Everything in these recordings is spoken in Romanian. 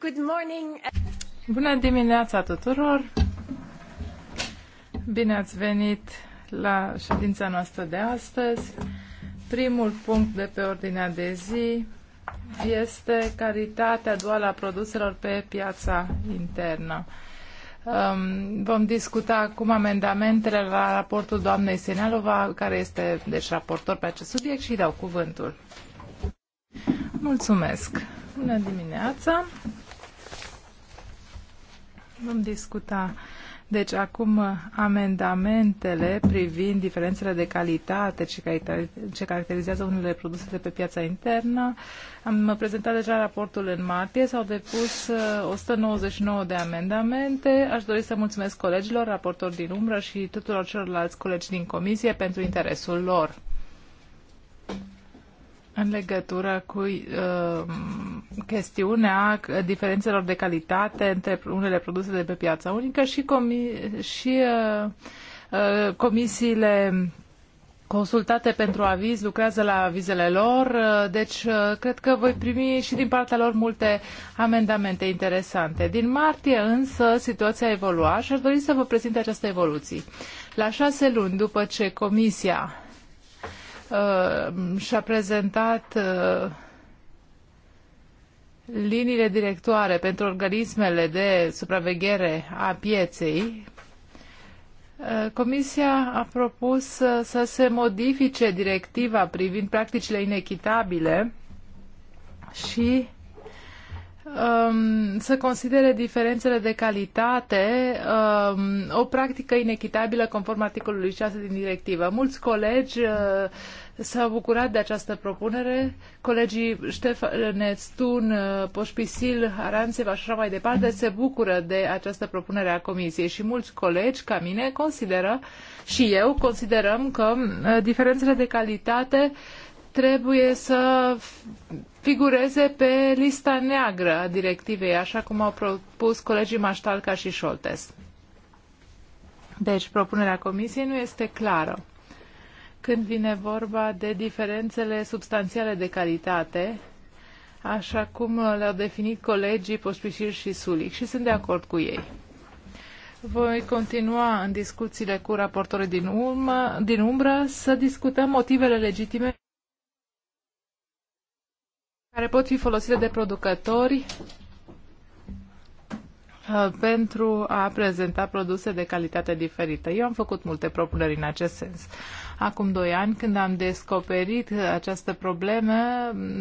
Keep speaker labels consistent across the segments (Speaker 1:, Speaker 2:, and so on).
Speaker 1: Good morning. Bună dimineața tuturor! Bine ați venit la ședința noastră de astăzi. Primul punct de pe ordinea de zi este caritatea duală a produselor pe piața internă. Um, vom discuta acum amendamentele la raportul doamnei Senalova, care este deci raportor pe acest subiect și îi dau cuvântul. Mulțumesc! Bună dimineața! Vom discuta deci acum amendamentele privind diferențele de calitate ce caracterizează unele produse de pe piața internă. Am prezentat deja raportul în martie, s-au depus 199 uh, de amendamente. Aș dori să mulțumesc colegilor, raportori din umbră și tuturor celorlalți colegi din comisie pentru interesul lor în legătură cu uh, chestiunea diferențelor de calitate între unele produse de pe piața unică și, comi- și uh, uh, comisiile consultate pentru aviz, lucrează la avizele lor, uh, deci uh, cred că voi primi și din partea lor multe amendamente interesante. Din martie însă situația a evoluat și aș dori să vă prezint această evoluție. La șase luni după ce Comisia uh, și-a prezentat uh, liniile directoare pentru organismele de supraveghere a pieței, uh, Comisia a propus să, să se modifice directiva privind practicile inechitabile și um, să considere diferențele de calitate um, o practică inechitabilă conform articolului 6 din directivă. Mulți colegi uh, s-au bucurat de această propunere. Colegii Ștefan Stun, uh, Poșpisil, Aranțeva și așa mai departe se bucură de această propunere a Comisiei și mulți colegi ca mine consideră și eu considerăm că uh, diferențele de calitate uh, trebuie să figureze pe lista neagră a directivei, așa cum au propus colegii Maștalca și Șoltes. Deci, propunerea comisiei nu este clară când vine vorba de diferențele substanțiale de calitate, așa cum le-au definit colegii Pospișir și Sulic și sunt de acord cu ei. Voi continua în discuțiile cu raportorii din, urmă, din umbră să discutăm motivele legitime care pot fi folosite de producători uh, pentru a prezenta produse de calitate diferită. Eu am făcut multe propuneri în acest sens. Acum doi ani, când am descoperit această problemă,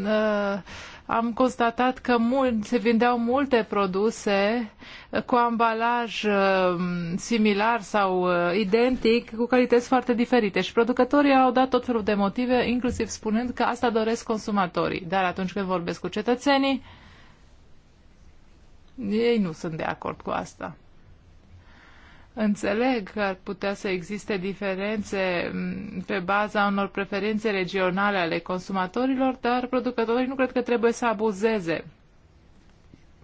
Speaker 1: uh, am constatat că mult, se vindeau multe produse cu ambalaj uh, similar sau uh, identic, cu calități foarte diferite și producătorii au dat tot felul de motive, inclusiv spunând că asta doresc consumatorii. Dar atunci când vorbesc cu cetățenii, ei nu sunt de acord cu asta. Înțeleg că ar putea să existe diferențe mm, pe baza unor preferințe regionale ale consumatorilor, dar producătorii nu cred că trebuie să abuzeze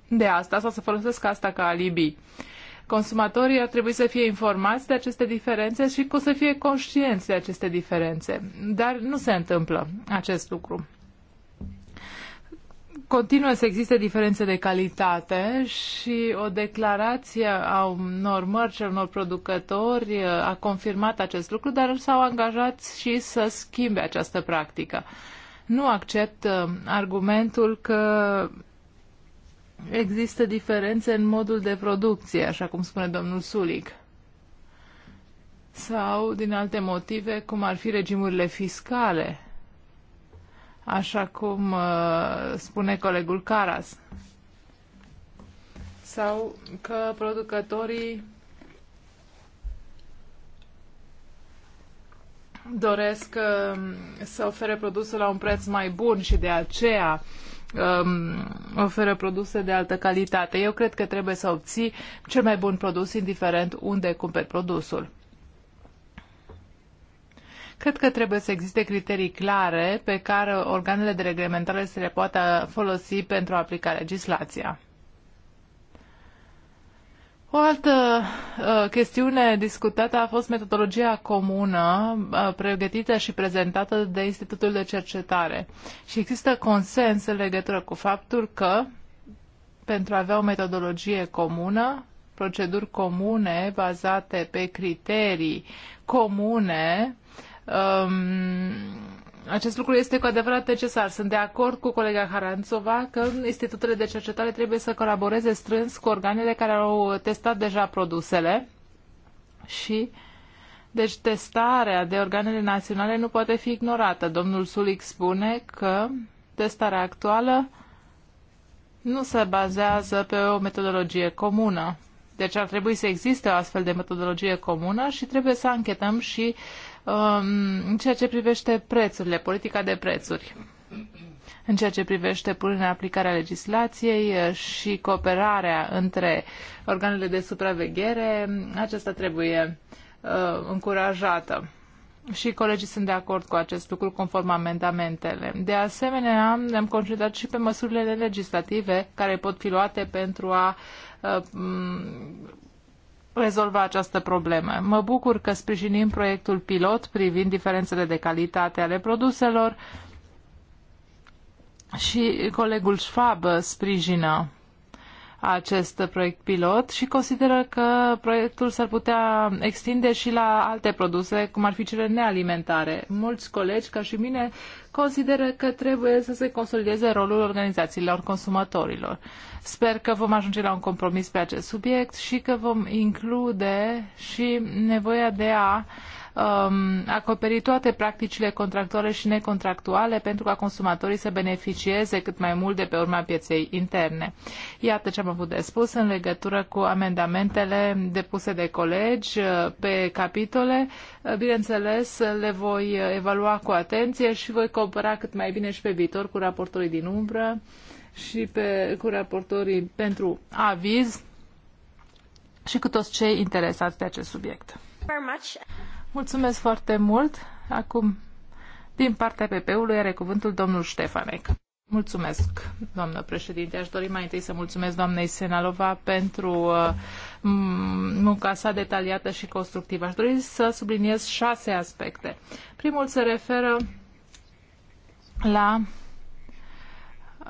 Speaker 1: de asta sau să folosesc asta ca alibi. Consumatorii ar trebui să fie informați de aceste diferențe și să fie conștienți de aceste diferențe. Dar nu se întâmplă acest lucru. Continuă să existe diferențe de calitate și o declarație a unor mărci, a unor producători uh, a confirmat acest lucru, dar s-au angajat și să schimbe această practică. Nu accept uh, argumentul că există diferențe în modul de producție, așa cum spune domnul Sulic sau din alte motive, cum ar fi regimurile fiscale așa cum uh, spune colegul Caras. Sau că producătorii doresc uh, să ofere produse la un preț mai bun și de aceea um, oferă produse de altă calitate. Eu cred că trebuie să obții cel mai bun produs, indiferent unde cumperi produsul. Cred că trebuie să existe criterii clare pe care organele de reglementare să le poată folosi pentru a aplica legislația. O altă uh, chestiune discutată a fost metodologia comună uh, pregătită și prezentată de Institutul de Cercetare. Și există consens în legătură cu faptul că pentru a avea o metodologie comună, proceduri comune bazate pe criterii comune um, acest lucru este cu adevărat necesar. Sunt de acord cu colega Haranțova că institutele de cercetare trebuie să colaboreze strâns cu organele care au testat deja produsele și deci testarea de organele naționale nu poate fi ignorată. Domnul Sulic spune că testarea actuală nu se bazează pe o metodologie comună. Deci ar trebui să existe o astfel de metodologie comună și trebuie să anchetăm și Um, în ceea ce privește prețurile, politica de prețuri în ceea ce privește punerea aplicarea legislației uh, și cooperarea între organele de supraveghere, aceasta trebuie uh, încurajată. Și colegii sunt de acord cu acest lucru conform amendamentele. De asemenea, ne-am concentrat și pe măsurile legislative care pot fi luate pentru a uh, rezolva această problemă. Mă bucur că sprijinim proiectul pilot privind diferențele de calitate ale produselor și colegul Schwab sprijină acest proiect pilot și consideră că proiectul s-ar putea extinde și la alte produse, cum ar fi cele nealimentare. Mulți colegi, ca și mine, consideră că trebuie să se consolideze rolul organizațiilor consumatorilor. Sper că vom ajunge la un compromis pe acest subiect și că vom include și nevoia de a uh, um, acoperi toate practicile contractuale și necontractuale pentru ca consumatorii să beneficieze cât mai mult de pe urma pieței interne. Iată ce am avut de spus în legătură cu amendamentele depuse de colegi uh, pe capitole. Uh, bineînțeles, le voi evalua cu atenție și voi coopera cât mai bine și pe viitor cu raportorii din umbră și pe, cu raportorii pentru aviz și cu toți cei interesați de acest subiect. Mulțumesc foarte mult. Acum, din partea PP-ului, are cuvântul domnul Ștefanec. Mulțumesc, doamnă președinte. Aș dori mai întâi să mulțumesc doamnei Senalova pentru uh, munca sa detaliată și constructivă. Aș dori să subliniez șase aspecte. Primul se referă la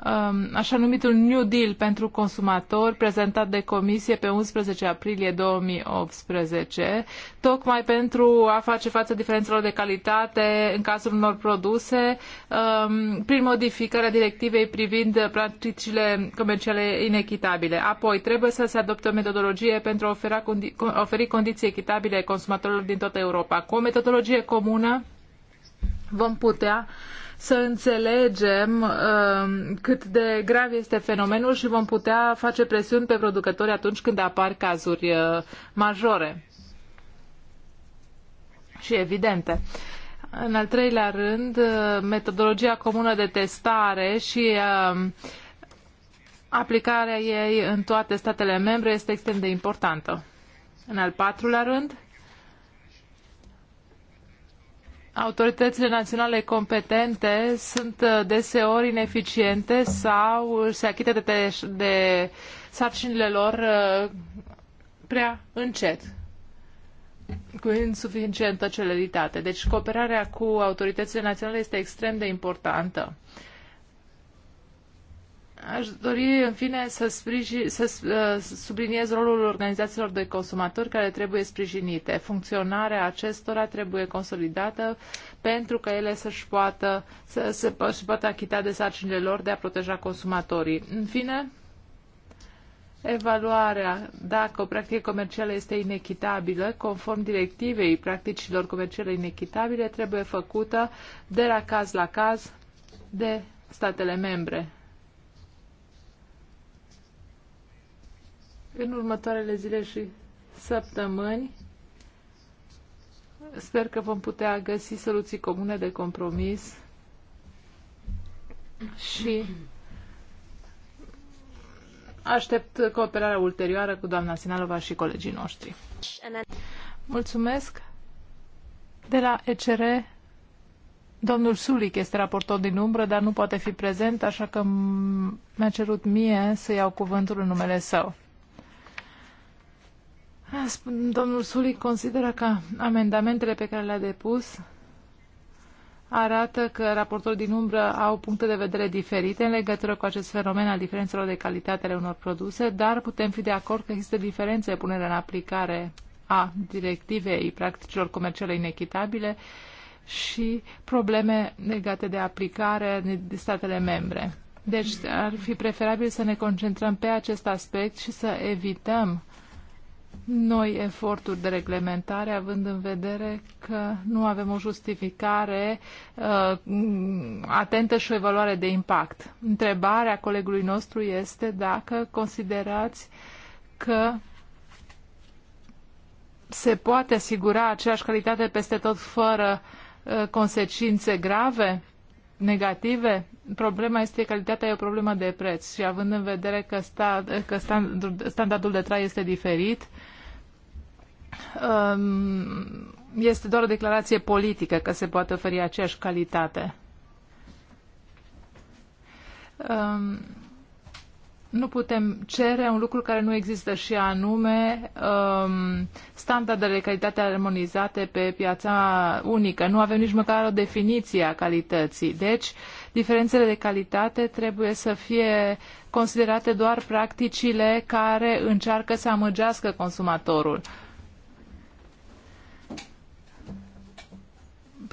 Speaker 1: Um, așa numitul New Deal pentru consumator, prezentat de comisie pe 11 aprilie 2018, tocmai pentru a face față diferențelor de calitate în cazul unor produse um, prin modificarea directivei privind practicile comerciale inechitabile. Apoi, trebuie să se adopte o metodologie pentru a condi oferi condiții echitabile consumatorilor din toată Europa. Cu o metodologie comună vom putea să înțelegem uh, cât de grav este fenomenul și vom putea face presiuni pe producători atunci când apar cazuri uh, majore și evidente. În al treilea rând, uh, metodologia comună de testare și um, aplicarea ei în toate statele membre este extrem de importantă. În al patrulea rând, autoritățile naționale competente sunt uh, deseori ineficiente sau se achită de, de sarcinile lor uh, prea încet cu insuficientă celeritate. Deci cooperarea cu autoritățile naționale este extrem de importantă. Aș dori, în fine, să, sprijin, să uh, subliniez rolul organizațiilor de consumatori care trebuie sprijinite. Funcționarea acestora trebuie consolidată pentru că ele să-și poată, să, se, poată achita de sarcinile lor de a proteja consumatorii. În fine, evaluarea dacă o practică comercială este inechitabilă, conform directivei practicilor comerciale inechitabile, trebuie făcută de la caz la caz de statele membre. în următoarele zile și săptămâni sper că vom putea găsi soluții comune de compromis și aștept cooperarea ulterioară cu doamna Sinalova și colegii noștri. Mulțumesc. De la ECR, domnul Sulic este raportor din umbră, dar nu poate fi prezent, așa că mi-a cerut mie să iau cuvântul în numele său. Da, domnul Sulic consideră că amendamentele pe care le-a depus arată că raportorii din umbră au puncte de vedere diferite în legătură cu acest fenomen al diferențelor de calitate ale unor produse, dar putem fi de acord că există diferențe în punerea în aplicare a directivei practicilor comerciale inechitabile și probleme legate de aplicare de statele membre. Deci ar fi preferabil să ne concentrăm pe acest aspect și să evităm noi eforturi de reglementare, având în vedere că nu avem o justificare uh, atentă și o evaluare de impact. Întrebarea colegului nostru este dacă considerați că se poate asigura aceeași calitate peste tot fără uh, consecințe grave? negative, problema este că calitatea e o problemă de preț și având în vedere că, sta, că standardul de trai este diferit, Um, este doar o declarație politică că se poate oferi aceeași calitate. Um, nu putem cere un lucru care nu există și anume um, standardele de calitate armonizate pe piața unică. Nu avem nici măcar o definiție a calității. Deci, diferențele de calitate trebuie să fie considerate doar practicile care încearcă să amăgească consumatorul.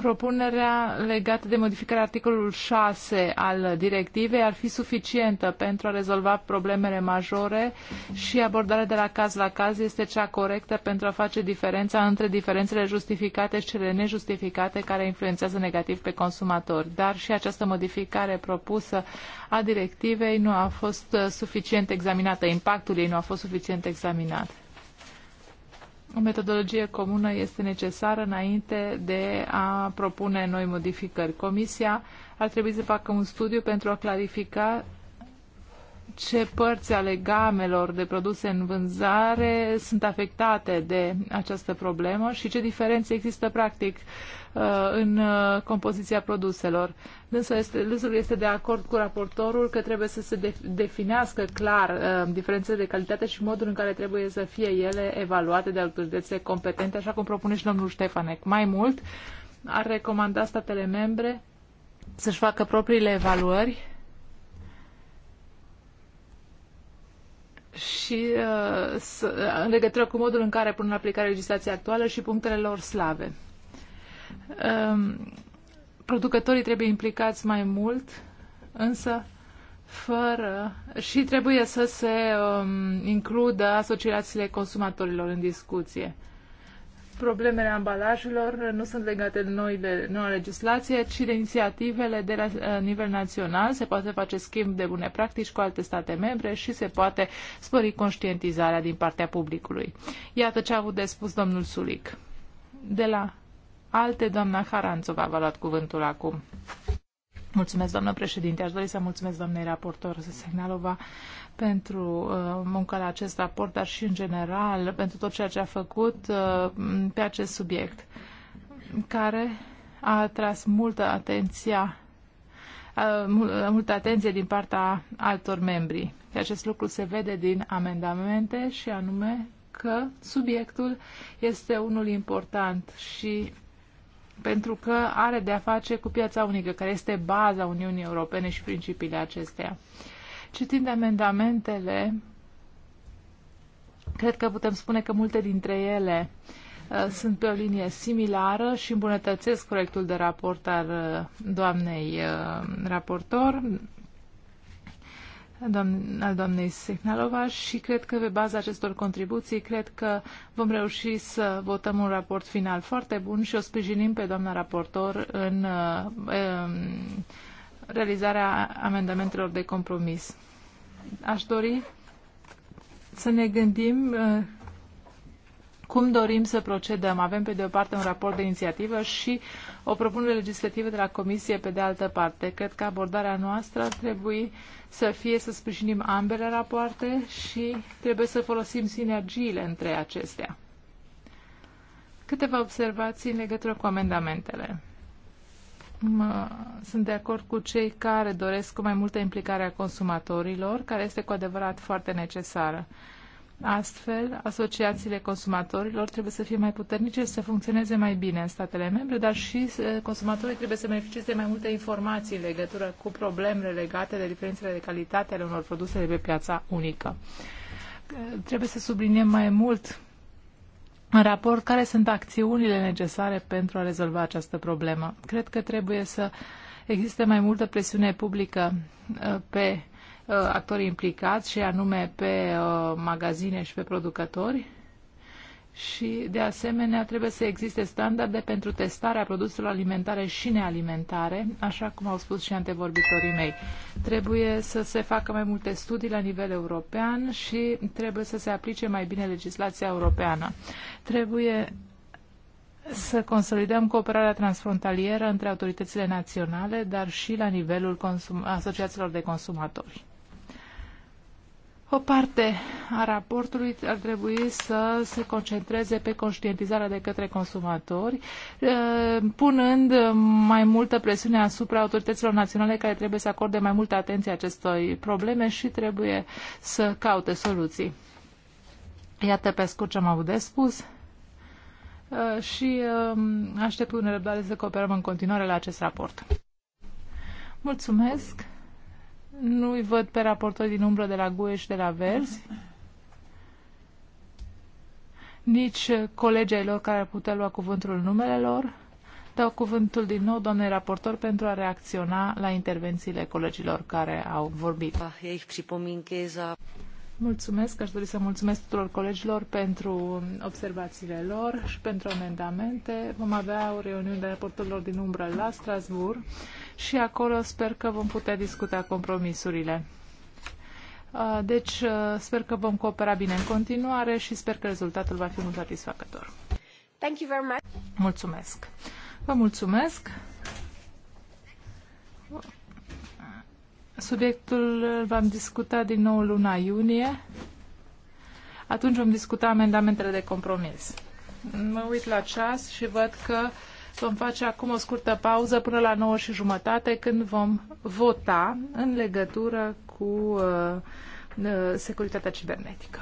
Speaker 1: propunerea legată de modificarea articolului 6 al directivei ar fi suficientă pentru a rezolva problemele majore și abordarea de la caz la caz este cea corectă pentru a face diferența între diferențele justificate și cele nejustificate care influențează negativ pe consumatori. Dar și această modificare propusă a directivei nu a fost suficient examinată, impactul ei nu a fost suficient examinat. O metodologie comună este necesară înainte de a propune noi modificări. Comisia ar trebui să facă un studiu pentru a clarifica ce părți ale gamelor de produse în vânzare sunt afectate de această problemă și ce diferențe există practic uh, în uh, compoziția produselor. Dânsul este, dânsul este de acord cu raportorul că trebuie să se definească clar uh, diferențele de calitate și modul în care trebuie să fie ele evaluate de autoritățile competente, așa cum propune și domnul Ștefanec. Mai mult, ar recomanda statele membre să-și facă propriile evaluări și uh, în legătură cu modul în care pun în aplicare legislația actuală și punctele lor slave. Um, producătorii trebuie implicați mai mult, însă fără și trebuie să se um, includă asociațiile consumatorilor în discuție problemele ambalajelor nu sunt legate de, noi, de noua legislație, ci de inițiativele de la nivel național. Se poate face schimb de bune practici cu alte state membre și se poate spori conștientizarea din partea publicului. Iată ce a avut de spus domnul Sulic. De la alte, doamna Haranțova v-a luat cuvântul acum. Mulțumesc, doamnă președinte. Aș dori să mulțumesc doamnei raportor Sehnalova pentru uh, munca la acest raport, dar și în general pentru tot ceea ce a făcut uh, pe acest subiect, care a atras multă atenția uh, multă atenție din partea altor membri. Acest lucru se vede din amendamente și anume că subiectul este unul important și pentru că are de a face cu piața unică, care este baza Uniunii Europene și principiile acesteia. Citind amendamentele, cred că putem spune că multe dintre ele uh, sunt pe o linie similară și îmbunătățesc corectul de raport al uh, doamnei uh, raportor al doamnei Sehnalova și cred că pe baza acestor contribuții cred că vom reuși să votăm un raport final foarte bun și o sprijinim pe doamna raportor în uh, um, realizarea amendamentelor de compromis. Aș dori să ne gândim uh, cum dorim să procedăm. Avem pe de o parte un raport de inițiativă și o propunere legislativă de la Comisie pe de altă parte. Cred că abordarea noastră ar trebui să fie să sprijinim ambele rapoarte și trebuie să folosim sinergiile între acestea. Câteva observații în legătură cu amendamentele. Mă, sunt de acord cu cei care doresc cu mai multă implicare a consumatorilor, care este cu adevărat foarte necesară. Astfel, asociațiile consumatorilor trebuie să fie mai puternice, să funcționeze mai bine în statele membre, dar și uh, consumatorii trebuie să beneficieze mai multe informații în legătură cu problemele legate de diferențele de calitate ale unor produse de pe piața unică. Uh, trebuie să subliniem mai mult în raport care sunt acțiunile necesare pentru a rezolva această problemă. Cred că trebuie să existe mai multă presiune publică uh, pe Uh, actorii implicați, și anume pe uh, magazine și pe producători. Și, de asemenea, trebuie să existe standarde pentru testarea produselor alimentare și nealimentare, așa cum au spus și antevorbitorii mei. Trebuie să se facă mai multe studii la nivel european și trebuie să se aplice mai bine legislația europeană. Trebuie să consolidăm cooperarea transfrontalieră între autoritățile naționale, dar și la nivelul asociațiilor de consumatori. O parte a raportului ar trebui să se concentreze pe conștientizarea de către consumatori, eh, punând mai multă presiune asupra autorităților naționale care trebuie să acorde mai multă atenție acestor probleme și trebuie să caute soluții. Iată pe scurt ce am avut de spus eh, și eh, aștept cu nerăbdare să cooperăm în continuare la acest raport. Mulțumesc! Nu-i văd pe raportor din umbră de la GUE și de la Verzi. Nici colegii lor care ar putea lua cuvântul numele lor. Dau cuvântul din nou, domnule raportor, pentru a reacționa la intervențiile colegilor care au vorbit.
Speaker 2: Ah,
Speaker 1: mulțumesc, aș dori să mulțumesc tuturor colegilor pentru observațiile lor și pentru amendamente. Vom avea o reuniune de raportorilor din umbră la Strasbourg și acolo sper că vom putea discuta compromisurile. Uh, deci uh, sper că vom coopera bine în continuare și sper că rezultatul va fi mult satisfăcător. Thank you very much. Mulțumesc. Vă mulțumesc. Subiectul vom discuta din nou luna iunie. Atunci vom discuta amendamentele de compromis. Mă uit la ceas și văd că Vom face acum o scurtă pauză până la 9 și jumătate când vom vota în legătură cu uh, uh securitatea cibernetică.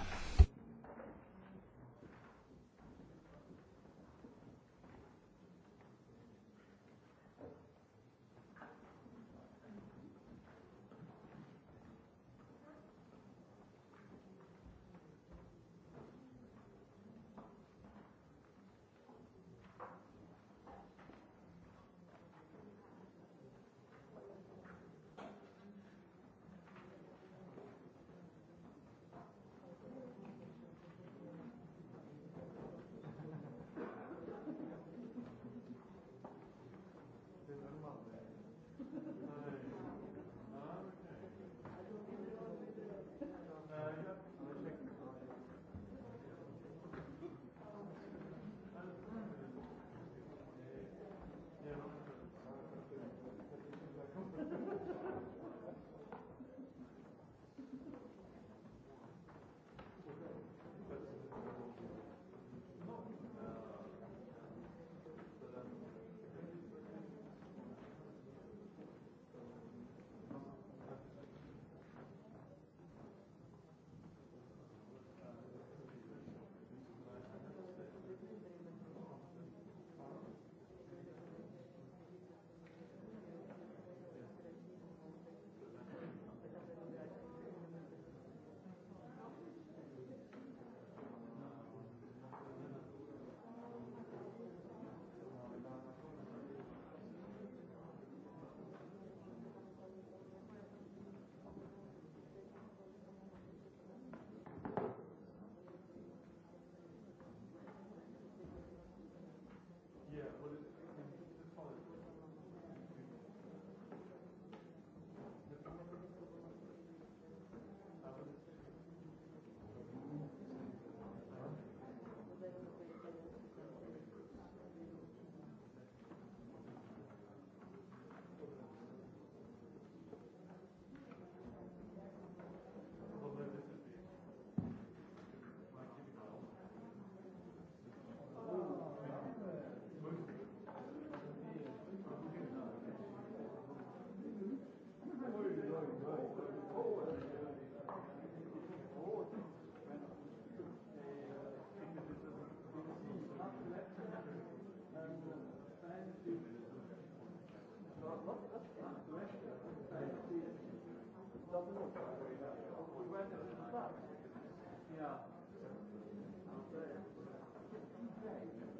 Speaker 3: Yeah.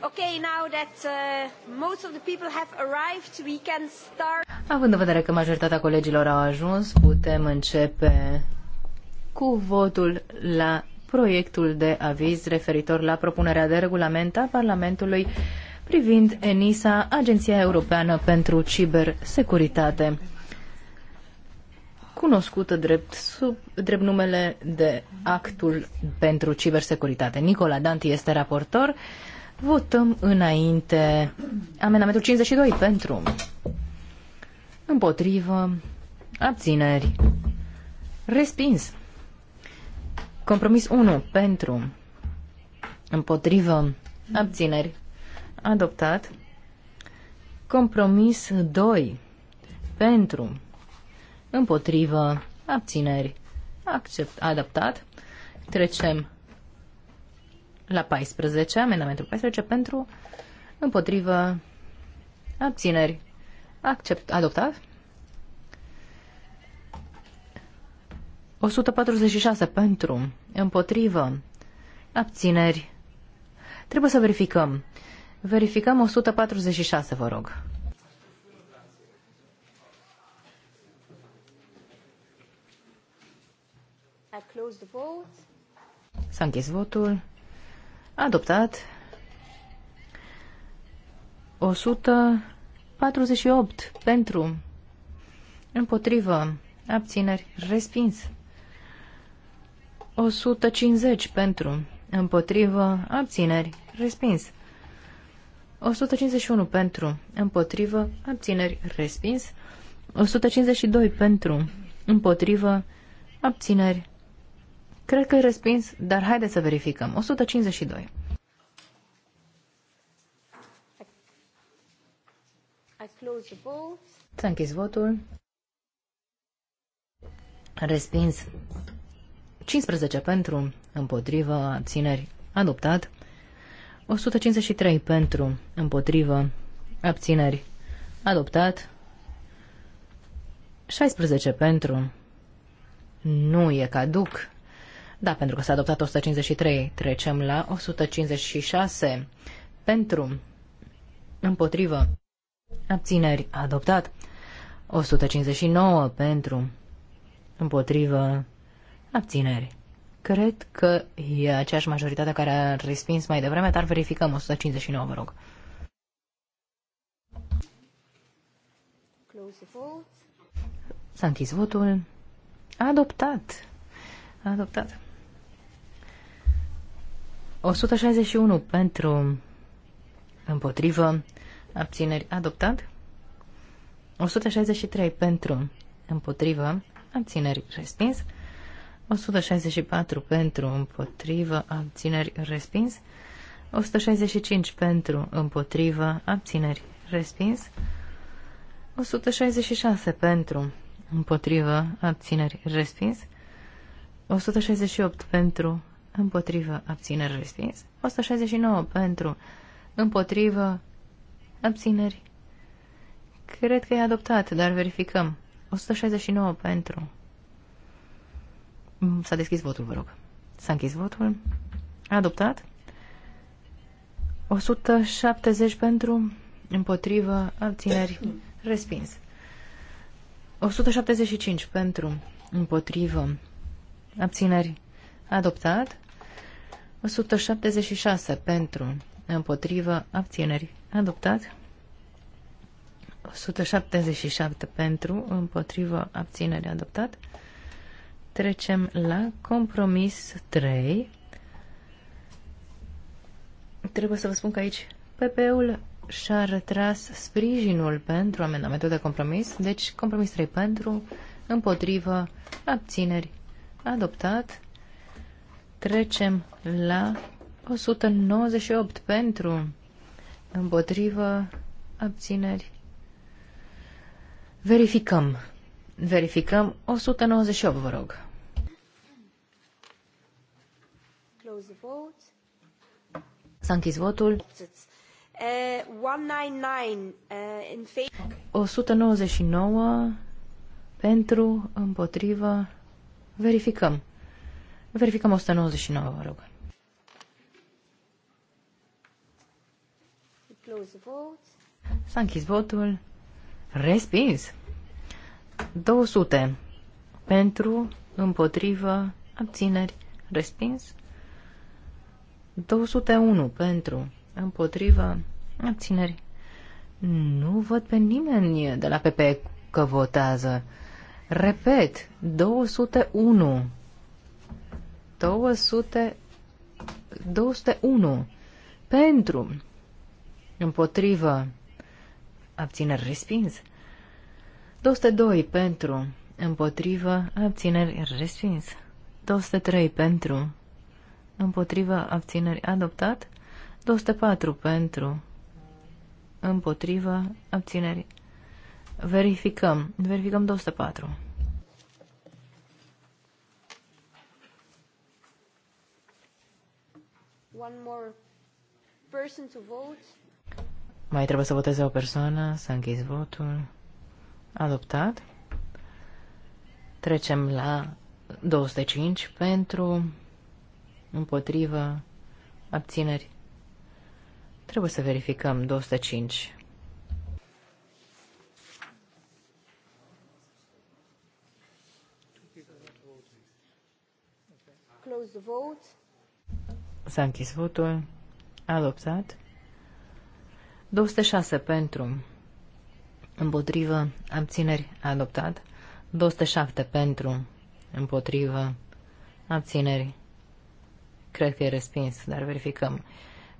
Speaker 3: Okay, now that uh, most of the people have arrived, we can start.
Speaker 2: Având în vedere că majoritatea colegilor au ajuns, putem începe cu votul la proiectul de aviz referitor la propunerea de regulament a Parlamentului privind ENISA, Agenția Europeană pentru Cibersecuritate, cunoscută drept, sub, drept numele de Actul pentru Cibersecuritate. Nicola Danti este raportor. Votăm înainte amendamentul 52 pentru împotrivă abțineri respins. Compromis 1 pentru împotrivă abțineri adoptat. Compromis 2 pentru împotrivă abțineri accept adaptat. Trecem la 14, amendamentul 14 pentru, împotrivă, abțineri, accept, adoptat. 146 pentru, împotrivă, abțineri. Trebuie să verificăm. Verificăm 146, vă rog. S-a închis votul. Adoptat. 148 pentru. Împotrivă. Abțineri. Respins. 150 pentru. Împotrivă. Abțineri. Respins. 151 pentru. Împotrivă. Abțineri. Respins. 152 pentru. Împotrivă. Abțineri. Cred că e respins, dar haideți să verificăm. 152. Să a închis votul. Respins. 15 pentru, împotrivă, abțineri, adoptat. 153 pentru, împotrivă, abțineri, adoptat. 16 pentru, nu e caduc, da, pentru că s-a adoptat 153. Trecem la 156. Pentru. Împotrivă. Abțineri. Adoptat. 159. Pentru. Împotrivă. Abțineri. Cred că e aceeași majoritate care a respins mai devreme, dar verificăm 159, vă rog. S-a închis votul. Adoptat. Adoptat. 161 pentru împotrivă, abțineri adoptat. 163 pentru împotrivă, abțineri respins. 164 pentru împotrivă, abțineri respins. 165 pentru împotrivă, abțineri respins. 166 pentru împotrivă, abțineri respins. 168 pentru împotrivă, abțineri, respins. 169 pentru, împotrivă, abțineri. Cred că e adoptat, dar verificăm. 169 pentru. Mm, s-a deschis votul, vă rog. S-a închis votul. Adoptat. 170 pentru, împotrivă, abțineri, respins. 175 pentru, împotrivă, abțineri, adoptat. 176 pentru, împotrivă, abțineri, adoptat. 177 pentru, împotrivă, abțineri adoptat. Trecem la compromis 3. Trebuie să vă spun că aici PP-ul și-a retras sprijinul pentru amendamentul de compromis, deci compromis 3 pentru, împotrivă, abțineri, adoptat. Trecem la 198 pentru, împotrivă, abțineri. Verificăm. Verificăm 198, vă rog. S-a închis votul. 199 eh, eh, pentru, împotrivă, verificăm. Verificăm 199, vă rog. S-a închis votul. Respins. 200. Pentru, împotrivă, abțineri. Respins. 201. Pentru, împotrivă, abțineri. Nu văd pe nimeni de la PP că votează. Repet, 201. 200, 201 pentru, împotrivă, abțineri respins. 202 pentru, împotrivă, abțineri respins. 203 pentru, împotrivă, abțineri adoptat. 204 pentru, împotrivă, abțineri. Verificăm, verificăm 204.
Speaker 3: One more person to vote.
Speaker 2: Mai trebuie să voteze o persoană, să închizi votul. Adoptat. Trecem la 205 pentru, împotrivă, abțineri. Trebuie să verificăm 205.
Speaker 3: Close the vote.
Speaker 2: S-a închis votul. Adoptat. 206 pentru. Împotrivă. Abțineri. Adoptat. 207 pentru. Împotrivă. Abțineri. Cred că e respins, dar verificăm.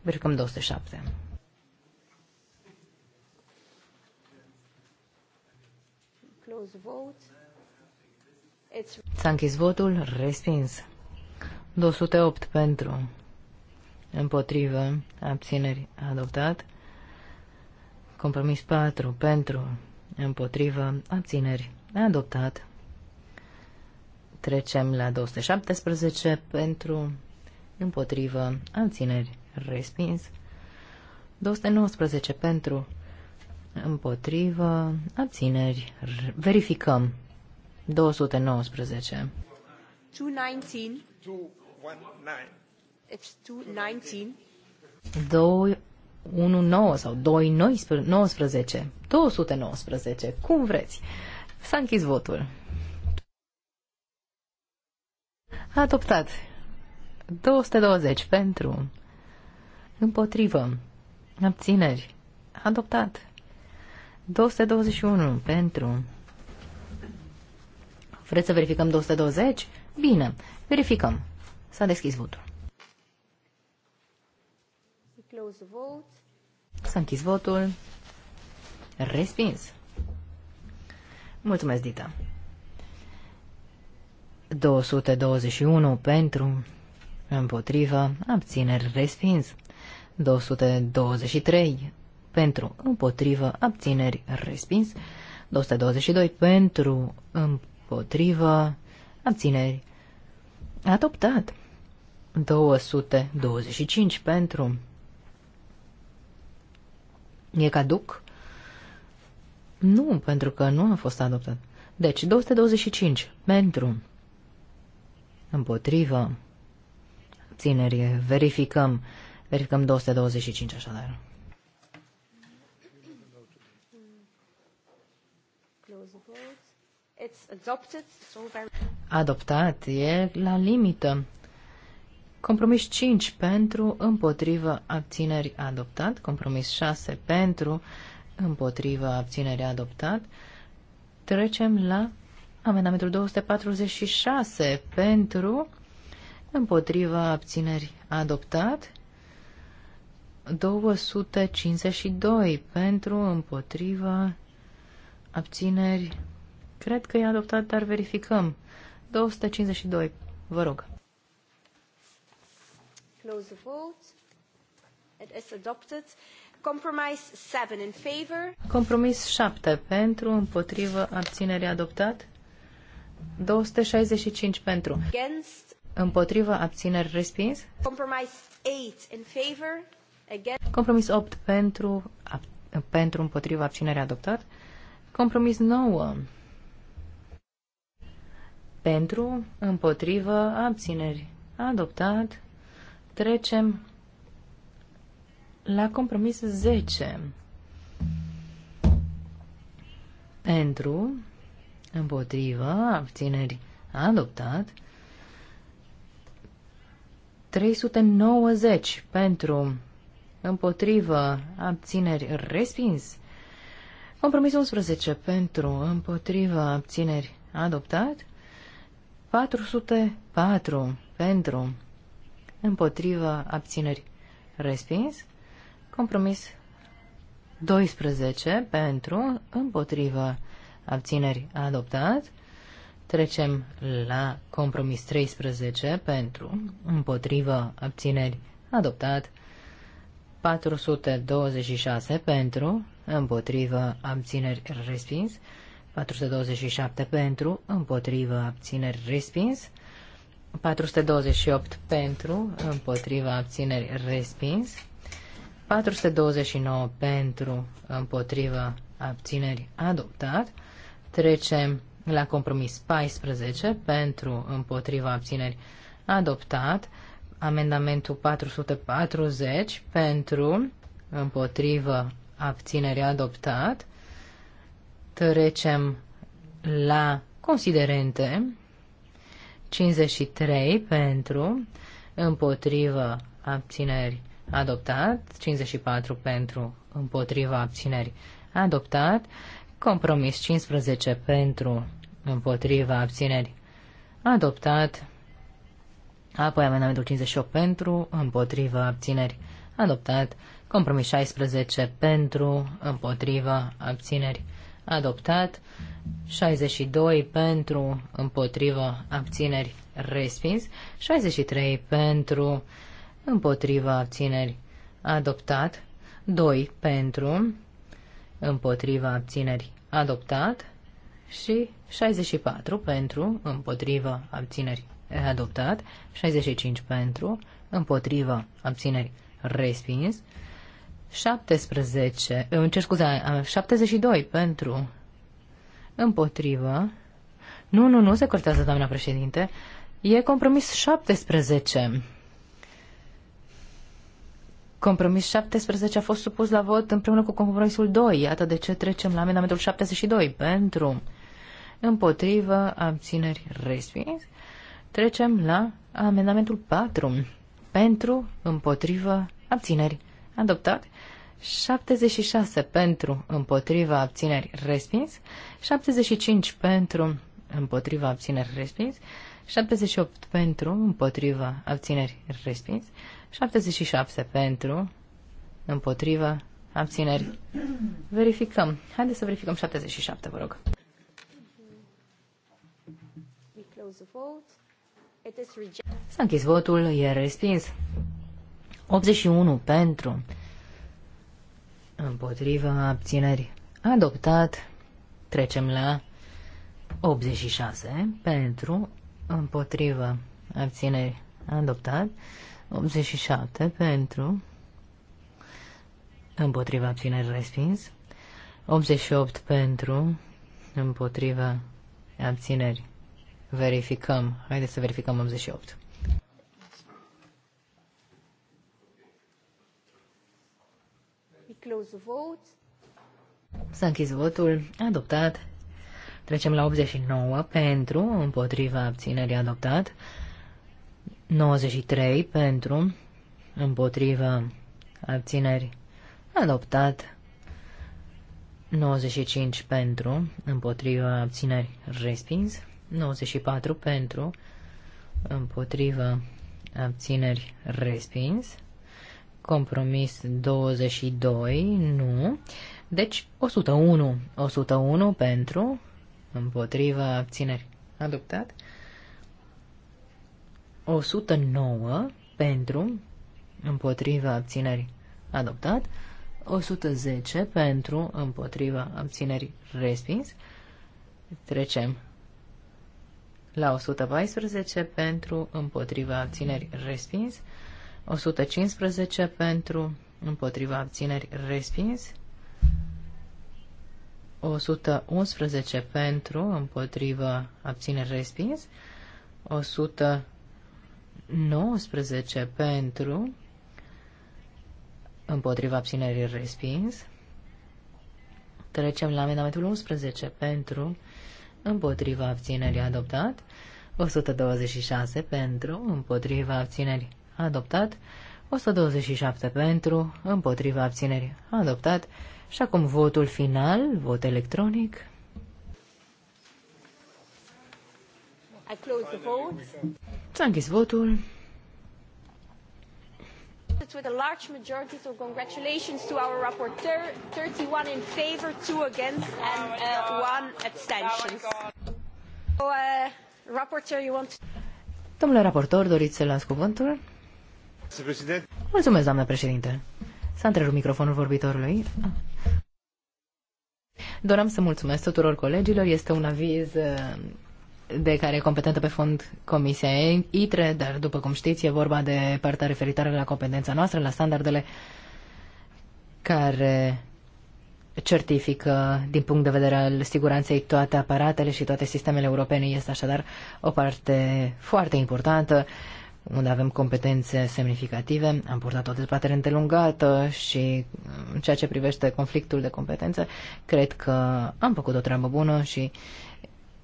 Speaker 2: Verificăm 207. S-a închis votul, respins. 208 pentru, împotrivă, abțineri, adoptat. Compromis 4, pentru, împotrivă, abțineri, adoptat. Trecem la 217, pentru, împotrivă, abțineri, respins. 219, pentru, împotrivă, abțineri, verificăm. 219.
Speaker 3: 219. 219. 219.
Speaker 2: sau 219 219. Cum vreți. S-a închis votul. Adoptat. 220 pentru. Împotrivă. Abțineri. Adoptat. 221 pentru. Vreți să verificăm 220? Bine, verificăm. S-a deschis votul close vote. S-a închis votul. Respins. Mulțumesc, Dita. 221 pentru, împotrivă, abțineri respins. 223 pentru, împotrivă, abțineri respins. 222 pentru, împotrivă, abțineri adoptat. 225 pentru, E caduc? Nu, pentru că nu a fost adoptat. Deci, 225. Pentru. Împotrivă. Ținerie. Verificăm. Verificăm 225 așadar. Adoptat, e la limită. Compromis 5 pentru, împotrivă, abțineri adoptat. Compromis 6 pentru, împotrivă, abțineri adoptat. Trecem la amendamentul 246 pentru, împotrivă, abțineri adoptat. 252 pentru, împotrivă, abțineri. Cred că e adoptat, dar verificăm. 252. Vă rog
Speaker 3: close the vote. It is adopted. Compromise 7 in favor.
Speaker 2: Compromis 7 pentru, împotrivă, abținere adoptat. 265 pentru.
Speaker 3: Against.
Speaker 2: Împotrivă, abțineri respins.
Speaker 3: Compromise 8 in favor. Against.
Speaker 2: Compromis 8 pentru, ab, pentru împotrivă, abținere adoptat. Compromis 9 pentru, împotrivă, abțineri adoptat. Trecem la compromis 10. Pentru, împotrivă, abțineri adoptat. 390 pentru, împotrivă, abțineri respins. Compromis 11 pentru, împotriva, abțineri adoptat. 404 pentru, împotrivă, abțineri, respins. Compromis 12 pentru, împotrivă, abțineri, adoptat. Trecem la compromis 13 pentru, împotrivă, abțineri, adoptat. 426 pentru, împotrivă, abțineri, respins. 427 pentru, împotrivă, abțineri, respins. 428 pentru, împotriva abțineri respins. 429 pentru, împotriva abțineri adoptat. Trecem la compromis 14 pentru, împotriva abțineri adoptat. Amendamentul 440 pentru, împotriva abțineri adoptat. Trecem la considerente 53 pentru, împotrivă, abțineri, adoptat. 54 pentru, împotrivă, abțineri, adoptat. Compromis 15 pentru, împotrivă, abțineri, adoptat. Apoi amendamentul 58 pentru, împotrivă, abțineri, adoptat. Compromis 16 pentru, împotrivă, abțineri, adoptat adoptat, 62 pentru, împotrivă, abțineri, respins, 63 pentru, împotrivă, abțineri, adoptat, 2 pentru, împotrivă, abțineri, adoptat și 64 pentru, împotrivă, abțineri, adoptat, 65 pentru, împotrivă, abțineri, respins, 17, îmi cer scuze, 72 pentru, împotrivă, nu, nu, nu se cortează, doamna președinte, e compromis 17. Compromis 17 a fost supus la vot împreună cu compromisul 2, iată de ce trecem la amendamentul 72, pentru, împotrivă, abțineri, respins. Trecem la amendamentul 4, pentru, împotrivă, abțineri, adoptat. 76 pentru, împotriva, abțineri, respins. 75 pentru, împotriva, abțineri, respins. 78 pentru, împotriva, abțineri, respins. 77 pentru, împotriva, abțineri. Verificăm. Haideți să verificăm 77, vă rog. S-a închis votul, e respins. 81 pentru, împotriva abțineri, adoptat. Trecem la 86 pentru, împotriva abțineri, adoptat. 87 pentru, împotriva abțineri respins, 88 pentru, împotriva abțineri. Verificăm, haideți să verificăm 88. close vote. S-a închis votul. Adoptat. Trecem la 89 pentru, împotriva abținerii adoptat. 93 pentru, împotriva abținerii adoptat. 95 pentru, împotriva abținerii respins. 94 pentru, împotriva abțineri respins. Compromis 22, nu. Deci 101. 101 pentru, împotriva abțineri. Adoptat. 109 pentru, împotriva abțineri. Adoptat. 110 pentru, împotriva, abțineri, respins. Trecem la 114 pentru, împotriva, abțineri, respins. 115 pentru, împotriva abțineri respins. 111 pentru, împotriva abțineri respins. 119 pentru, împotriva abținerii respins. Trecem la amendamentul 11 pentru, împotriva abținerii adoptat. 126 pentru, împotriva abținerii adoptat, 127 pentru, împotriva abținerii, adoptat, și acum votul final, vot electronic. S-a închis votul.
Speaker 3: With a large majority, so congratulations to our rapporteur. 31 in favor, 2 against, and uh, one abstention. So, uh, rapporteur, you want to...
Speaker 2: Domnule raportor, doriți să las cuvântul? Mulțumesc, doamnă președinte. S-a întrerupt microfonul vorbitorului. Doream să mulțumesc tuturor colegilor. Este un aviz eh, de care e competentă pe fond Comisia ITRE, dar după cum știți e vorba de partea referitoare la competența noastră, la standardele care certifică din punct de vedere al siguranței toate aparatele și toate sistemele europene. Este așadar o parte foarte importantă unde avem competențe semnificative. Am purtat o dezbatere îndelungată și în ceea ce privește conflictul de competențe, cred că am făcut o treabă bună și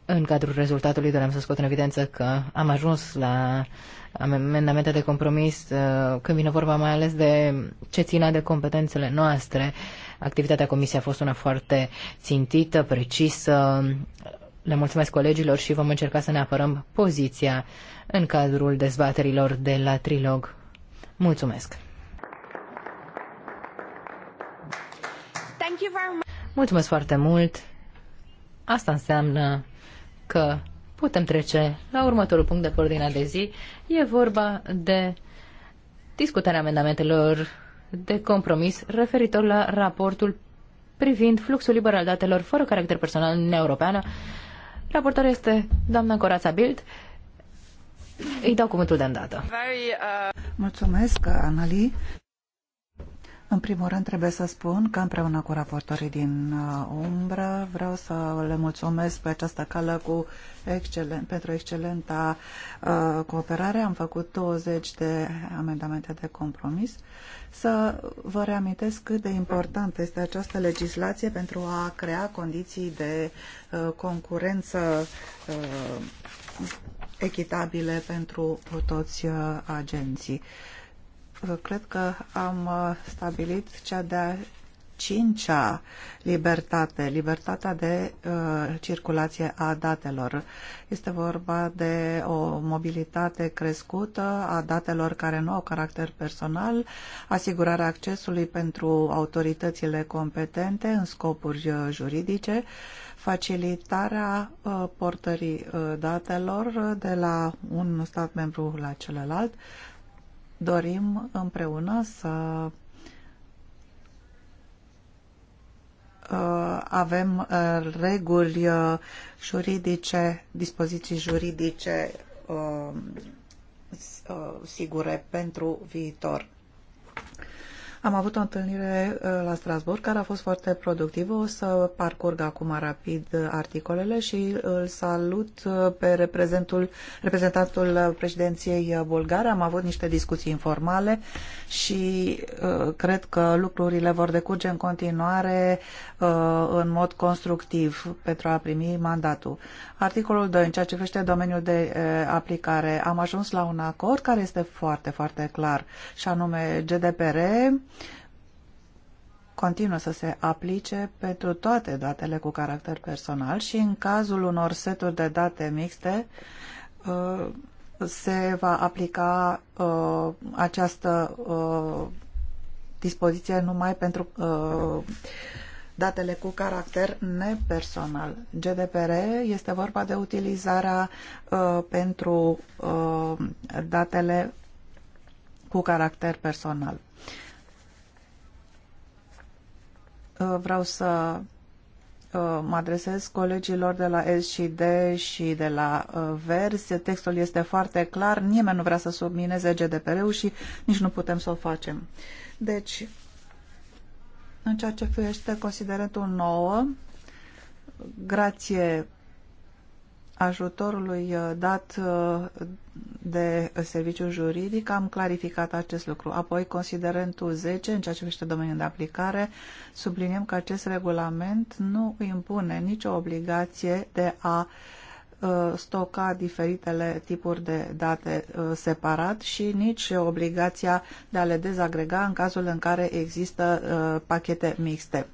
Speaker 2: în cadrul rezultatului doream să scot în evidență că am ajuns la amendamente de compromis uh, când vine vorba mai ales de ce ține de competențele noastre. Activitatea comisiei a fost una foarte țintită, precisă, le mulțumesc colegilor și vom încerca să ne apărăm poziția în cadrul dezbaterilor de la Trilog. Mulțumesc! Mulțumesc foarte mult! Asta înseamnă că putem trece la următorul punct de pe ordinea de zi. E vorba de discutarea amendamentelor de compromis referitor la raportul privind fluxul liber al datelor fără caracter personal în Uniunea Europeană Raportor este doamna Corața
Speaker 4: Bild. Îi dau cuvântul de îndată. Uh, Mulțumesc, Anali. În primul rând trebuie să spun că împreună cu raportorii din uh, umbră vreau să le mulțumesc pe această cală cu excelent, pentru excelenta uh, cooperare. Am făcut 20 de amendamente de compromis. Să vă reamintesc cât de importantă este această legislație pentru a crea condiții de uh, concurență uh, echitabile pentru toți uh, agenții. Uh, cred că am uh, stabilit cea de-a cincea libertate, libertatea de uh, circulație a datelor. Este vorba de o mobilitate crescută a datelor care nu au caracter personal, asigurarea accesului pentru autoritățile competente în scopuri uh, juridice, facilitarea uh, portării uh, datelor uh, de la un stat membru la celălalt, dorim împreună să uh, avem uh, reguli uh, juridice, dispoziții juridice sigure pentru viitor. Am avut o întâlnire uh, la Strasburg care a fost foarte productivă. O să parcurg acum rapid uh, articolele și îl salut uh, pe reprezentul, reprezentantul președinției bulgare. Am avut niște discuții informale și cred că lucrurile vor decurge în continuare în mod constructiv pentru a primi mandatul. Articolul 2, în ceea ce privește domeniul de aplicare, am ajuns la un acord care este foarte, foarte clar și anume GDPR continuă să se aplice pentru toate datele cu caracter personal și în cazul unor seturi de date mixte uh, se va aplica uh, această uh, dispoziție numai pentru datele cu caracter nepersonal. GDPR este vorba de utilizarea pentru datele cu caracter personal. Uh, vreau să uh, mă adresez colegilor de la S și D și de la uh, Vers. Textul este foarte clar, nimeni nu vrea să submineze GDPR-ul și nici nu putem să o facem. Deci, în ceea ce privește considerentul nouă, grație ajutorului uh, dat uh, de serviciul juridic, am clarificat acest lucru. Apoi, considerentul 10, în ceea ce privește domeniul de aplicare, subliniem că acest regulament nu impune nicio obligație de a uh, stoca diferitele tipuri de date separat și nici obligația de a le dezagrega în cazul în care există pachete mixte.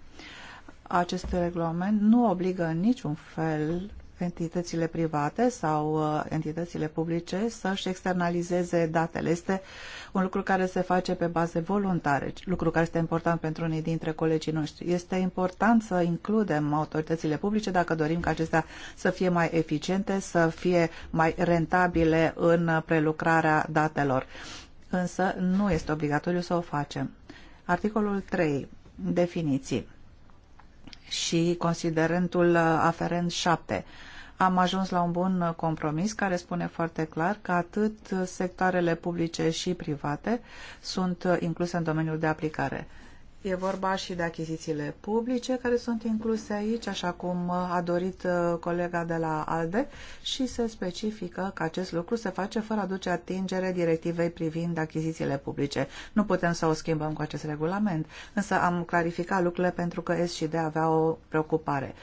Speaker 4: Acest regulament nu obligă în niciun fel entitățile private sau uh, entitățile publice să-și externalizeze datele. Este un lucru care se face pe baze voluntare, lucru care este important pentru unii dintre colegii noștri. Este important să includem autoritățile publice dacă dorim ca acestea să fie mai eficiente, să fie mai rentabile în prelucrarea datelor. Însă nu este obligatoriu să o facem. Articolul 3. Definiții și considerentul uh, aferent 7 am ajuns la un bun compromis care spune foarte clar că atât sectoarele publice și private sunt incluse în domeniul de aplicare. E vorba și de achizițiile publice care sunt incluse aici, așa cum a dorit uh, colega de la ALDE și se specifică că acest lucru se face fără a duce atingere directivei privind achizițiile publice. Nu putem să o schimbăm cu acest regulament, însă am clarificat lucrurile pentru că S și D avea o preocupare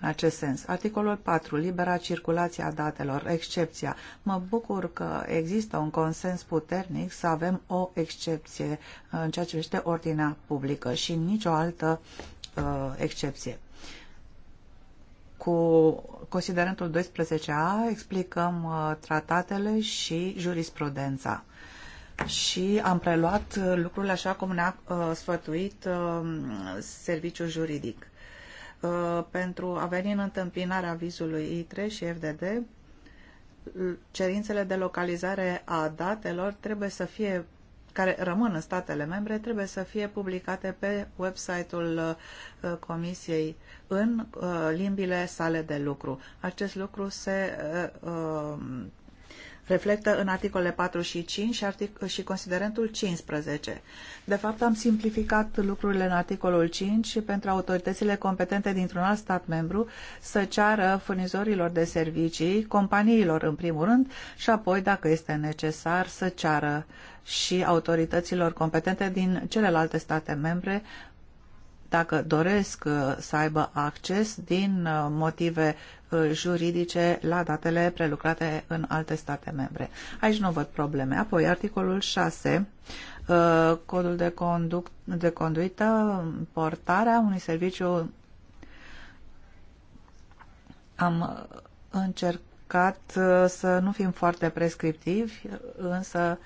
Speaker 4: în acest sens. Articolul 4. Libera circulație a datelor. Excepția. Mă bucur că există un consens puternic să avem o excepție uh, în ceea ce privește ordinea publică și nicio altă uh, excepție. Cu considerentul 12a explicăm uh, tratatele și jurisprudența și am preluat uh, lucrurile așa cum ne-a uh, sfătuit uh, serviciul juridic. Uh, pentru a veni în întâmpinarea vizului 3 și FDD, cerințele de localizare a datelor trebuie să fie care rămân în statele membre trebuie să fie publicate pe website-ul uh, Comisiei în uh, limbile sale de lucru. Acest lucru se reflectă în articolele 4 și 5 și, artic- și considerentul 15. De fapt, am simplificat lucrurile în articolul 5 pentru autoritățile competente dintr-un alt stat membru să ceară furnizorilor de servicii, companiilor în primul rând și apoi, dacă este necesar, să ceară și autorităților competente din celelalte state membre dacă doresc uh, să aibă acces din uh, motive juridice la datele prelucrate în alte state membre. Aici nu văd probleme. Apoi, articolul 6, uh, codul de, conduc, de conduită, portarea unui serviciu am încercat uh, să nu fim foarte prescriptivi, însă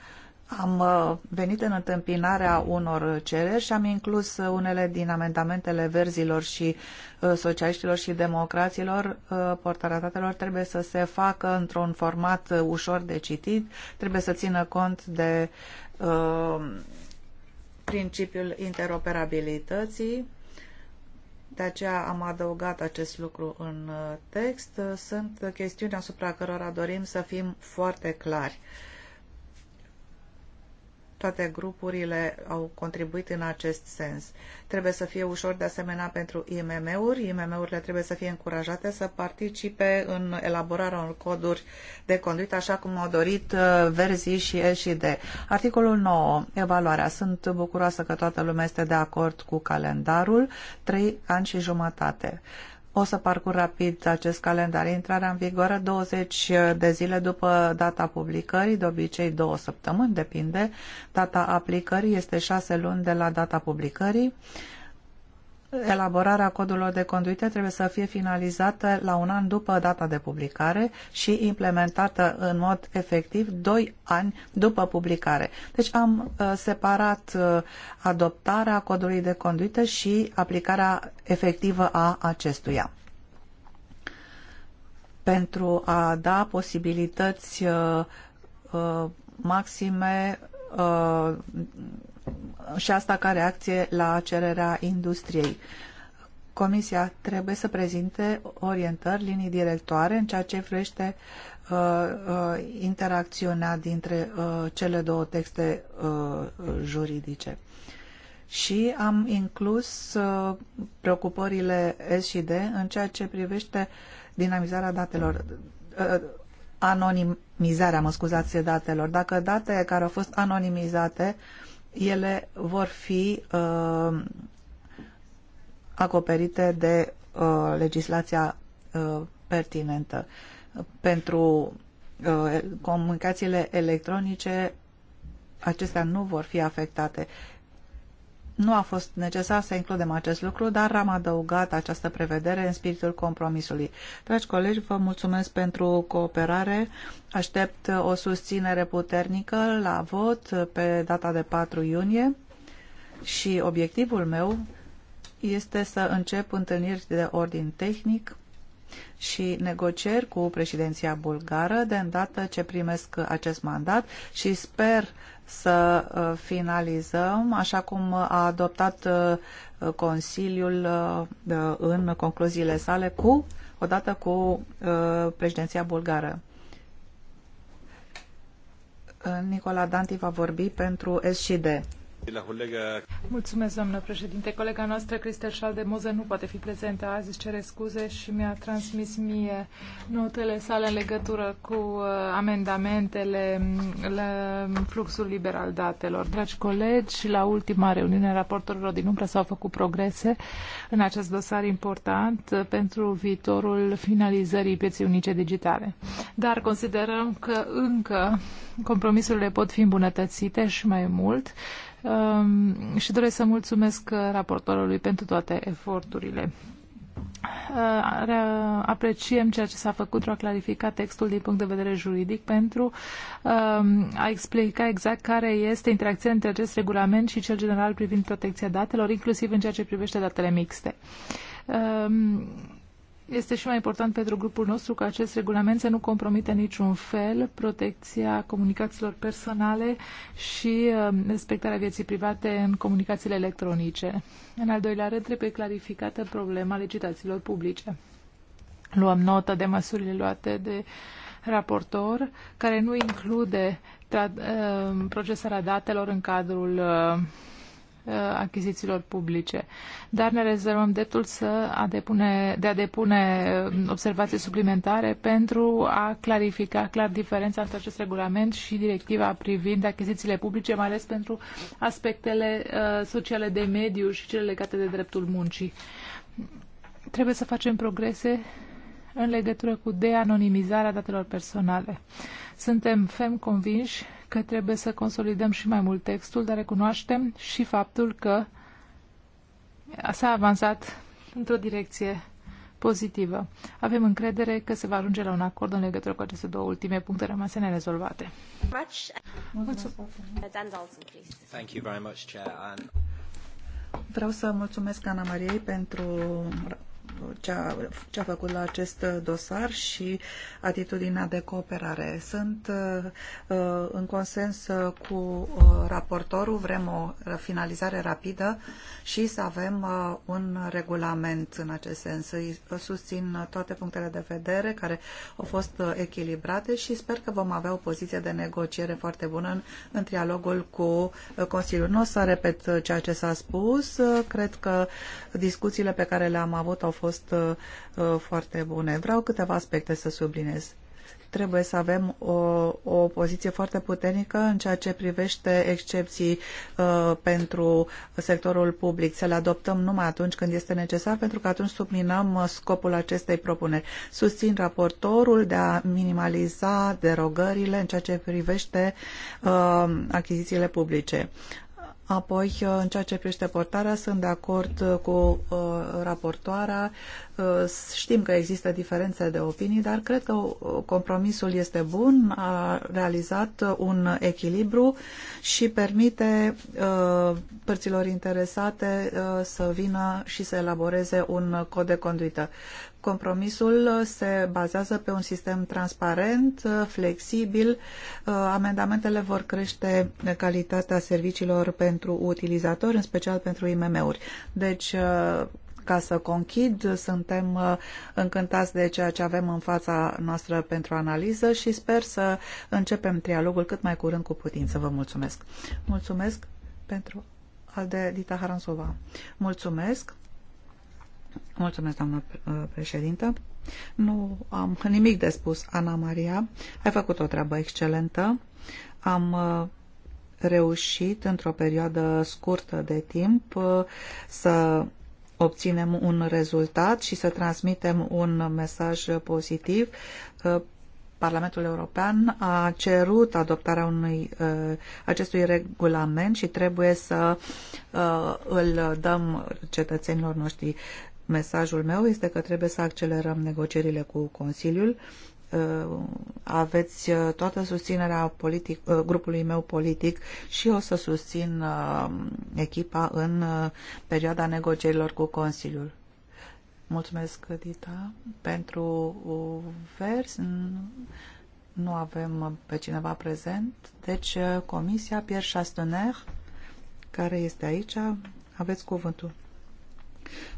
Speaker 4: am uh, venit în întâmpinarea unor cereri și am inclus unele din amendamentele verzilor și uh, socialiștilor și democraților. Uh, portarea datelor trebuie să se facă într-un format ușor de citit, trebuie să țină cont de principiul interoperabilității. De aceea am adăugat acest lucru în text. Sunt chestiuni asupra cărora dorim să fim foarte clari. Toate grupurile au contribuit în acest sens. Trebuie să fie ușor de asemenea pentru IMM-uri. IMM-urile trebuie să fie încurajate să participe în elaborarea unor coduri de conduit, așa cum au dorit uh, Verzi și el și de Articolul 9. Evaluarea. Sunt bucuroasă că toată lumea este de acord cu calendarul. 3 ani și jumătate. Uh, o să parcurg rapid acest calendar. Intrarea în vigoare 20 de zile după data publicării, de obicei două săptămâni, depinde. Data aplicării este 6 luni de la data publicării. Uh, elaborarea codurilor de conduită trebuie să fie finalizată la un an după data de publicare și implementată în mod efectiv doi ani după publicare. Deci am uh, separat uh, adoptarea codului de conduită și aplicarea efectivă a acestuia pentru a da posibilități uh, maxime și asta ca reacție la cererea industriei. Comisia trebuie să prezinte orientări, linii directoare în ceea ce privește uh, uh, interacțiunea dintre uh, cele două texte uh, juridice. Și am inclus uh, preocupările S și D în ceea ce privește dinamizarea datelor, uh, anonimizarea, mă scuzați, datelor. Dacă datele care au fost anonimizate ele vor fi uh, acoperite de uh, legislația uh, pertinentă. Pentru uh, comunicațiile electronice, acestea nu vor fi afectate. Nu a fost necesar să includem acest lucru, dar am adăugat această prevedere în spiritul compromisului. Dragi colegi, vă mulțumesc pentru cooperare. Aștept o susținere puternică la vot pe data de 4 iunie și obiectivul meu este să încep întâlniri de ordin tehnic și negocieri cu președinția bulgară de îndată ce primesc acest mandat și sper să uh, finalizăm, așa cum a adoptat uh, Consiliul uh, în concluziile sale, cu, odată cu președinția bulgară. Nicola Danti va vorbi pentru S și D. Mulțumesc, doamnă președinte. Colega noastră,
Speaker 1: Cristel Șaldemoze, nu poate
Speaker 4: fi prezentă azi,
Speaker 1: își cere scuze și mi-a transmis mie notele sale în legătură cu uh, amendamentele mm, la fluxul liber al datelor. Dragi colegi, la ultima reuniune a raportorilor din umbră s-au făcut progrese în acest dosar important uh, pentru viitorul finalizării pieței unice digitale. Dar considerăm că încă compromisurile pot fi îmbunătățite și mai mult Um, și doresc să mulțumesc uh, raportorului pentru toate eforturile. Uh, apreciem ceea ce s-a făcut pentru a clarifica textul din punct de vedere juridic pentru um, a explica exact care este interacțiunea între acest regulament și cel general privind protecția datelor, inclusiv în ceea ce privește datele mixte. Um, este și mai important pentru grupul nostru că acest regulament să nu compromite niciun fel protecția comunicațiilor personale și um, respectarea vieții private în comunicațiile electronice. În al doilea rând, trebuie clarificată problema licitațiilor publice. Luăm notă de măsurile luate de raportor, care nu include um, procesarea datelor în cadrul uh, Uh, achizițiilor publice. Dar ne rezervăm dreptul să a depune, de a depune um, observații suplimentare pentru a clarifica clar diferența între acest regulament și directiva privind achizițiile publice, mai ales pentru aspectele uh, sociale de mediu și cele legate de dreptul muncii. Trebuie să facem progrese în legătură cu de-anonimizarea datelor personale. Suntem ferm convinși că trebuie să consolidăm și mai mult textul, dar recunoaștem și faptul că s-a avansat într-o direcție pozitivă. Avem încredere că se va ajunge la un acord în legătură cu aceste două ultime puncte
Speaker 4: rămase nerezolvate. Mulțumesc. Vreau să mulțumesc Ana Mariei pentru ce a, ce a făcut la acest dosar și atitudinea de cooperare. Sunt uh, uh, în consens uh, cu raportorul, vrem o finalizare rapidă și să avem un regulament în acest sens. Îi susțin toate punctele de vedere care au fost echilibrate și sper că vom avea o poziție de negociere foarte bună în, în trialogul cu Consiliul. Nu o să repet ceea ce s-a spus. Cred că discuțiile pe care le-am avut au fost fost uh, uh, foarte bune. Vreau câteva aspecte să subliniez trebuie să avem o, uh, o poziție foarte puternică în ceea ce privește excepții uh, pentru sectorul public. Să le adoptăm numai atunci când este necesar, pentru că atunci subminăm scopul acestei propuneri. Susțin raportorul de a minimaliza derogările în ceea ce privește uh, achizițiile publice. Apoi, uh, în ceea ce privește portarea, sunt de acord uh, cu uh, raportoarea. Uh, știm că există diferențe de opinii, dar cred că uh, compromisul este bun, a realizat un echilibru și permite uh, părților interesate uh, să vină și să elaboreze un cod de conduită. Compromisul uh, se bazează pe un sistem transparent, uh, flexibil. Uh, amendamentele vor crește calitatea serviciilor pentru utilizatori, în special pentru IMM-uri. Deci, ca să conchid, suntem încântați de ceea ce avem în fața noastră pentru analiză și sper să începem trialogul cât mai curând cu putință. Vă mulțumesc! Mulțumesc pentru al de Dita Haransova. Mulțumesc! Mulțumesc, doamnă uh, președintă. Nu am nimic de spus, Ana Maria. Ai făcut o treabă excelentă. Am uh, reușit într-o perioadă scurtă de timp uh, să obținem un rezultat și să transmitem un mesaj pozitiv. Parlamentul European a cerut adoptarea unui, acestui regulament și trebuie să îl dăm cetățenilor noștri. Mesajul meu este că trebuie să accelerăm negocierile cu Consiliul. Uh, aveți uh, toată susținerea politic, uh, grupului meu politic și o să susțin echipa în perioada negocierilor cu Consiliul. Mulțumesc, Dita, pentru vers. Nu avem pe cineva prezent. Deci, Comisia Pierre Chastener, care este aici, aveți cuvântul.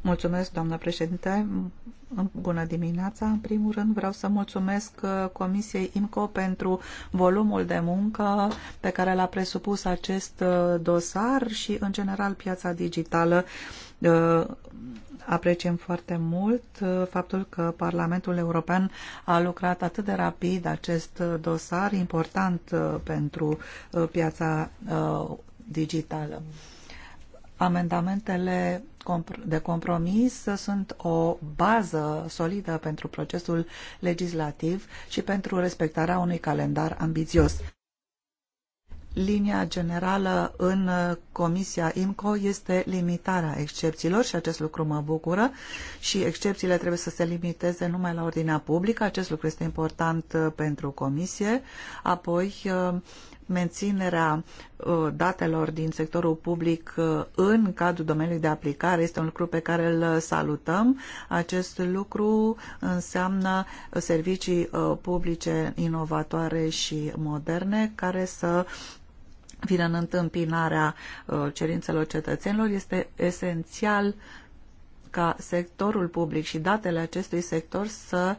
Speaker 4: Mulțumesc, doamnă președinte. Bună dimineața. În primul rând vreau să mulțumesc uh, Comisiei IMCO pentru volumul de muncă pe care l-a presupus acest uh, dosar și, în general, piața digitală. Uh, apreciem foarte mult faptul că Parlamentul European a lucrat atât de rapid acest dosar important pentru piața digitală. Amendamentele de compromis sunt o bază solidă pentru procesul legislativ și pentru respectarea unui calendar ambițios. Linia generală în Comisia IMCO este limitarea excepțiilor și acest lucru mă bucură și excepțiile trebuie să se limiteze numai la ordinea publică. Acest lucru este important pentru Comisie. Apoi menținerea uh, datelor din sectorul public uh, în cadrul domeniului de aplicare este un lucru pe care îl salutăm. Acest lucru înseamnă servicii uh, publice inovatoare și moderne care să vină în întâmpinarea cerințelor cetățenilor. Este esențial ca sectorul public și datele acestui sector să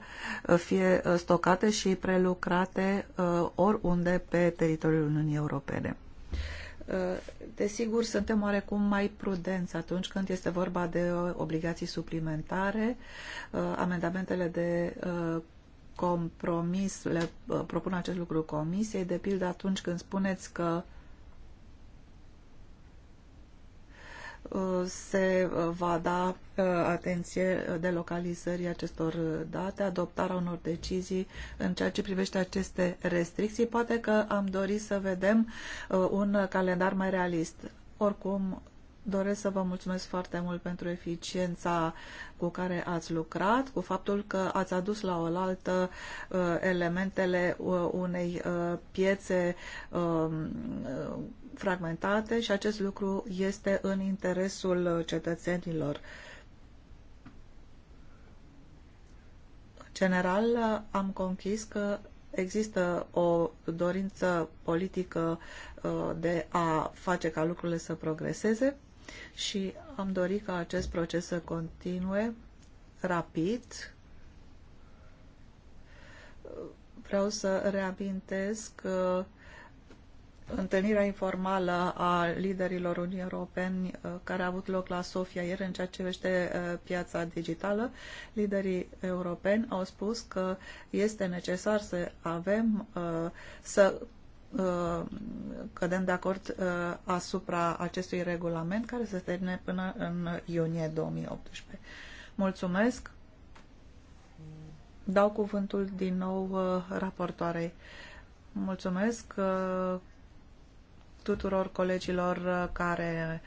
Speaker 4: uh, fie uh, stocate și prelucrate uh, oriunde pe teritoriul Uniunii Europene. Desigur, suntem oarecum mai prudenți atunci când este vorba de obligații suplimentare. Amendamentele de compromis le propun acest lucru comisiei, de pildă atunci când spuneți că se uh, va da uh, atenție uh, de localizării acestor date, adoptarea unor decizii în ceea ce privește aceste restricții. Poate că am dorit să vedem un calendar mai realist. Oricum, doresc să vă mulțumesc foarte mult pentru eficiența cu care ați lucrat, cu faptul că ați adus la oaltă uh, elementele uh, unei uh, piețe um, uh, fragmentate și acest lucru este în interesul cetățenilor. General, am conchis că există o dorință politică uh, de a face ca lucrurile să progreseze și am dorit ca acest proces să continue rapid. Vreau să reamintesc că uh, întâlnirea informală a liderilor Unii Europeni uh, care a avut loc la Sofia ieri în ceea ce vește uh, piața digitală, liderii europeni au spus că este necesar să avem, să Uh, cădem de acord uh, asupra acestui regulament care se termine până în iunie 2018. Mulțumesc! Dau cuvântul din nou uh, raportoarei. Mulțumesc tuturor colegilor care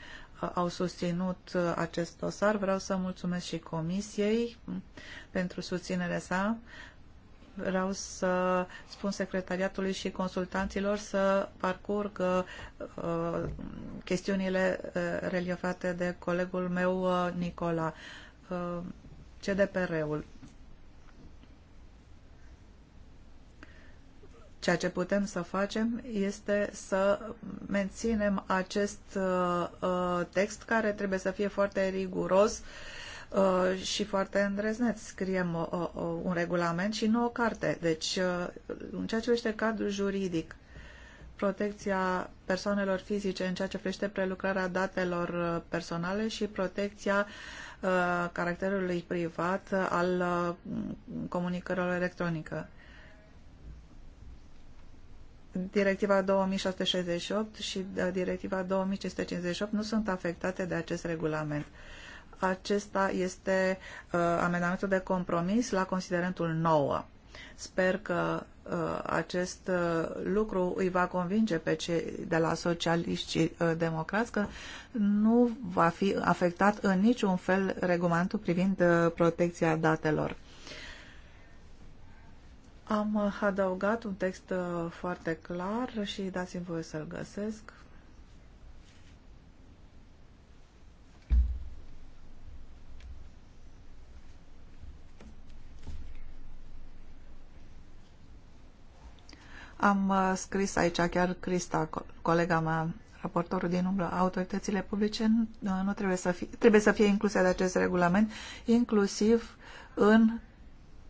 Speaker 4: au susținut acest dosar. Vreau să mulțumesc și Comisiei mm, pentru susținerea sa vreau să spun secretariatului și consultanților să parcurg uh, chestiunile uh, reliefate de colegul meu uh, Nicola, uh, CDPR-ul. Ceea ce putem să facem este să menținem acest uh, uh, text care trebuie să fie foarte riguros uh, Uh, și foarte îndrăzneț Scriem uh, uh, un regulament și nu o carte. Deci, în ceea ce este cadrul juridic, protecția persoanelor fizice în ceea ce privește prelucrarea datelor personale și protecția uh, caracterului privat al uh, comunicărilor electronică. Directiva 2668 și Directiva 2558 nu sunt afectate de acest regulament. Acesta este uh, amendamentul de compromis la considerentul 9. Sper că uh, acest uh, lucru îi va convinge pe cei de la socialiști uh, democrați că nu va fi afectat în niciun fel regulamentul privind uh, protecția datelor. Am adăugat un text uh, foarte clar și dați-mi voie să-l găsesc. Am uh, scris aici chiar Crista, colega mea, raportorul din umbră, autoritățile publice nu, uh, nu trebuie, să fie, trebuie să fie incluse de acest regulament, inclusiv în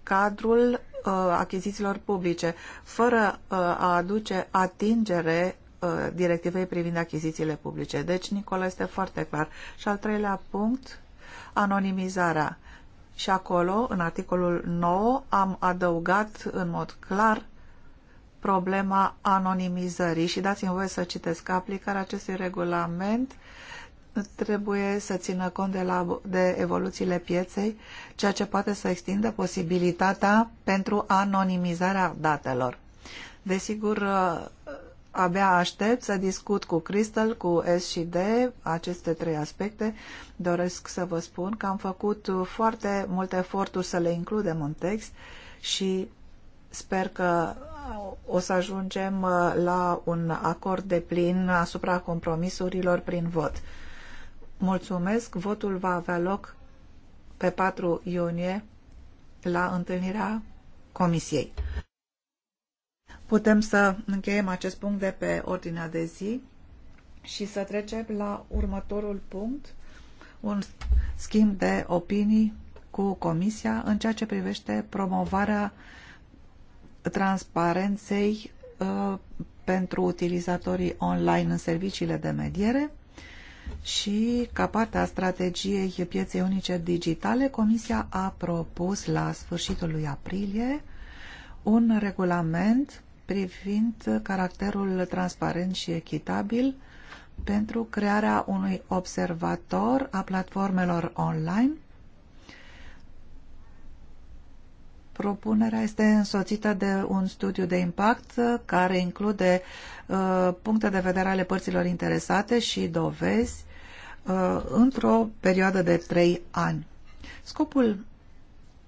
Speaker 4: cadrul uh, achizițiilor publice, fără uh, a aduce atingere uh, directivei privind achizițiile publice. Deci, Nicola, este foarte clar. Și al treilea punct, anonimizarea. Și acolo, în articolul 9, am adăugat în mod clar problema anonimizării și dați-mi voie să citesc că aplicarea acestui regulament trebuie să țină cont de, la, de evoluțiile pieței, ceea ce poate să extindă posibilitatea pentru anonimizarea datelor. Desigur, abia aștept să discut cu Crystal, cu S și D, aceste trei aspecte. Doresc să vă spun că am făcut foarte multe eforturi să le includem în text și Sper că o să ajungem uh, la un acord de plin asupra compromisurilor prin vot. Mulțumesc. Votul va avea loc pe 4 iunie la întâlnirea Comisiei. Putem să încheiem acest punct de pe ordinea de zi și să trecem la următorul punct, un schimb de opinii cu Comisia în ceea ce privește promovarea transparenței uh, pentru utilizatorii online în serviciile de mediere și ca parte a strategiei pieței unice digitale, Comisia a propus la sfârșitul lui aprilie un regulament privind caracterul transparent și echitabil pentru crearea unui observator a platformelor online Propunerea este însoțită de un studiu de impact uh, care include uh, puncte de vedere ale părților interesate și dovezi uh, într-o perioadă de trei ani. Scopul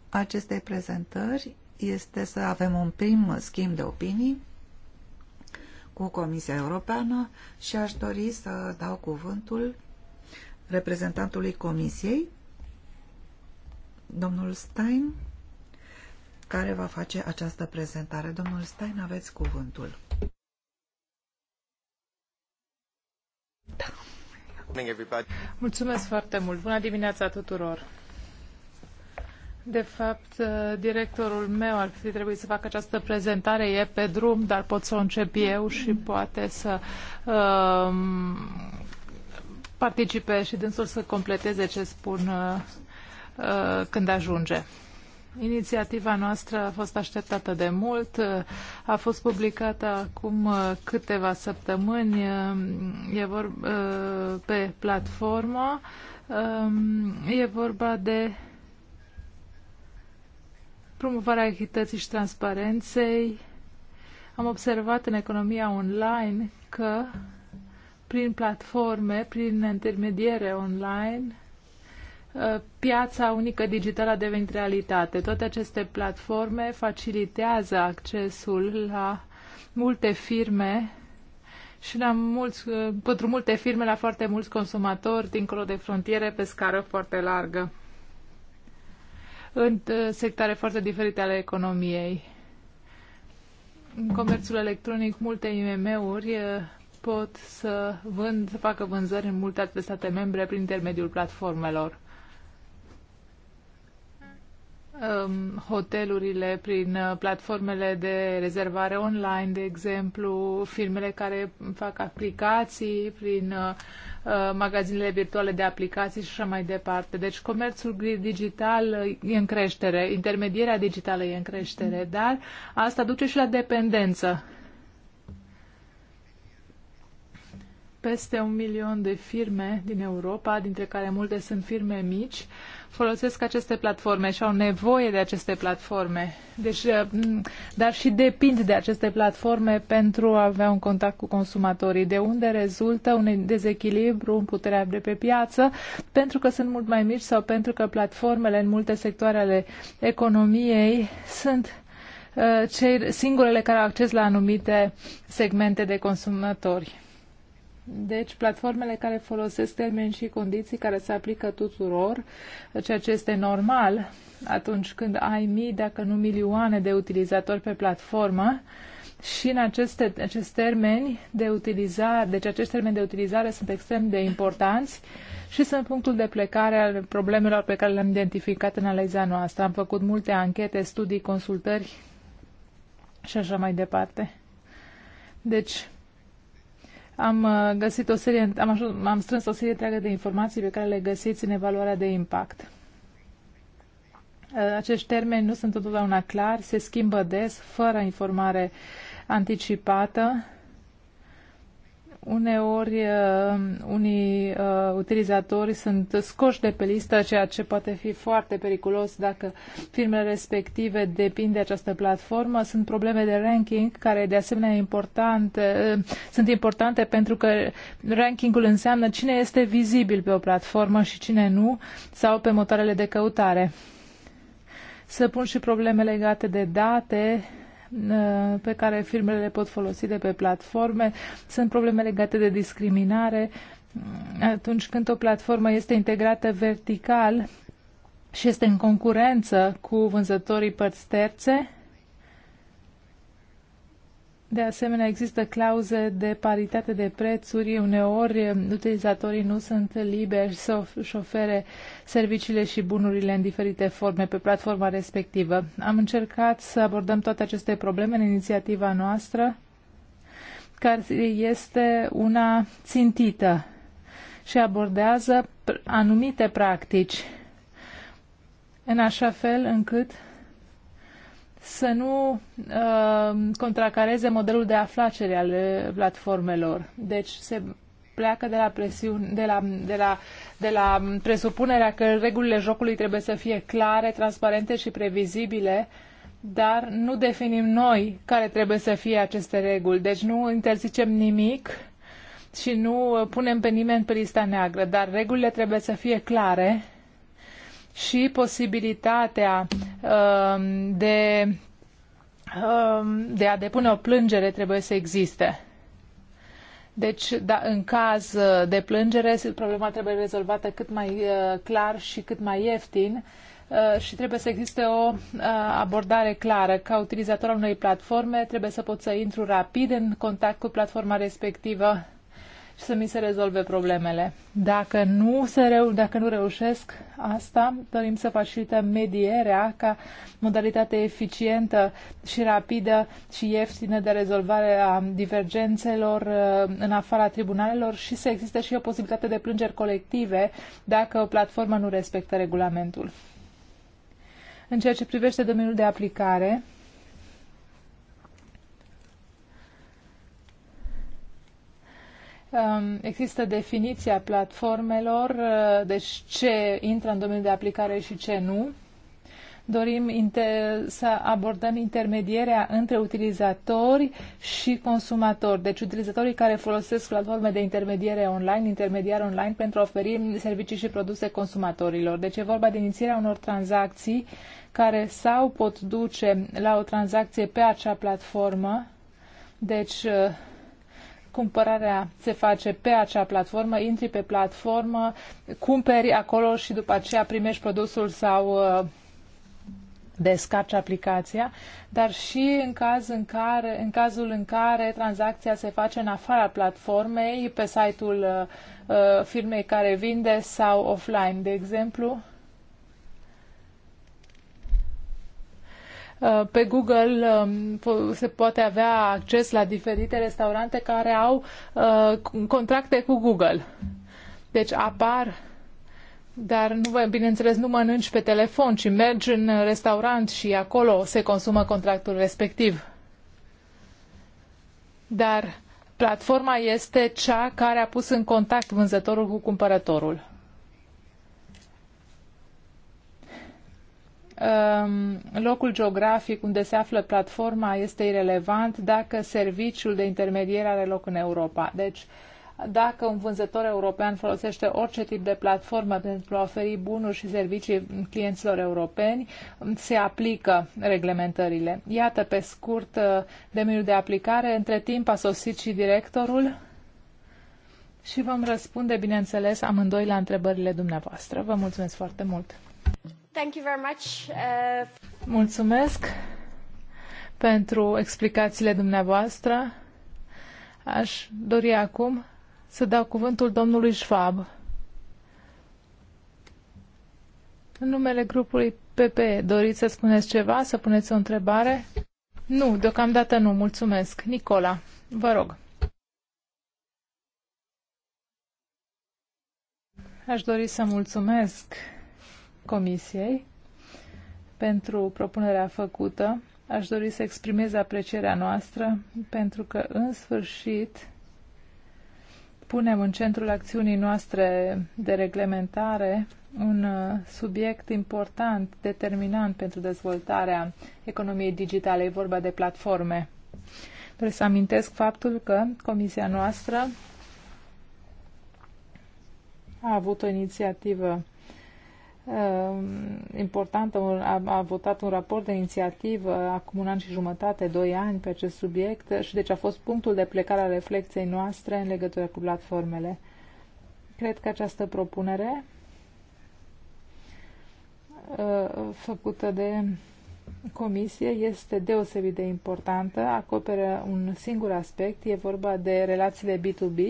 Speaker 4: acestei prezentări este să avem un prim schimb de opinii cu Comisia Europeană și aș dori să dau cuvântul reprezentantului Comisiei, domnul Stein care va face această prezentare. Domnul Stein, aveți cuvântul.
Speaker 1: Mulțumesc foarte mult. Bună dimineața tuturor. De fapt, directorul meu ar fi trebuit să facă această prezentare, e pe drum, dar pot să o încep eu și poate să um, participe și dânsul să completeze ce spun uh, uh, când ajunge. Inițiativa noastră a fost așteptată de mult, a fost publicată acum uh, câteva săptămâni uh, e vorba, uh, pe platformă. Um, e vorba de promovarea echității și transparenței. Am observat în economia online că prin platforme, prin intermediere online, Uh, piața unică digitală a devenit realitate. Toate aceste platforme facilitează accesul la multe firme și la mulți, uh, pentru multe firme, la foarte mulți consumatori, dincolo de frontiere, pe scară foarte largă, în uh, sectoare foarte diferite ale economiei. În comerțul electronic, multe IMM-uri pot să vând, să facă vânzări în multe alte state membre prin intermediul platformelor. Um, hotelurile prin uh, platformele de rezervare online, de exemplu, firmele care fac aplicații prin uh, uh, magazinele virtuale de aplicații și așa mai departe. Deci comerțul digital e în creștere, intermedierea digitală e în creștere, dar asta duce și la dependență. Peste un milion de firme din Europa, dintre care multe sunt firme mici, uh, folosesc aceste platforme și au nevoie de aceste platforme. Deci, uh, dar și depind de aceste platforme pentru a avea un contact cu consumatorii, de unde rezultă un dezechilibru în puterea de pe piață, pentru că sunt mult mai mici sau pentru că platformele în multe sectoare ale economiei sunt uh, cei, singurele care au acces la anumite segmente de consumatori. Deci, platformele care folosesc termeni și condiții care se aplică tuturor, ceea ce este normal atunci când ai mii, dacă nu milioane de utilizatori pe platformă, și în aceste, acest termeni de utilizare, deci acești termeni de utilizare sunt extrem de importanți și sunt punctul de plecare al problemelor pe care le-am identificat în analiza noastră. Am făcut multe anchete, studii, consultări și așa mai departe. Deci, am uh, găsit o serie, am, ajuns, am strâns o serie întreagă de informații pe care le găsiți în evaluarea de impact. Uh, acești termeni nu sunt întotdeauna clari, se schimbă des, fără informare anticipată Uneori, uh, unii uh, utilizatori sunt scoși de pe listă, ceea ce poate fi foarte periculos dacă firmele respective depind de această platformă. Sunt probleme de ranking care, de asemenea, importante, uh, sunt importante pentru că rankingul înseamnă cine este vizibil pe o platformă și cine nu, sau pe motoarele de căutare. Să pun și probleme legate de date, Uh, pe care firmele le pot folosi de pe platforme, sunt probleme legate de discriminare. Mm, atunci când o platformă este integrată vertical și este în concurență cu vânzătorii părți terțe, de asemenea, există clauze de paritate de prețuri. Uneori, utilizatorii nu sunt liberi să ofere serviciile și bunurile în diferite forme pe platforma respectivă. Am încercat să abordăm toate aceste probleme în inițiativa noastră, care este una țintită și abordează anumite practici în așa fel încât să nu uh, contracareze modelul de afaceri al uh, platformelor. Deci se pleacă de la, presiune, de, la, de, la, de la presupunerea că regulile jocului trebuie să fie clare, transparente și previzibile, dar nu definim noi care trebuie să fie aceste reguli. Deci nu interzicem nimic și nu punem pe nimeni pe lista neagră, dar regulile trebuie să fie clare și posibilitatea um, de, um, de a depune o plângere trebuie să existe. Deci, da, în caz de plângere, problema trebuie rezolvată cât mai uh, clar și cât mai ieftin uh, și trebuie să existe o uh, abordare clară. Ca utilizator al unei platforme, trebuie să pot să intru rapid în contact cu platforma respectivă să mi se rezolve problemele. Dacă nu, se reu- dacă nu reușesc asta, dorim să facilităm medierea ca modalitate eficientă și rapidă și ieftină de rezolvare a divergențelor uh, în afara tribunalelor și să existe și o posibilitate de plângeri colective dacă o platformă nu respectă regulamentul. În ceea ce privește domeniul de aplicare, Există definiția platformelor, uh, deci ce intră în domeniul de aplicare și ce nu. Dorim inter- să abordăm intermedierea între utilizatori și consumatori. Deci utilizatorii care folosesc platforme de intermediere online, intermediar online pentru a oferi servicii și produse consumatorilor. Deci e vorba de inițierea unor tranzacții care sau pot duce la o tranzacție pe acea platformă. Deci uh, cumpărarea se face pe acea platformă, intri pe platformă, cumperi acolo și după aceea primești produsul sau uh, descarci aplicația, dar și în, caz în, care, în cazul în care tranzacția se face în afara platformei, pe site-ul uh, uh firmei care vinde sau offline, de exemplu, Uh, pe Google um, se poate avea acces la diferite restaurante care au uh, contracte cu Google. Deci apar dar, nu, bineînțeles, nu mănânci pe telefon, ci mergi în restaurant și acolo se consumă contractul respectiv. Dar platforma este cea care a pus în contact vânzătorul cu cumpărătorul. Um, locul geografic unde se află platforma este irelevant dacă serviciul de intermediere are loc în Europa. Deci, dacă un vânzător european folosește orice tip de platformă pentru a oferi bunuri și servicii clienților europeni, se aplică reglementările. Iată pe scurt uh, domeniul de aplicare. Între timp a sosit și directorul și vom răspunde, bineînțeles, amândoi la întrebările dumneavoastră. Vă mulțumesc foarte mult!
Speaker 3: Thank you very much. Uh...
Speaker 1: Mulțumesc pentru explicațiile dumneavoastră. Aș dori acum să dau cuvântul domnului Schwab. În numele grupului PP. doriți să spuneți ceva, să puneți o întrebare? Nu, deocamdată nu, mulțumesc. Nicola, vă rog. Aș dori să mulțumesc Comisiei pentru propunerea făcută. Aș dori să exprimez aprecierea noastră pentru că, în sfârșit, punem în centrul acțiunii noastre de reglementare un uh, subiect important, determinant pentru dezvoltarea economiei digitale. E vorba de platforme. Doresc să amintesc faptul că comisia noastră a avut o inițiativă Ehm, importantă a, a votat un raport de inițiativă acum un an și jumătate, doi ani pe acest subiect și deci a fost punctul de plecare a reflexiei noastre în legătură cu platformele. Cred că această propunere făcută de comisie este deosebit de importantă, acoperă un singur aspect, e vorba de relațiile B2B.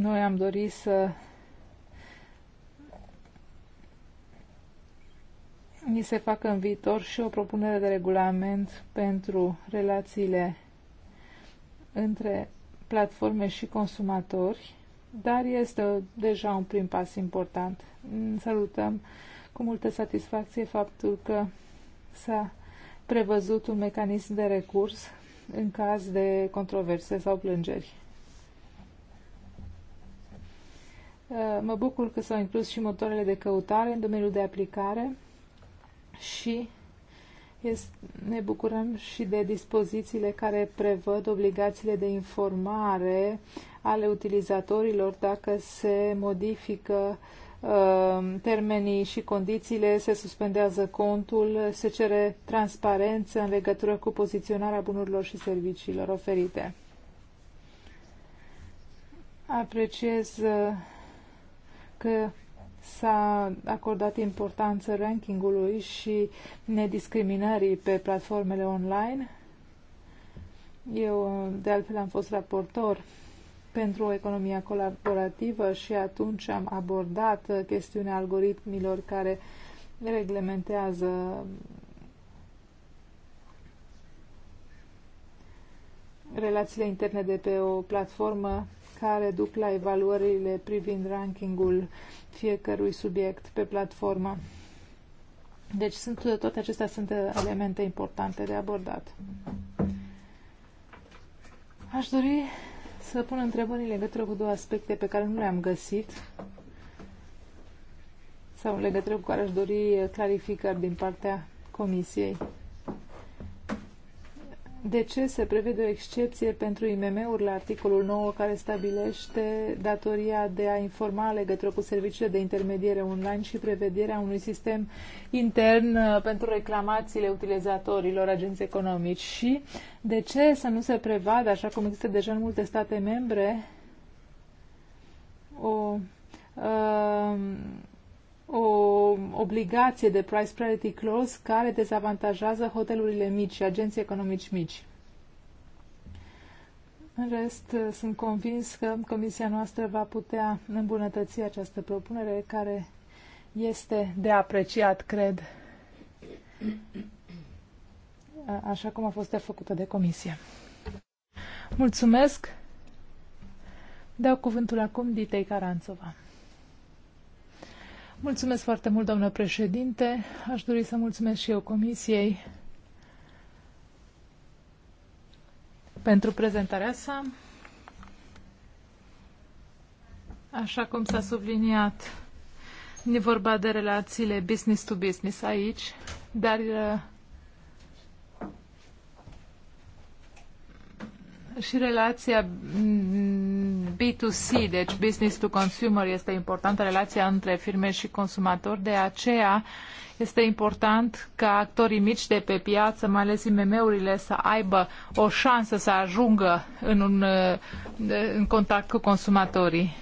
Speaker 1: Noi am dorit să ni se facă în viitor și o propunere de regulament pentru relațiile între platforme și consumatori, dar este deja un prim pas important. Salutăm cu multă satisfacție faptul că s-a prevăzut un mecanism de recurs în caz de controverse sau plângeri. Uh, mă bucur că s-au inclus și motoarele de căutare în domeniul de aplicare și ne bucurăm și de dispozițiile care prevăd obligațiile de informare ale utilizatorilor dacă se modifică uh, termenii și condițiile, se suspendează contul, se cere transparență în legătură cu poziționarea bunurilor și serviciilor oferite. Apreciez uh, că s-a acordat importanță rankingului și nediscriminării pe platformele online. Eu, de altfel, am fost raportor pentru o economia colaborativă și atunci am abordat chestiunea algoritmilor care reglementează relațiile interne de pe o platformă care duc la evaluările privind rankingul fiecărui subiect pe platformă. Deci sunt, toate acestea sunt elemente importante de abordat. Aș dori să pun întrebări în legătură cu două aspecte pe care nu le-am găsit sau în legătură cu care aș dori clarificări din partea Comisiei de ce se prevede o excepție pentru IMM-uri la articolul 9 care stabilește datoria de a informa legătură cu serviciile de intermediere online și prevederea unui sistem intern uh, pentru reclamațiile utilizatorilor agenți economici și de ce să nu se prevadă, așa cum există deja în multe state membre, o uh, o obligație de price parity clause care dezavantajează hotelurile mici și agenții economici mici. În rest, sunt convins că comisia noastră va putea îmbunătăți această propunere care este de apreciat, cred, așa cum a fost făcută de comisie. Mulțumesc! Dau cuvântul acum Ditei Caranțova. Mulțumesc foarte mult, doamnă președinte. Aș dori să mulțumesc și eu comisiei pentru prezentarea sa. Așa cum s-a subliniat, e vorba de relațiile business to business aici, dar uh, și relația mm, B2C, deci business to consumer, este importantă relația între firme și consumatori, de aceea este important ca actorii mici de pe piață, mai ales IMM-urile, să aibă o șansă să ajungă în, un, în contact cu consumatorii.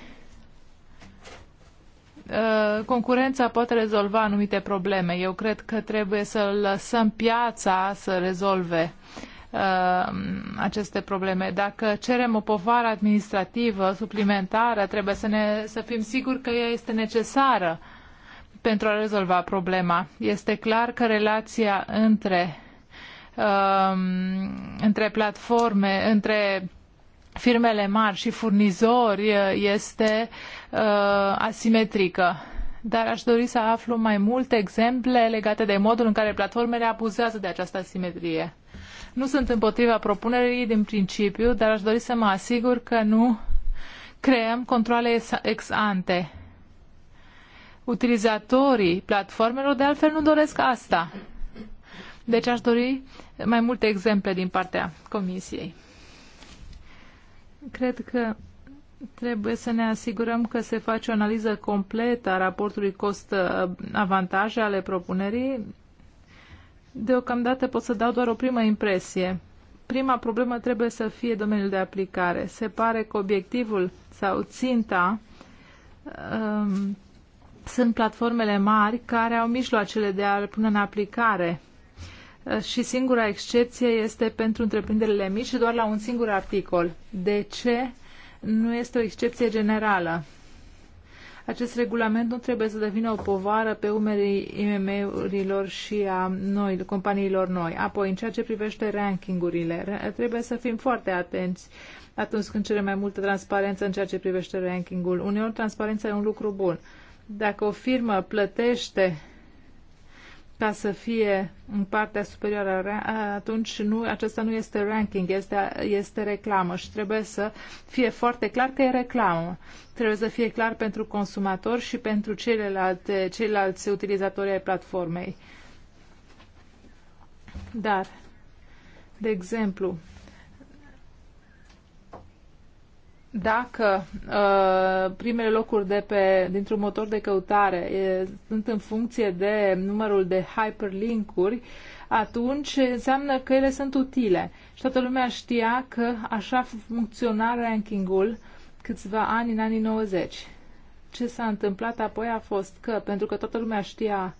Speaker 1: Uh, concurența poate rezolva anumite probleme. Eu cred că trebuie să lăsăm piața să rezolve uh, Uh, aceste probleme. Dacă cerem o povară administrativă suplimentară, trebuie să, ne, să fim siguri că ea este necesară pentru a rezolva problema. Este clar că relația între, um, între platforme, între firmele mari și furnizori uh, este uh, asimetrică dar aș dori să aflu mai multe exemple legate de modul în care platformele abuzează de această asimetrie. Nu sunt împotriva propunerii din principiu, dar aș dori să mă asigur că nu creăm controle ex ante. Utilizatorii platformelor de altfel nu doresc asta. Deci aș dori mai multe exemple din partea Comisiei. Cred că trebuie să ne asigurăm că se face o analiză completă a raportului cost-avantaje ale propunerii Deocamdată pot să dau doar o primă impresie. Prima problemă trebuie să fie domeniul de aplicare. Se pare că obiectivul sau ținta um, sunt platformele mari care au mijloacele de a le pune în aplicare uh, și singura excepție este pentru întreprinderile mici doar la un singur articol. De ce nu este o excepție generală? Acest regulament nu trebuie să devină o povară pe umerii IMM-urilor și a noi, companiilor noi. Apoi, în ceea ce privește rankingurile, trebuie să fim foarte atenți atunci când cerem mai multă transparență în ceea ce privește rankingul. Uneori transparența e un lucru bun. Dacă o firmă plătește ca să fie în partea superioară, atunci nu, acesta nu este ranking, este, este reclamă și trebuie să fie foarte clar că e reclamă. Trebuie să fie clar pentru consumator și pentru celelalte, ceilalți utilizatori ai platformei. Dar, de exemplu, dacă uh, primele locuri de pe, dintr-un motor de căutare e, sunt în funcție de numărul de hyperlink-uri, atunci înseamnă că ele sunt utile. Și toată lumea știa că așa funcționa ranking-ul câțiva ani în anii 90. Ce s-a întâmplat apoi a fost că, pentru că toată lumea știa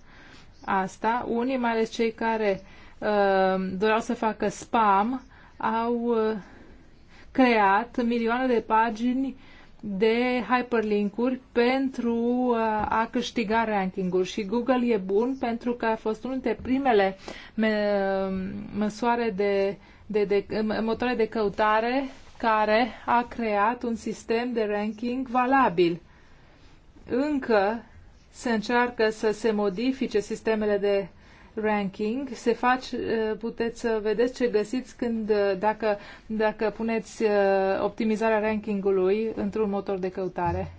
Speaker 1: asta, unii, mai ales cei care uh, doreau să facă spam, au uh, creat milioane de pagini de hyperlink-uri pentru uh, a câștiga ranking-uri și Google e bun pentru că a fost unul dintre primele uh, măsoare de, de, de, motoare de căutare care a creat un sistem de ranking valabil. Încă se încearcă să se modifice sistemele de ranking. Se face, uh, puteți să vedeți ce găsiți când, uh, dacă, dacă puneți uh, optimizarea rankingului într-un motor de căutare.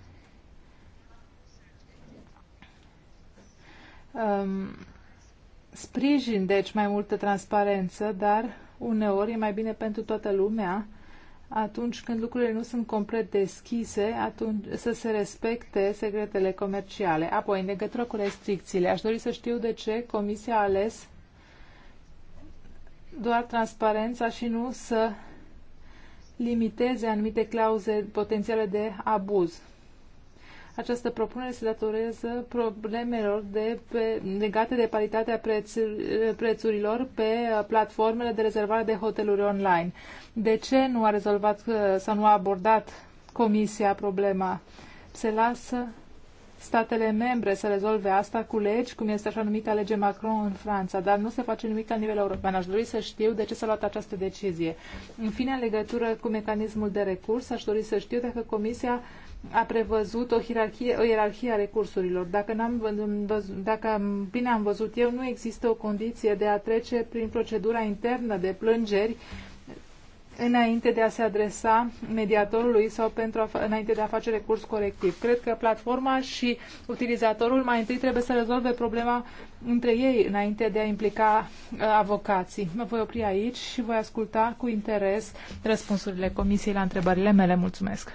Speaker 1: Um, sprijin, deci, mai multă transparență, dar uneori e mai bine pentru toată lumea atunci când lucrurile nu sunt complet deschise, atunci să se respecte secretele comerciale. Apoi, în legătură cu restricțiile, aș dori să știu de ce Comisia a ales doar transparența și nu să limiteze anumite clauze potențiale de abuz. Această propunere se datorează problemelor de pe, legate de paritatea preț, prețurilor pe platformele de rezervare de hoteluri online. De ce nu a rezolvat uh, sau nu a abordat Comisia problema? Se lasă statele membre să rezolve asta cu legi, cum este așa numită lege Macron în Franța, dar nu se face nimic la nivel european. Aș dori să știu de ce s-a luat această decizie. În fine, în legătură cu mecanismul de recurs, aș dori să știu dacă Comisia a prevăzut o hierarhie o ierarhie a recursurilor. Dacă, -am am dacă bine am văzut eu, nu există o condiție de a trece prin procedura internă de plângeri înainte de a se adresa mediatorului sau pentru a, înainte de a face recurs corectiv. Cred că platforma și utilizatorul mai întâi trebuie să rezolve problema între ei înainte de a implica uh, avocații. Mă voi opri aici și voi asculta cu interes răspunsurile comisiei la întrebările mele. Mulțumesc!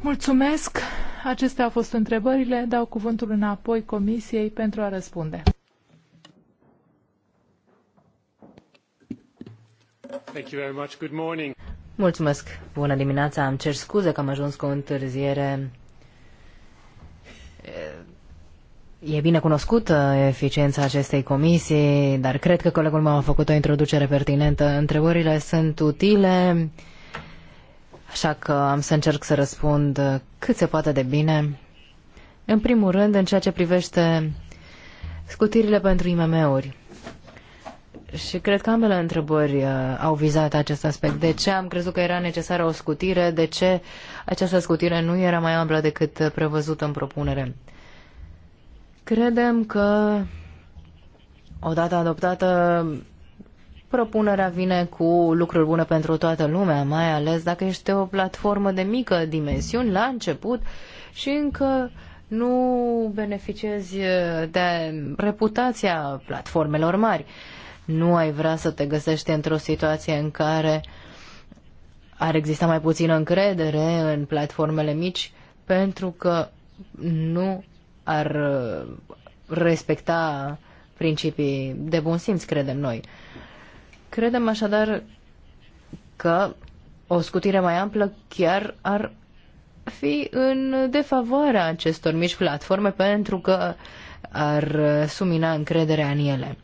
Speaker 1: Mulțumesc. Acestea au fost întrebările. Dau cuvântul înapoi Comisiei pentru a răspunde.
Speaker 3: Thank you very much. Good morning.
Speaker 2: Mulțumesc. Bună dimineața. Am cer scuze că am ajuns cu o întârziere. E bine cunoscută eficiența acestei comisii, dar cred că colegul meu a făcut o introducere pertinentă. Întrebările sunt utile așa că am să încerc să răspund cât se poate de bine. În primul rând, în ceea ce privește scutirile pentru IMM-uri. Și cred că ambele întrebări uh, au vizat acest aspect. De ce am crezut că era necesară o scutire? De ce această scutire nu era mai amplă decât prevăzută în propunere? Credem că odată adoptată Propunerea vine cu lucruri bune pentru toată lumea, mai ales dacă este o platformă de mică dimensiuni la început și încă nu beneficiezi de reputația platformelor mari. Nu ai vrea să te găsești într-o situație în care ar exista mai puțină încredere în platformele mici pentru că nu ar respecta principii de bun simț, credem noi. Credem așadar că o scutire mai amplă chiar ar fi în defavoarea acestor mici platforme pentru că ar sumina încrederea în ele.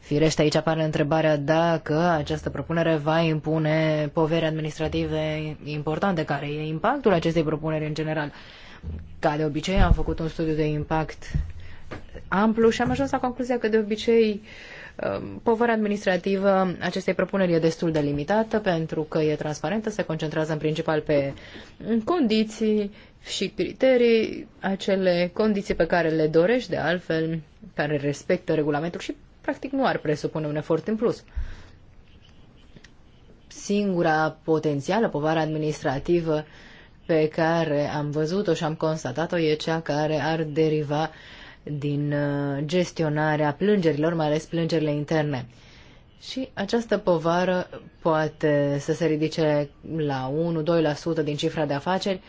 Speaker 2: Firește, aici apare întrebarea dacă această propunere va impune povere administrative importante, care e impactul acestei propuneri în general. Ca de obicei, am făcut un studiu de impact amplu și am ajuns la concluzia că de obicei uh, Um, povara administrativă acestei propuneri e destul de limitată pentru că e transparentă, se concentrează în principal pe condiții și criterii, acele condiții pe care le dorești de altfel, care respectă regulamentul și practic nu ar presupune un efort în plus singura potențială povară administrativă pe care am văzut-o și am constatat-o e cea care ar deriva din uh, gestionarea plângerilor, mai ales plângerile interne. Și această povară poate să se ridice la 1-2% din cifra de afaceri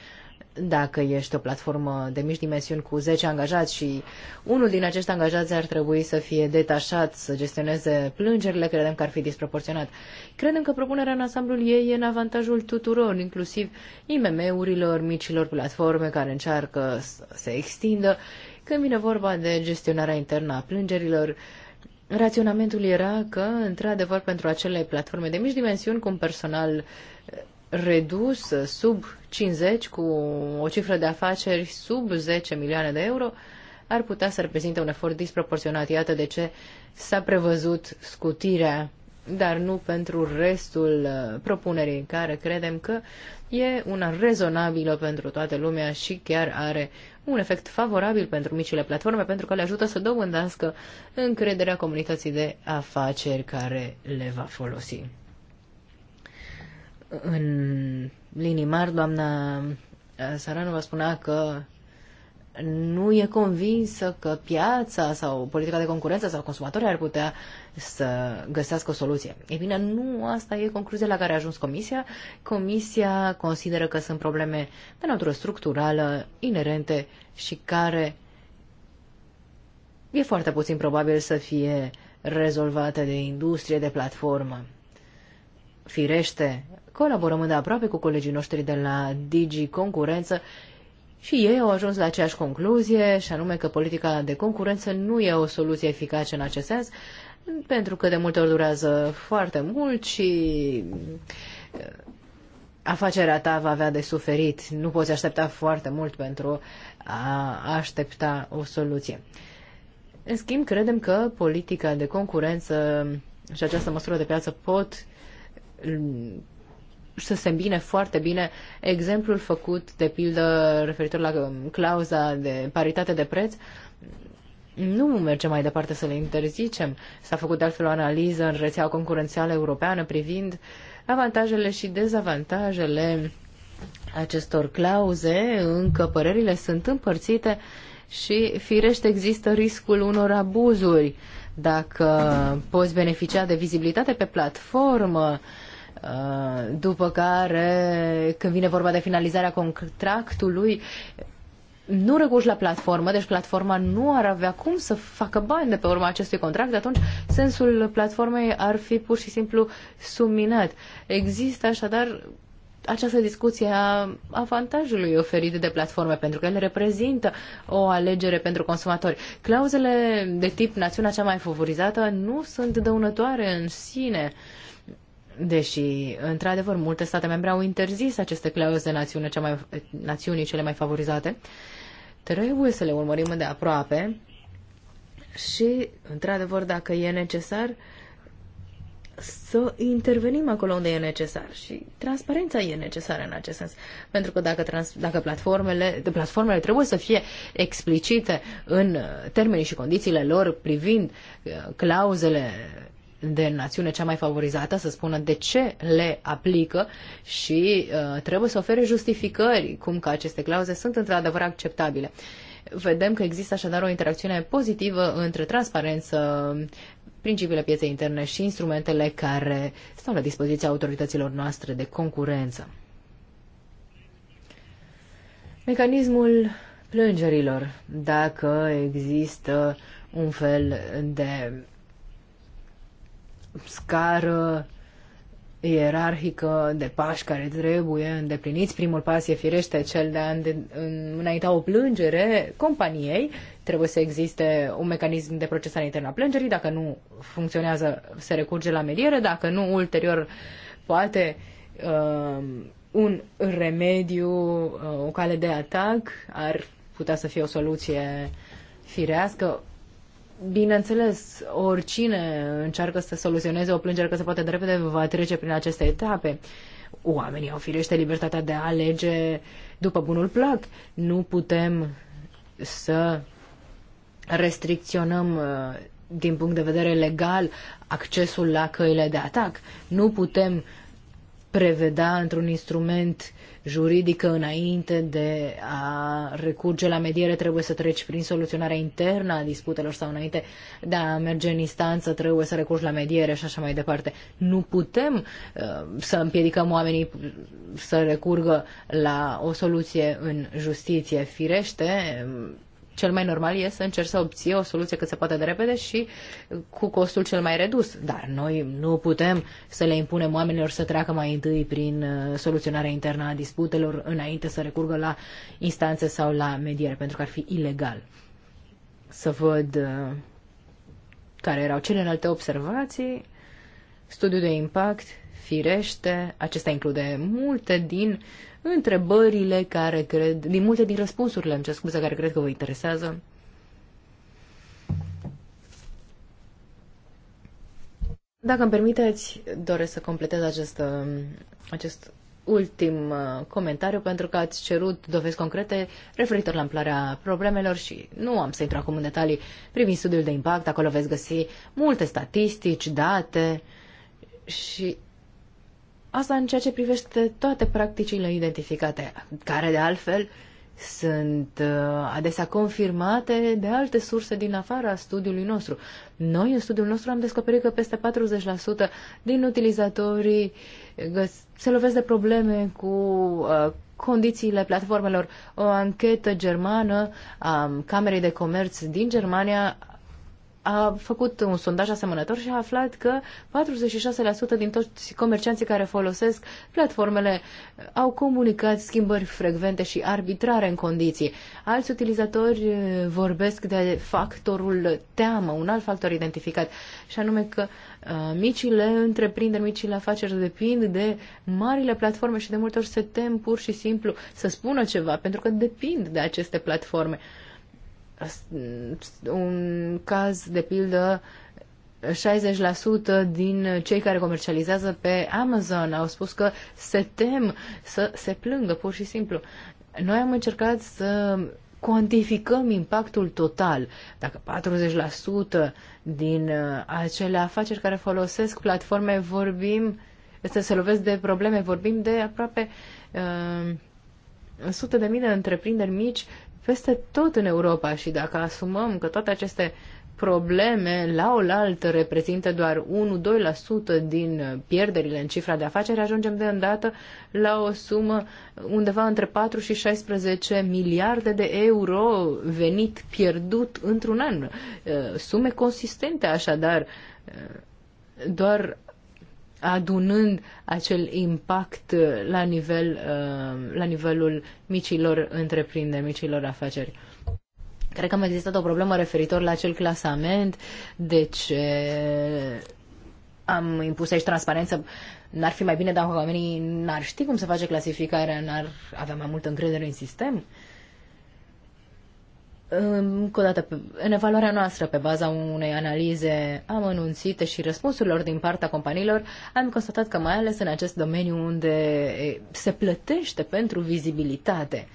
Speaker 2: dacă ești o platformă de mici dimensiuni cu 10 angajați și unul din acești angajați ar trebui să fie detașat să gestioneze plângerile, credem că ar fi disproporționat. Credem că propunerea în ansamblul ei e în avantajul tuturor, inclusiv IMM-urilor, micilor platforme care încearcă să se extindă când vine vorba de gestionarea internă a plângerilor, raționamentul era că, într-adevăr, pentru acele platforme de mici dimensiuni, cu un personal eh, redus sub 50, cu o cifră de afaceri sub 10 milioane de euro, ar putea să reprezinte un efort disproporționat. Iată de ce s-a prevăzut scutirea, dar nu pentru restul eh, propunerii, care credem că e una rezonabilă pentru toată lumea și chiar are un efect favorabil pentru micile platforme, pentru că le ajută să dobândească încrederea comunității de afaceri care le va folosi. În linii mari, doamna Saranu vă spunea că nu e convinsă că piața sau politica de concurență sau consumatorii ar putea să găsească o soluție. E bine, nu asta e concluzia la care a ajuns Comisia. Comisia consideră că sunt probleme de natură structurală, inerente și care e foarte puțin probabil să fie rezolvate de industrie, de platformă. Firește, colaborăm de-a aproape cu colegii noștri de la Digi Concurență și ei au ajuns la aceeași concluzie, și anume că politica de concurență nu e o soluție eficace în acest sens, pentru că de multe ori durează foarte mult și uh, afacerea ta va avea de suferit. Nu poți aștepta foarte mult pentru a aștepta o soluție. În schimb, credem că politica de concurență și această măsură de piață pot să se îmbine foarte bine exemplul făcut, de pildă, referitor la um, clauza de paritate de preț, nu mergem mai departe să le interzicem. S-a făcut de altfel o analiză în rețeaua concurențială europeană privind avantajele și dezavantajele acestor clauze, încă părerile sunt împărțite și firește există riscul unor abuzuri. Dacă poți beneficia de vizibilitate pe platformă, Uh, după care, când vine vorba de finalizarea contractului, nu recurgi la platformă, deci platforma nu ar avea cum să facă bani de pe urma acestui contract, atunci sensul platformei ar fi pur și simplu subminat. Există așadar această discuție a avantajului oferit de platforme, pentru că ele reprezintă o alegere pentru consumatori. Clauzele de tip națiunea cea mai favorizată nu sunt dăunătoare în sine. Uh, Deși, într-adevăr, multe state membre au interzis aceste clauze națiune, cea mai, națiunii cele mai favorizate, trebuie să le urmărim de aproape și, într-adevăr, dacă e necesar, să intervenim acolo unde e necesar și transparența e necesară în acest sens. Pentru că dacă, trans, dacă platformele, de platformele trebuie să fie explicite în termenii și condițiile lor privind uh, clauzele de națiune cea mai favorizată să spună de ce le aplică și uh, trebuie să ofere justificări cum că aceste clauze sunt într-adevăr acceptabile. Vedem că există așadar o interacțiune pozitivă între transparență, principiile pieței interne și instrumentele care stau la dispoziția autorităților noastre de concurență. Mecanismul plângerilor, dacă există un fel de scară ierarhică de pași care trebuie îndepliniți. Primul pas e firește cel de a înainta o plângere companiei. Trebuie să existe un mecanism de procesare internă a plângerii. Dacă nu funcționează, se recurge la mediere. Dacă nu, ulterior, poate uh, un remediu, uh, o cale de atac ar putea să fie o soluție firească. Bineînțeles, oricine încearcă să soluționeze o plângere că se poate de repede va trece prin aceste etape. Oamenii au firește libertatea de a alege după bunul plac. Nu putem să restricționăm uh, din punct de vedere legal accesul la căile de atac. Nu putem prevedea într-un instrument juridic înainte de a recurge la mediere trebuie să treci prin soluționarea internă a disputelor sau înainte de a merge în instanță trebuie să recurgi la mediere și așa mai departe. Nu putem uh, să împiedicăm oamenii să recurgă la o soluție în justiție. Firește, cel mai normal e să încerci să obții o soluție cât se poate de repede și cu costul cel mai redus. Dar noi nu putem să le impunem oamenilor să treacă mai întâi prin uh, soluționarea internă a disputelor înainte să recurgă la instanțe sau la mediere, pentru că ar fi ilegal. Să văd uh, care erau celelalte observații. Studiul de impact, firește, acesta include multe din uh, întrebările care cred, din multe din răspunsurile, îmi cer scuze, care cred că vă interesează. Dacă îmi permiteți, doresc să completez acest, acest ultim uh, comentariu pentru că ați cerut dovezi concrete referitor la amplarea problemelor și nu am să intru acum în detalii privind studiul de impact, acolo veți găsi multe statistici, date și Asta în ceea ce privește toate practicile identificate, care de altfel sunt uh, adesea confirmate de alte surse din afara studiului nostru. Noi în studiul nostru am descoperit că peste 40% din utilizatorii se lovesc de probleme cu uh, condițiile platformelor. O anchetă germană a Camerei de Comerț din Germania a făcut un sondaj asemănător și a aflat că 46% din toți comercianții care folosesc platformele au comunicat schimbări frecvente și arbitrare în condiții. Alți utilizatori eh, vorbesc de factorul teamă, un alt factor identificat, și anume că eh, micile întreprinderi, micile afaceri depind de marile platforme și de multe ori se tem pur și simplu să spună ceva, pentru că depind de aceste platforme. Uh, un caz de pildă 60% din cei care comercializează pe Amazon au spus că se tem să se plângă pur și simplu. Noi am încercat să cuantificăm impactul total. Dacă 40% din uh, acele afaceri care folosesc platforme vorbim, să se lovesc de probleme, vorbim de aproape uh, sute de mii de întreprinderi mici peste tot în Europa și dacă asumăm că toate aceste probleme la oaltă reprezintă doar 1-2% din pierderile în cifra de afaceri, ajungem de îndată la o sumă undeva între 4 și 16 miliarde de euro venit pierdut într-un an. Eh, sume consistente așadar. Eh, doar adunând acel impact la, nivel, uh, la nivelul micilor întreprinderi, micilor afaceri. Cred că a existat o problemă referitor la acel clasament, deci uh, am impus aici transparență. N-ar fi mai bine dacă oamenii n-ar ști cum se face clasificarea, n-ar avea mai multă încredere în sistem? Uh, încă o dată, în evaluarea noastră, pe baza unei analize amănunțite și răspunsurilor din partea companiilor, am constatat că mai ales în acest domeniu unde se plătește pentru vizibilitate,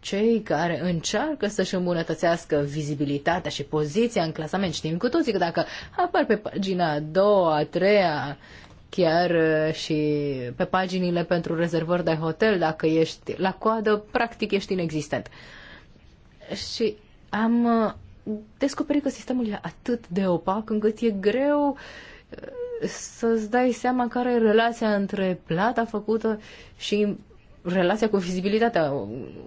Speaker 2: cei care încearcă să-și îmbunătățească vizibilitatea și poziția în clasament. Știm cu toții că dacă apar pe pagina a doua, a treia, chiar și pe paginile pentru rezervări de hotel, dacă ești la coadă, practic ești inexistent. Și am uh, descoperit că sistemul e atât de opac încât e greu uh, să-ți dai seama care e relația între plata făcută și relația cu vizibilitatea.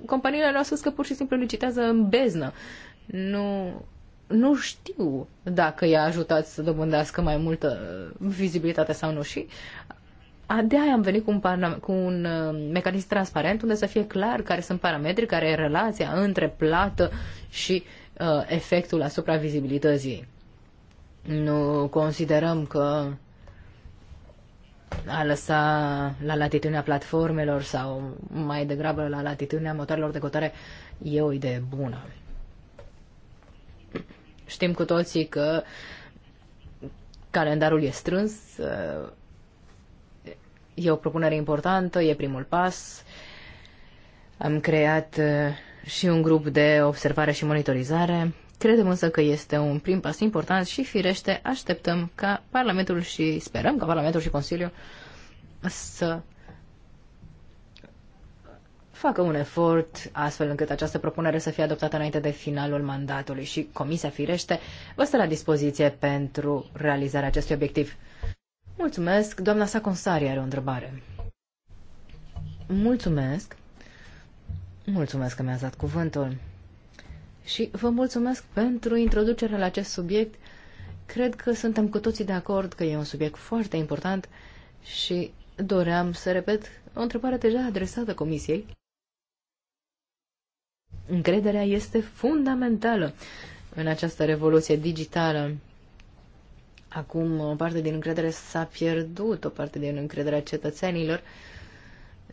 Speaker 2: Companiile le-au spus că pur și simplu licitează în beznă. Nu, nu știu dacă i-a ajutat să dobândească mai multă uh, vizibilitate sau nu și de aia am venit cu un, cu un uh, mecanism transparent unde să fie clar care sunt parametrii, care e relația între plată și uh, efectul asupra vizibilității. Nu considerăm că a lăsa la latitudinea platformelor sau mai degrabă la latitudinea motoarelor de cotare e o idee bună. Știm cu toții că calendarul e strâns, uh, E o propunere importantă, e primul pas. Am creat uh, și un grup de observare și monitorizare. Credem însă că este un prim pas important și, firește, așteptăm ca Parlamentul și sperăm ca Parlamentul și Consiliul să facă un efort astfel încât această propunere să fie adoptată înainte de finalul mandatului și Comisia Firește vă stă la dispoziție pentru realizarea acestui obiectiv. Mulțumesc. Doamna Saconsari are o întrebare. Mulțumesc. Mulțumesc că mi-ați dat cuvântul. Și vă mulțumesc pentru introducerea la acest subiect. Cred că suntem cu toții de acord că e un subiect foarte important și doream să repet o întrebare deja adresată Comisiei. Încrederea este fundamentală în această revoluție digitală Acum o parte din încredere s-a pierdut, o parte din încrederea cetățenilor,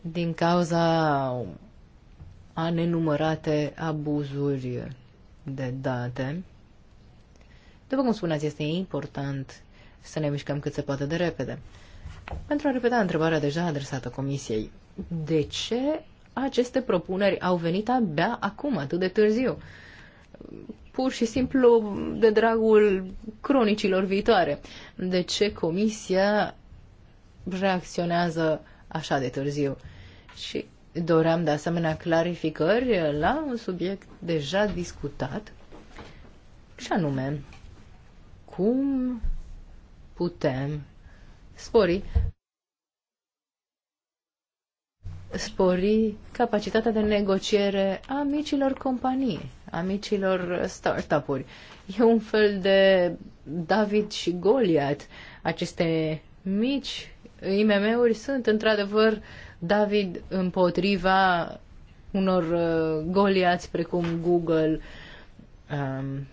Speaker 2: din cauza a nenumărate abuzuri de date. După cum spuneați, este important să ne mișcăm cât se poate de repede. Pentru a repeta întrebarea deja adresată Comisiei, de ce aceste propuneri au venit abia acum, atât de târziu? pur și simplu de dragul cronicilor viitoare. De ce Comisia reacționează așa de târziu? Și doream de asemenea clarificări la un subiect deja discutat, și anume, cum putem spori spori capacitatea de negociere a micilor companii a micilor startup-uri. E un fel de David și Goliat. Aceste mici IMM-uri sunt într-adevăr David împotriva unor uh, goliați precum Google. Um,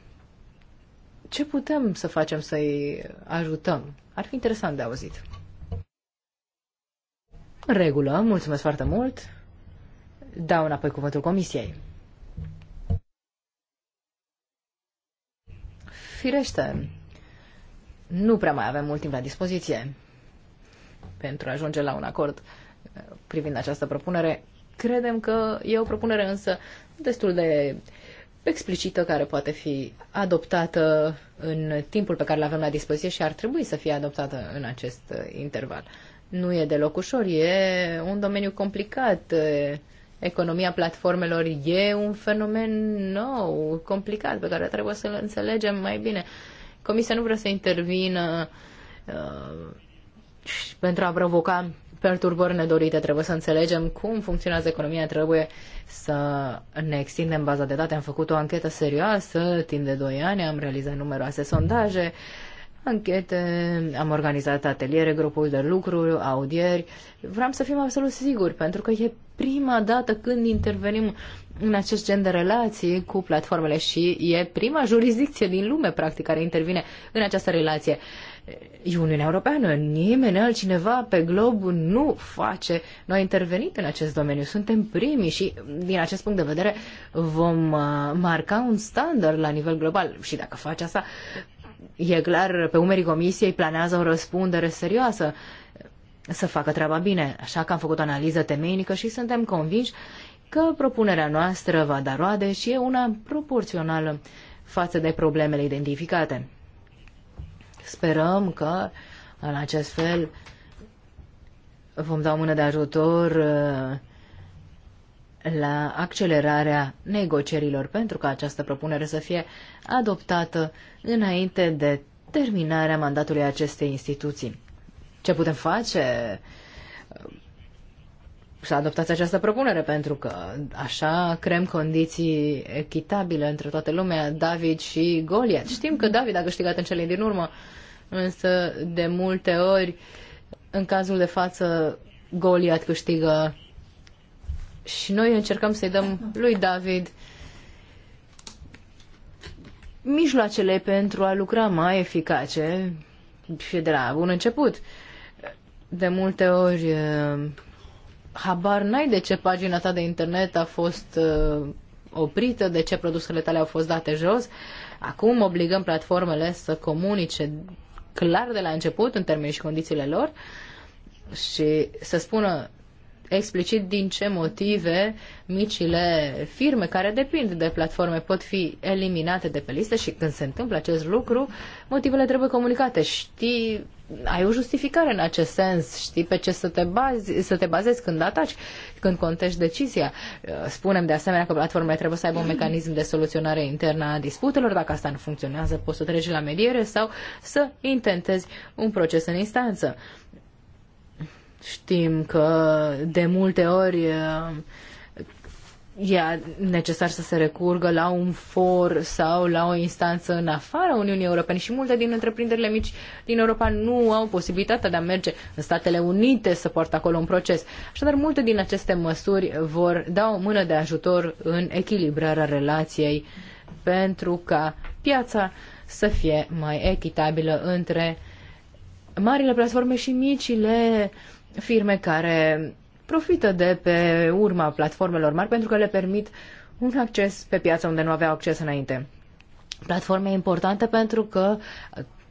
Speaker 2: ce putem să facem să-i ajutăm? Ar fi interesant de auzit. În regulă, mulțumesc foarte mult. Dau înapoi cuvântul comisiei. Firește, nu prea mai avem mult timp la dispoziție pentru a ajunge la un acord uh, privind această propunere. Credem că e o propunere însă destul de explicită care poate fi adoptată în timpul pe care îl avem la dispoziție și ar trebui să fie adoptată în acest uh, interval. Nu e deloc ușor, e un domeniu complicat, Economia platformelor e un fenomen nou, complicat, pe care trebuie să-l înțelegem mai bine. Comisia nu vrea să intervină uh, pentru a provoca perturbări nedorite. Trebuie să înțelegem cum funcționează economia, trebuie să ne extindem baza de date. Am făcut o anchetă serioasă timp de 2 ani, am realizat numeroase sondaje, anchete, am organizat ateliere, grupuri de lucru, audieri. Vreau să fim absolut siguri, pentru că e prima dată când intervenim în acest gen de relații cu platformele și e prima jurisdicție din lume, practic, care intervine în această relație. E Uniunea Europeană, nimeni altcineva pe glob nu face. Noi am intervenit în acest domeniu, suntem primii și, din acest punct de vedere, vom uh, marca un standard la nivel global. Și dacă face asta, e clar, pe umerii comisiei planează o răspundere serioasă să facă treaba bine. Așa că am făcut o analiză temeinică și suntem convinși că propunerea noastră va da roade și e una proporțională față de problemele identificate. Sperăm că în acest fel vom da o mână de ajutor uh, la accelerarea negocierilor pentru ca această propunere să fie adoptată înainte de terminarea mandatului acestei instituții ce putem face? Să adoptați această propunere, pentru că așa creăm condiții echitabile între toată lumea, David și Goliat. Știm că David a câștigat în cele din urmă, însă de multe ori, în cazul de față, Goliat câștigă și noi încercăm să-i dăm lui David mijloacele pentru a lucra mai eficace și de la bun început de multe ori habar n-ai de ce pagina ta de internet a fost oprită, de ce produsele tale au fost date jos. Acum obligăm platformele să comunice clar de la început în termeni și condițiile lor și să spună explicit din ce motive micile firme care depind de platforme pot fi eliminate de pe listă și când se întâmplă acest lucru, motivele trebuie comunicate. Știi, ai o justificare în acest sens, știi pe ce să te, bazi, să te bazezi când ataci, când contești decizia. Spunem de asemenea că platformele trebuie să aibă un mecanism de soluționare internă a disputelor, dacă asta nu funcționează, poți să treci la mediere sau să intentezi un proces în instanță. Știm că de multe ori uh, e necesar să se recurgă la un for sau la o instanță în afara Uniunii Europene și multe din întreprinderile mici din Europa nu au posibilitatea de a merge în Statele Unite să poartă acolo un proces. Așadar, multe din aceste măsuri vor da o mână de ajutor în echilibrarea relației pentru ca piața să fie mai echitabilă între marile platforme și micile firme care profită de pe urma platformelor mari pentru că le permit un acces pe piață unde nu aveau acces înainte. Platforme importante pentru că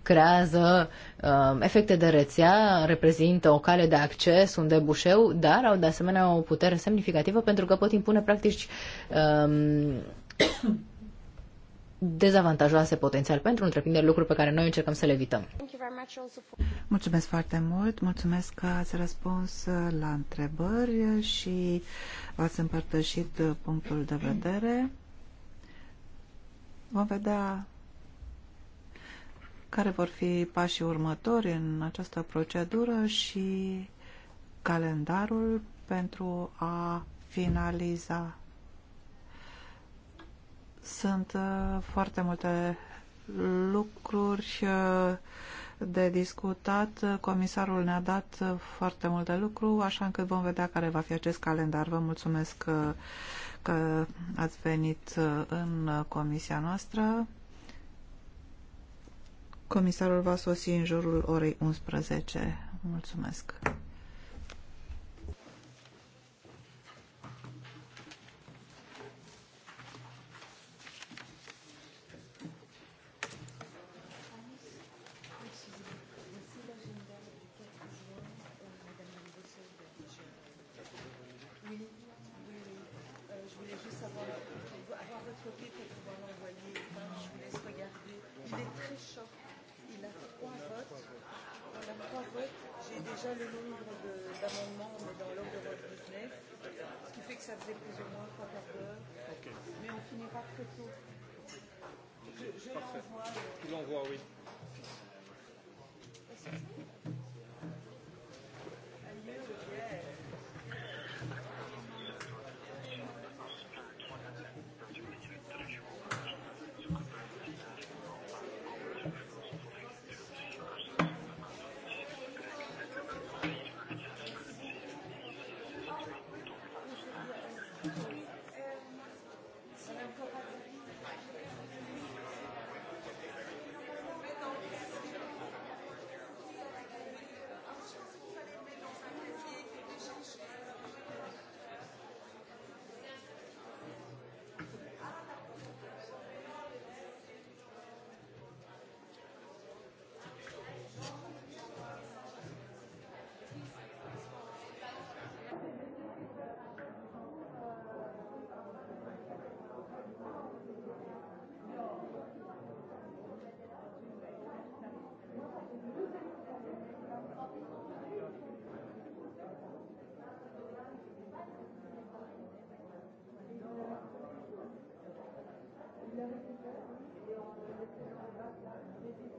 Speaker 2: creează uh, efecte de rețea, reprezintă o cale de acces, un debușeu, dar au de asemenea o putere semnificativă pentru că pot impune practici uh, dezavantajoase potențial pentru întreprinderi, lucruri pe care noi încercăm să le evităm.
Speaker 4: Mulțumesc foarte mult, mulțumesc că ați răspuns la întrebări și ați împărtășit punctul de vedere. Vom vedea care vor fi pașii următori în această procedură și calendarul pentru a finaliza sunt uh, foarte multe lucruri uh, de discutat. Comisarul ne-a dat uh, foarte multe lucruri, așa încât vom vedea care va fi acest calendar. Vă mulțumesc că, că ați venit în comisia noastră. Comisarul va sosi în jurul orei 11. Mulțumesc.
Speaker 3: Gracias.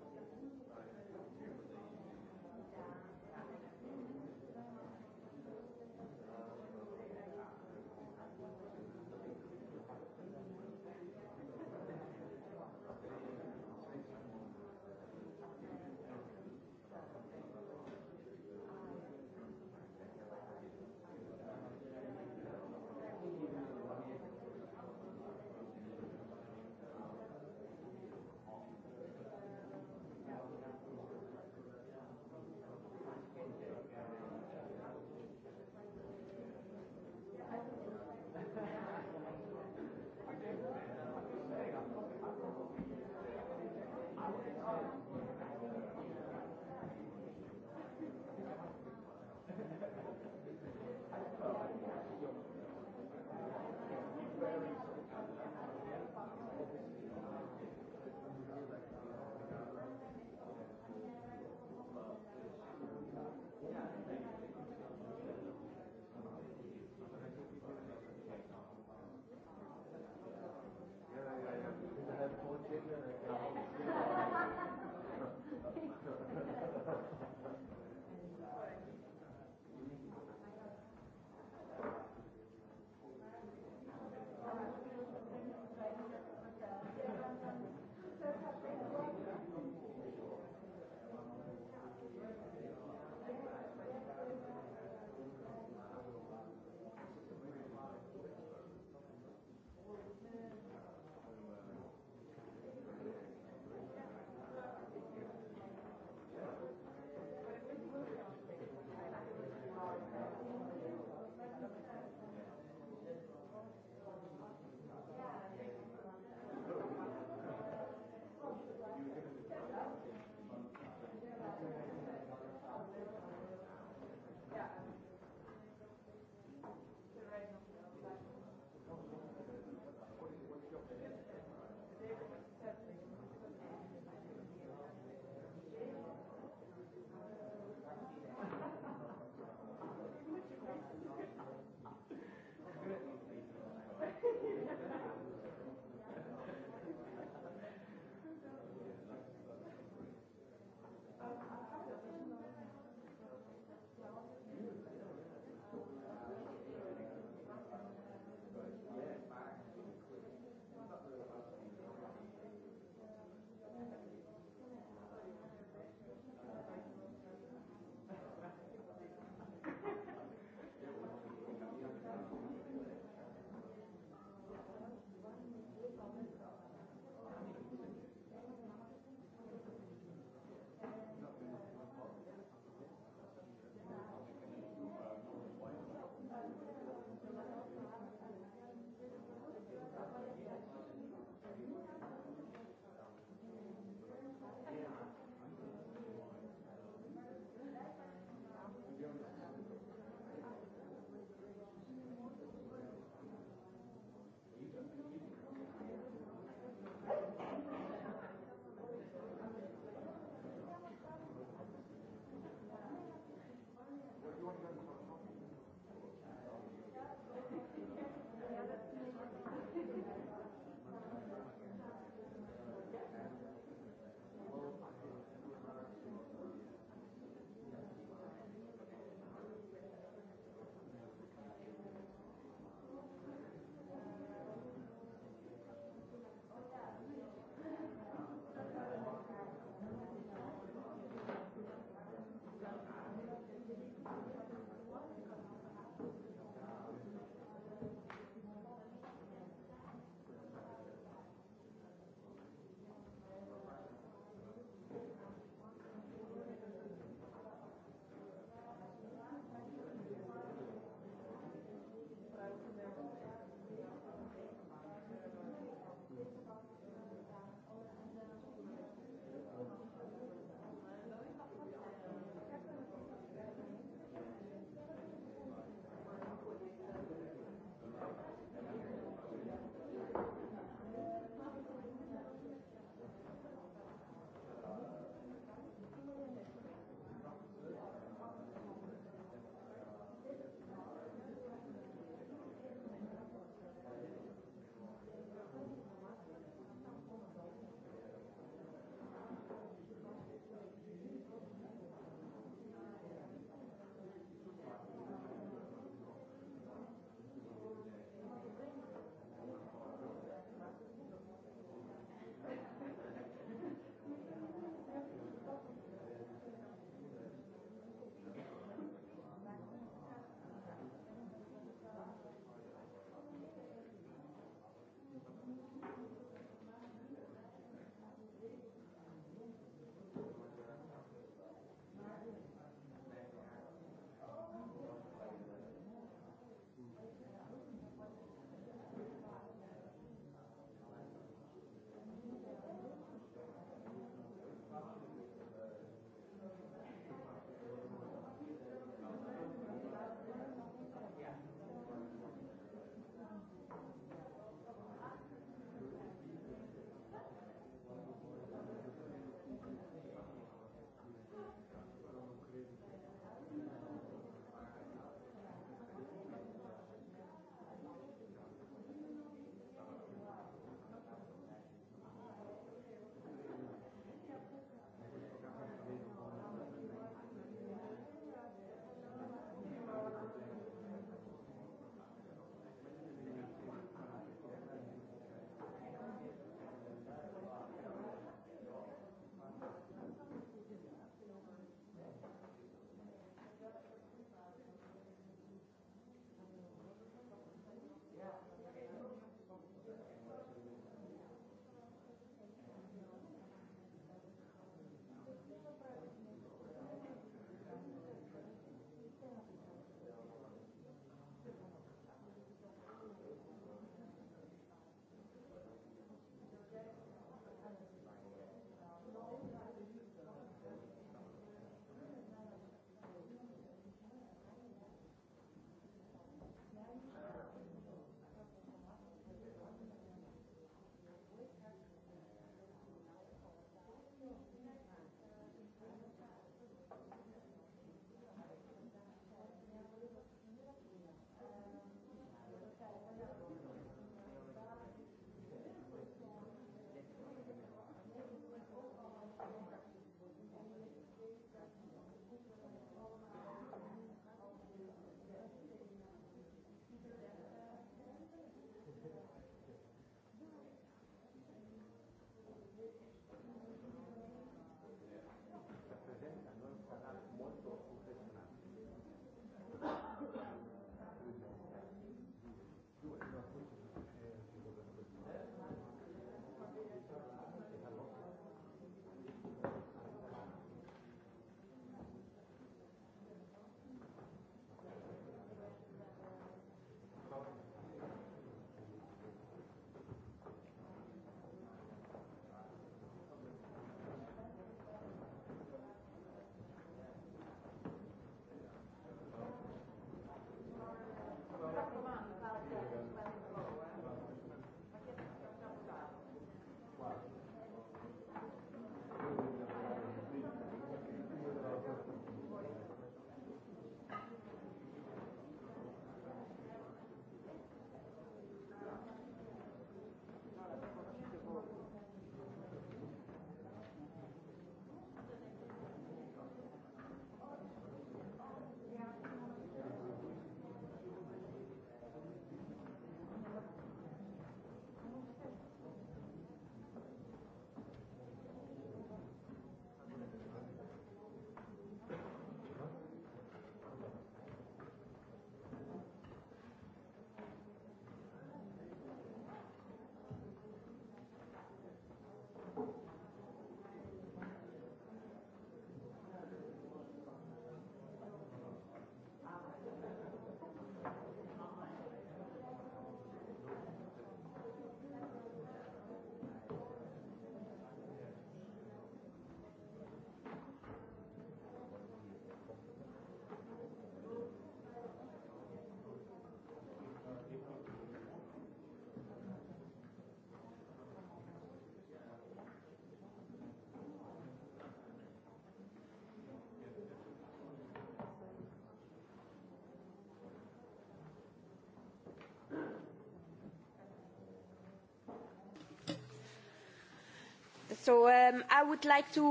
Speaker 4: So, um, I would like to...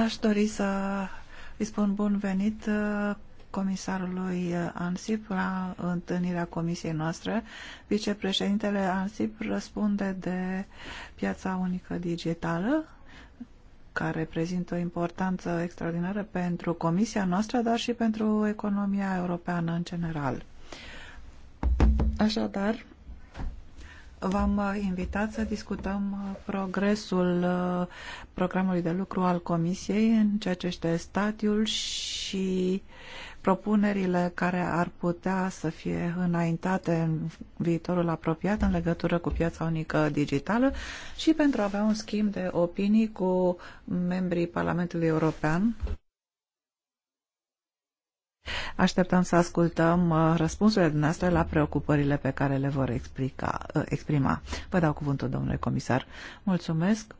Speaker 4: Aș dori să îi spun bun venit uh, comisarului uh, ANSIP la întâlnirea comisiei noastre. Vicepreședintele ANSIP răspunde de piața unică digitală care reprezintă o importanță extraordinară pentru comisia noastră, dar și pentru economia europeană în general. Așadar, V-am uh, invitat să discutăm uh, progresul uh, programului de lucru al Comisiei în ceea ce este stadiul și propunerile care ar putea să fie înaintate în viitorul apropiat în legătură cu piața unică digitală și pentru a avea un schimb de opinii cu membrii Parlamentului European. Așteptăm să ascultăm uh, răspunsurile dumneavoastră la preocupările pe care le vor explica, uh, exprima. Vă dau cuvântul, domnule comisar. Mulțumesc.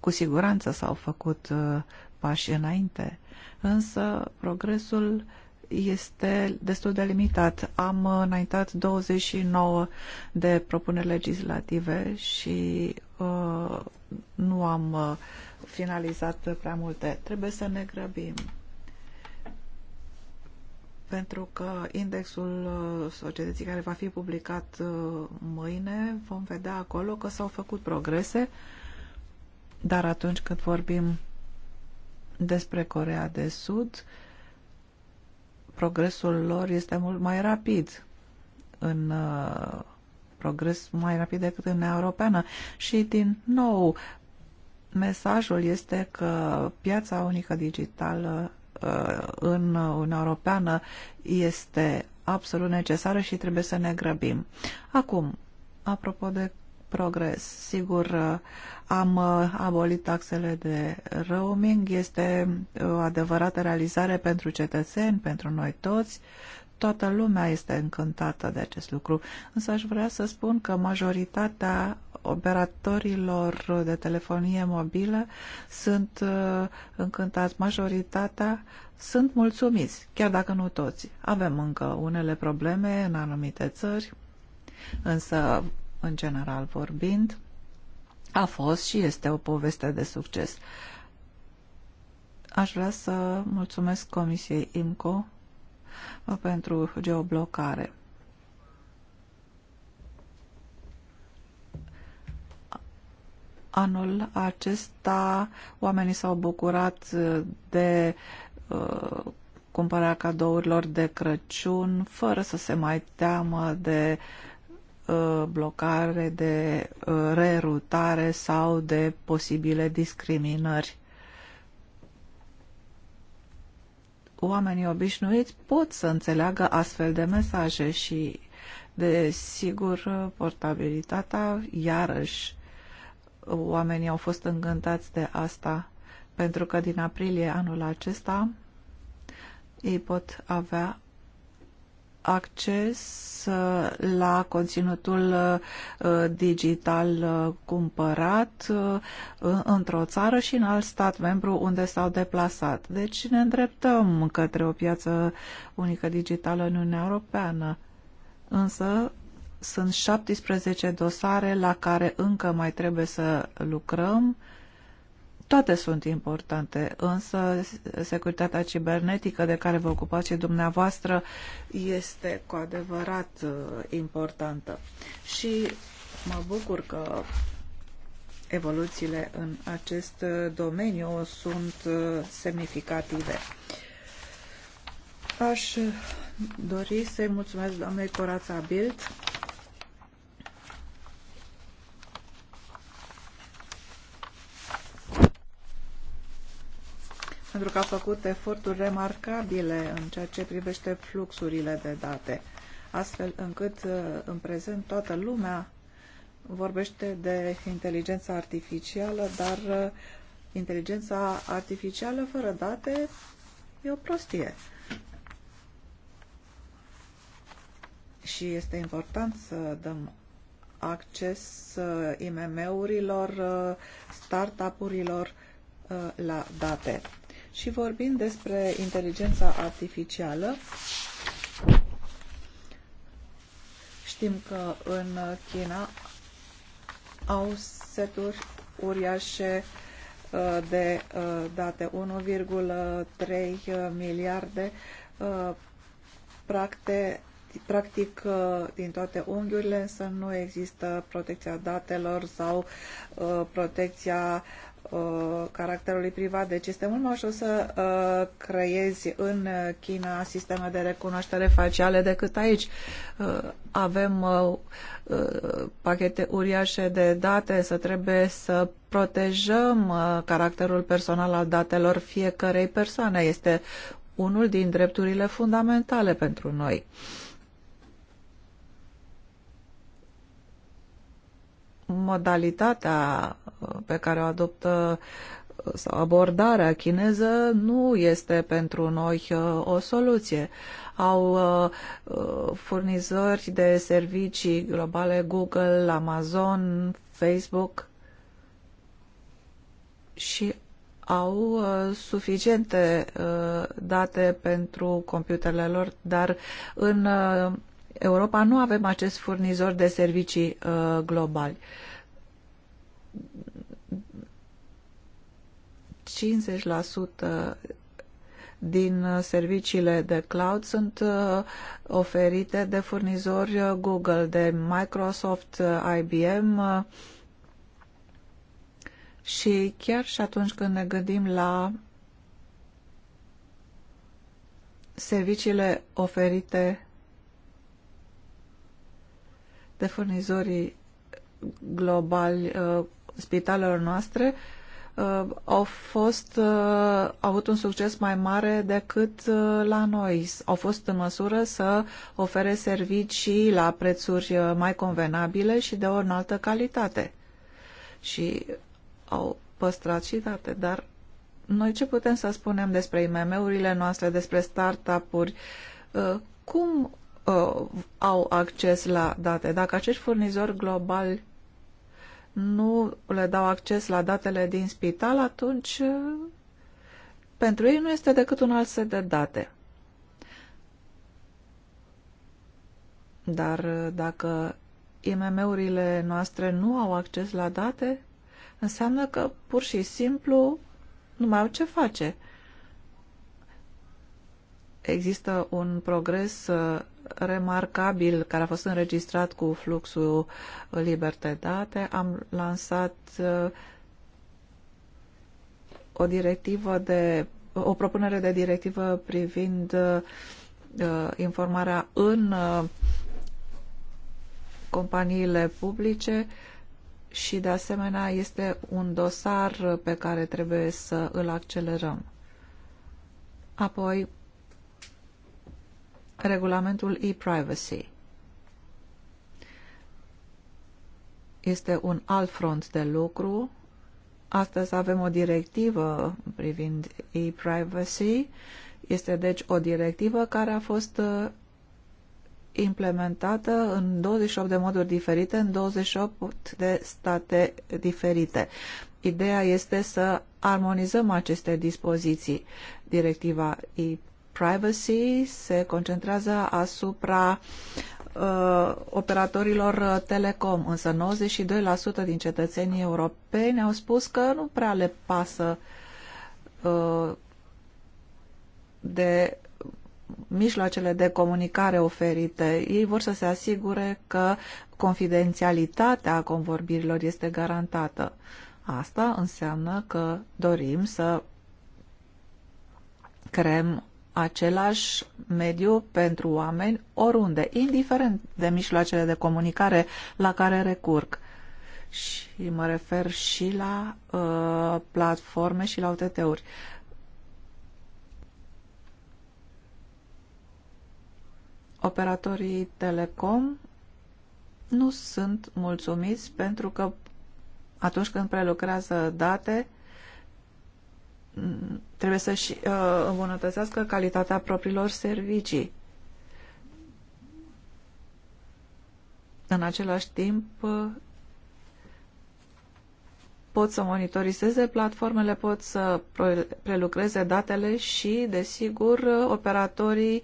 Speaker 4: Cu siguranță s-au făcut uh, pași înainte, însă progresul este destul de limitat. Am înaintat 29 de propuneri legislative și uh, nu am finalizat prea multe. Trebuie să ne grăbim pentru că indexul uh, societății care va fi publicat uh, mâine, vom vedea acolo că s-au făcut progrese, dar atunci când vorbim despre Corea de Sud, progresul lor este mult mai rapid în uh, progres mai rapid decât în europeană și din nou mesajul este că piața unică digitală Uh, în Uniunea Europeană este absolut necesară și trebuie să ne grăbim. Acum, apropo de progres, sigur, uh, am uh, abolit taxele de roaming, este o adevărată realizare pentru cetățeni, pentru noi toți, toată lumea este încântată de acest lucru, însă aș vrea să spun că majoritatea operatorilor de telefonie mobilă sunt uh, încântați, majoritatea sunt mulțumiți, chiar dacă nu toți. Avem încă unele probleme în anumite țări, însă, în general vorbind, a fost și este o poveste de succes. Aș vrea să mulțumesc Comisiei IMCO uh, pentru geoblocare. Anul acesta oamenii s-au bucurat de uh, cumpărarea cadourilor de Crăciun fără să se mai teamă de uh, blocare, de uh, rerutare sau de posibile discriminări. Oamenii obișnuiți pot să înțeleagă astfel de mesaje și, desigur, portabilitatea iarăși oamenii au fost îngântați de asta, pentru că din aprilie anul acesta ei pot avea acces uh, la conținutul uh, digital uh, cumpărat într-o țară și în alt stat membru unde s-au deplasat. Deci ne îndreptăm către o piață unică digitală în Uniunea Europeană. Însă sunt 17 dosare la care încă mai trebuie să lucrăm. Toate sunt importante, însă securitatea cibernetică de care vă ocupați și dumneavoastră este cu adevărat uh, importantă. Și mă bucur că evoluțiile în acest uh, domeniu sunt uh, semnificative. Aș dori să-i mulțumesc doamnei Corața Bild pentru că a făcut eforturi remarcabile în ceea ce privește fluxurile de date, astfel încât uh, în prezent toată lumea vorbește de inteligența artificială, dar uh, inteligența artificială fără date e o prostie. Și este important să dăm acces uh, IMM-urilor, startup-urilor la date și vorbim despre inteligența artificială. Știm că în China au seturi uriașe uh, de uh, date 1,3 miliarde uh, practe, practic din toate unghiurile, însă nu există protecția datelor sau protecția Uh, caracterului privat, deci este mult mai ușor să uh, creezi în China sisteme de recunoaștere faciale decât aici. Uh, avem uh, uh pachete uriașe de date, să trebuie să protejăm uh, caracterul personal al datelor fiecărei persoane. Este unul din drepturile fundamentale pentru noi. Modalitatea pe care o adoptă sau abordarea chineză nu este pentru noi uh, o soluție. Au uh, uh, furnizori de servicii globale Google, Amazon, Facebook și au suficiente date pentru computerele lor, dar în Europa nu avem acest furnizor de servicii globali. 50% din serviciile de cloud sunt uh, oferite de furnizori uh, Google, de Microsoft, uh, IBM și chiar și atunci când ne gândim la serviciile oferite de furnizorii globali spitalelor noastre, uh, Uh, au fost, uh, au avut un succes mai mare decât uh, la noi. Au fost în măsură să ofere servicii la prețuri mai convenabile și de o înaltă calitate. Și au păstrat și date, dar noi ce putem să spunem despre IMM-urile noastre, despre startup-uri? Cum au acces la date? Dacă acești furnizori globali nu le dau acces la datele din spital, atunci eh, pentru ei nu este decât un alt set de date. Dar eh, dacă IMM-urile noastre nu au acces la date, înseamnă că pur și simplu nu mai au ce face există un progres uh, remarcabil care a fost înregistrat cu fluxul liber de date. Am lansat uh, o directivă de o propunere de directivă privind uh, informarea în companiile publice și de asemenea este un dosar pe care trebuie să îl accelerăm. Apoi, regulamentul e-privacy. Este un alt front de lucru. Astăzi avem o directivă privind e-privacy. Este deci o directivă care a fost uh, implementată în 28 de moduri diferite, în 28 de state diferite. Ideea este să armonizăm aceste dispoziții. Directiva e privacy se concentrează asupra uh, operatorilor uh, telecom, însă 92% din cetățenii europeni au spus că nu prea le pasă uh, de mijloacele de comunicare oferite. Ei vor să se asigure că confidențialitatea convorbirilor este garantată. Asta înseamnă că dorim să creăm același mediu pentru oameni oriunde, indiferent de mijloacele de comunicare la care recurg. Și mă refer și la uh, platforme și la utt uri Operatorii telecom nu sunt mulțumiți pentru că atunci când prelucrează date, uh, trebuie să-și uh, îmbunătățească calitatea propriilor servicii. În același timp, uh, pot să monitorizeze platformele, pot să prelucreze datele și, desigur, operatorii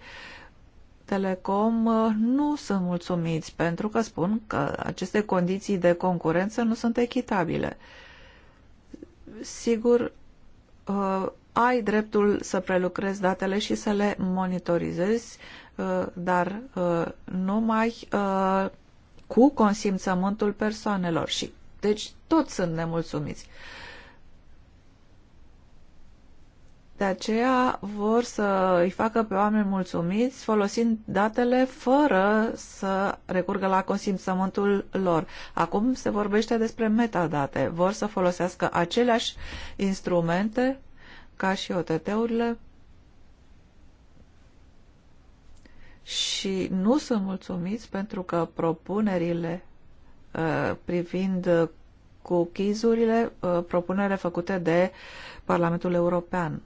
Speaker 4: Telecom uh, nu sunt mulțumiți pentru că spun că aceste condiții de concurență nu sunt echitabile. Sigur, uh, ai dreptul să prelucrezi datele și să le monitorizezi, uh, dar uh, numai uh, cu consimțământul persoanelor. Și, deci toți sunt nemulțumiți. Uh, De aceea vor să îi facă pe oameni mulțumiți folosind datele fără să recurgă la consimțământul lor. Acum se vorbește despre metadate. Vor să folosească aceleași instrumente ca și OTT-urile și nu sunt mulțumiți pentru că propunerile uh, privind cookies-urile, uh, propunere făcute de Parlamentul European.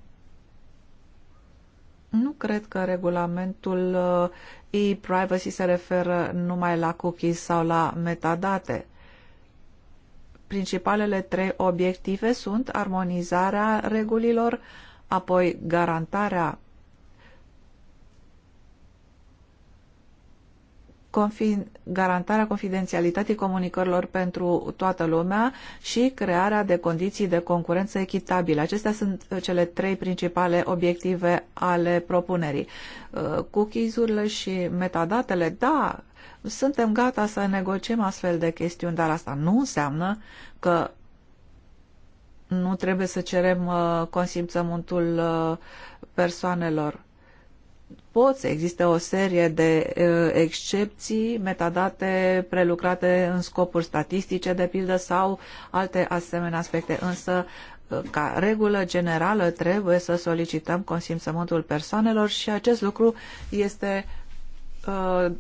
Speaker 4: Nu cred că regulamentul uh, e-privacy se referă numai la cookies sau la metadate. Principalele trei obiective sunt armonizarea regulilor, apoi garantarea garantarea confidențialității comunicărilor pentru toată lumea și crearea de condiții de concurență echitabile. Acestea sunt uh, cele trei principale obiective ale propunerii. Uh, cookies-urile și metadatele, da, suntem gata să negociem astfel de chestiuni, dar asta nu înseamnă că nu trebuie să cerem uh, consimțământul persoanelor pot să existe o serie de excepții, metadate prelucrate în scopuri statistice, de pildă, sau alte asemenea aspecte, însă ca regulă generală trebuie să solicităm consimțământul persoanelor și acest lucru este uh,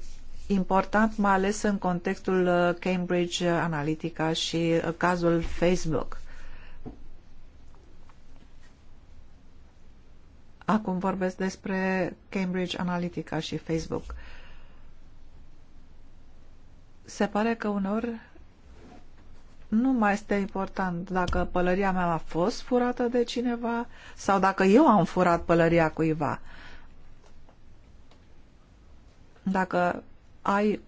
Speaker 4: important, mai ales în contextul Cambridge Analytica și cazul Facebook. Acum vorbesc despre Cambridge Analytica și Facebook. Se pare că uneori nu mai este important dacă pălăria mea a fost furată de cineva sau dacă eu am furat pălăria cuiva. Dacă ai